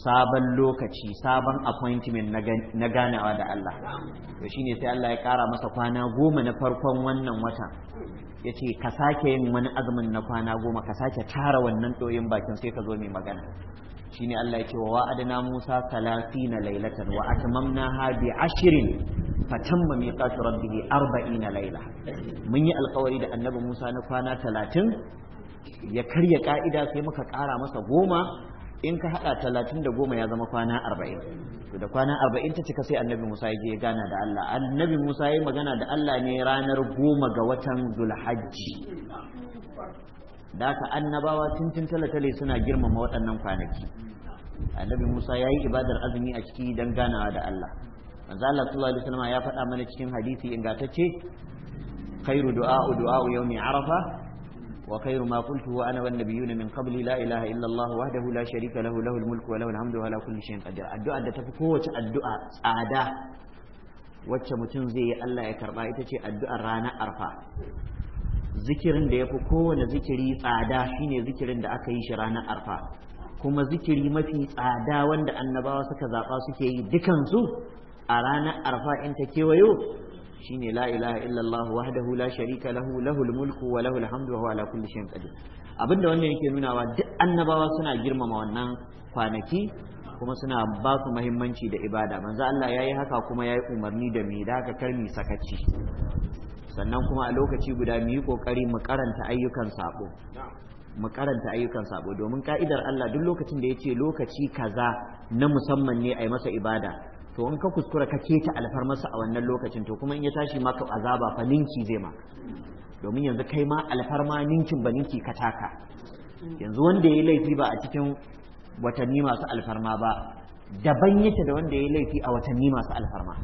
Speaker 1: sabon lokaci sabon appointment na ganawa da Allah to shine sai Allah ya kara masa kwana goma na farkon wannan watan yace ka sake yin wani azumin na kwana goma ka sake tara wannan ɗoyin bakin sai ka zo mai magana shine Allah ce wa wa'adna Musa 30 laylatan wa atmamnaha bi ashrin fatamma miqatu rabbih 40 layla mun yi alkawari da annabi Musa na kwana talatin ya karya ka'ida sai muka ƙara masa goma in ka haɗa talatin da goma ya zama kwana 40 to da kwana 40 ta cika sai annabi Musa ya je gana da Allah annabi Musa ya yi magana da Allah ne ranar goma ga watan Zulhajji da haka annabawa tuntun talatale suna girmama waɗannan kwanaki annabi Musa ya yi ibadar azumi a ciki don ganawa da Allah manzo Allah sallallahu alaihi ya faɗa mana cikin hadisi ingantacce khairu du'a du'a yawmi arafa wa khairu ma qultu wa ana wan nabiyuna min qabli la ilaha illa Allah wahdahu la sharika lahu lahul mulku wa lahul hamdu wa ala kulli shay'in qadir addu'a da tafi kowace addu'a tsada wacce mutum zai yi Allah ya karba ita ce addu'ar ranar arfa zikirin da ya fi kowane zikiri tsada shine zikirin da aka yi shi ranar arfa kuma zikiri mafi tsada wanda annabawa suka zaɓa suke yi dukansu a ranar arfa in ta kewayo shine la ilaha illallah wahdahu la sharika lahu lahul mulku wa lahul hamdu wa huwa ala kulli shay'in qadir abinda wannan yake nunawa duk annabawa suna girmama wannan kwanaki kuma suna ba su muhimmanci da ibada manzo Allah yayi haka kuma yayi umarni da me da ka karmi sakaci sannan kuma a lokaci guda mu yi kokari mu karanta ayyukan sabo mu karanta ayyukan sabo domin ka'idar Allah duk lokacin da yace lokaci kaza na musamman ne a yi masa ibada to in ka kuskura ka keta alfarmarsa a wannan lokacin to kuma in ya tashi maka azaba fa ninki zai ma domin yanzu kai ma alfarma ninkin ba ninki ka taka yanzu wanda ya yi laifi ba a cikin watanni masu alfarma ba daban yake da wanda ya yi laifi a watanni masu alfarma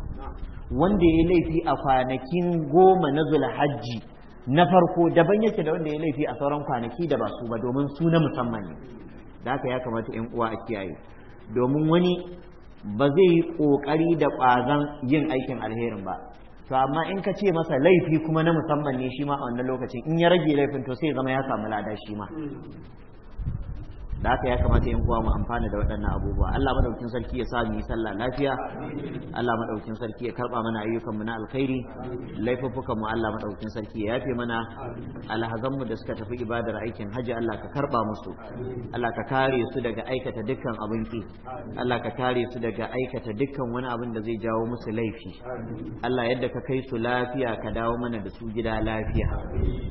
Speaker 1: wanda ya laifi a kwanakin goma na hajji na farko daban yake da wanda ya laifi a sauran kwanaki da ba su ba domin su na musamman ne da haka ya kamata yan uwa a kiyaye domin wani ba zai yi kokari da ƙwazon yin aikin alherin ba to amma in ka ce masa laifi kuma na musamman ne shi ma a wannan lokacin in ya rage laifin to sai zama ya samu lada shi ma da haka ya kamata yan kuwa mu amfana da waɗannan abubuwa Allah madaukakin sarki ya sa mu yi sallah lafiya Allah madaukakin sarki ya karba mana ayyukan mu na alkhairi laifuffukan mu Allah madaukakin sarki ya yafe mana alhazan mu da suka tafi ibadar aikin haji Allah ka karba musu Allah ka kare su daga aikata dukkan abin ki Allah ka kare su daga aikata dukkan wani abin da zai jawo musu laifi Allah yadda ka kai su lafiya ka dawo mana da su gida lafiya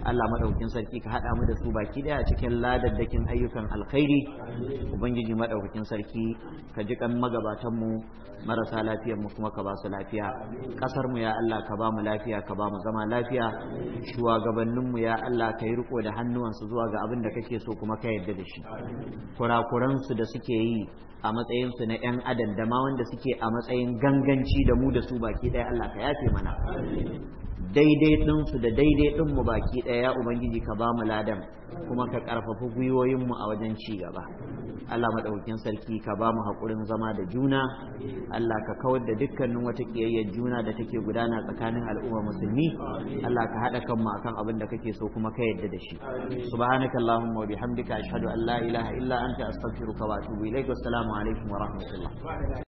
Speaker 1: Allah madaukakin sarki ka hada mu da su baki daya cikin ladaddakin ayyukan alkhairi sauki ubangiji madaukakin sarki ka ji kan magabatan mu marasa lafiyar mu kuma ka ba su lafiya kasar mu ya Allah ka ba mu lafiya ka ba mu zama lafiya shugabannin mu ya Allah ka yi riko da hannuwansu zuwa ga abin da kake so kuma ka yarda da shi kurakuran su da suke yi a matsayin su na yan adam da ma wanda suke a matsayin ganganci da mu da su baki ɗaya Allah ka yafe mana daidai ɗinsu da daidai ɗinmu baki ɗaya ya ubangiji ka ba mu ladan kuma ka ƙarfafi mu a wajen ci gaba Allah maɗaukin sarki ka ba mu haƙurin zama da juna Allah ka kawar da dukkanin wata ƙiyayyar juna da take gudana tsakanin al'umma musulmi Allah ka haɗa kanmu akan abin da kake so kuma ka yarda da shi subhanaka allahumma wa bihamdika ashhadu an la ilaha illa anta astaghfiruka wa atubu ilaik assalamu alaikum wa rahmatullah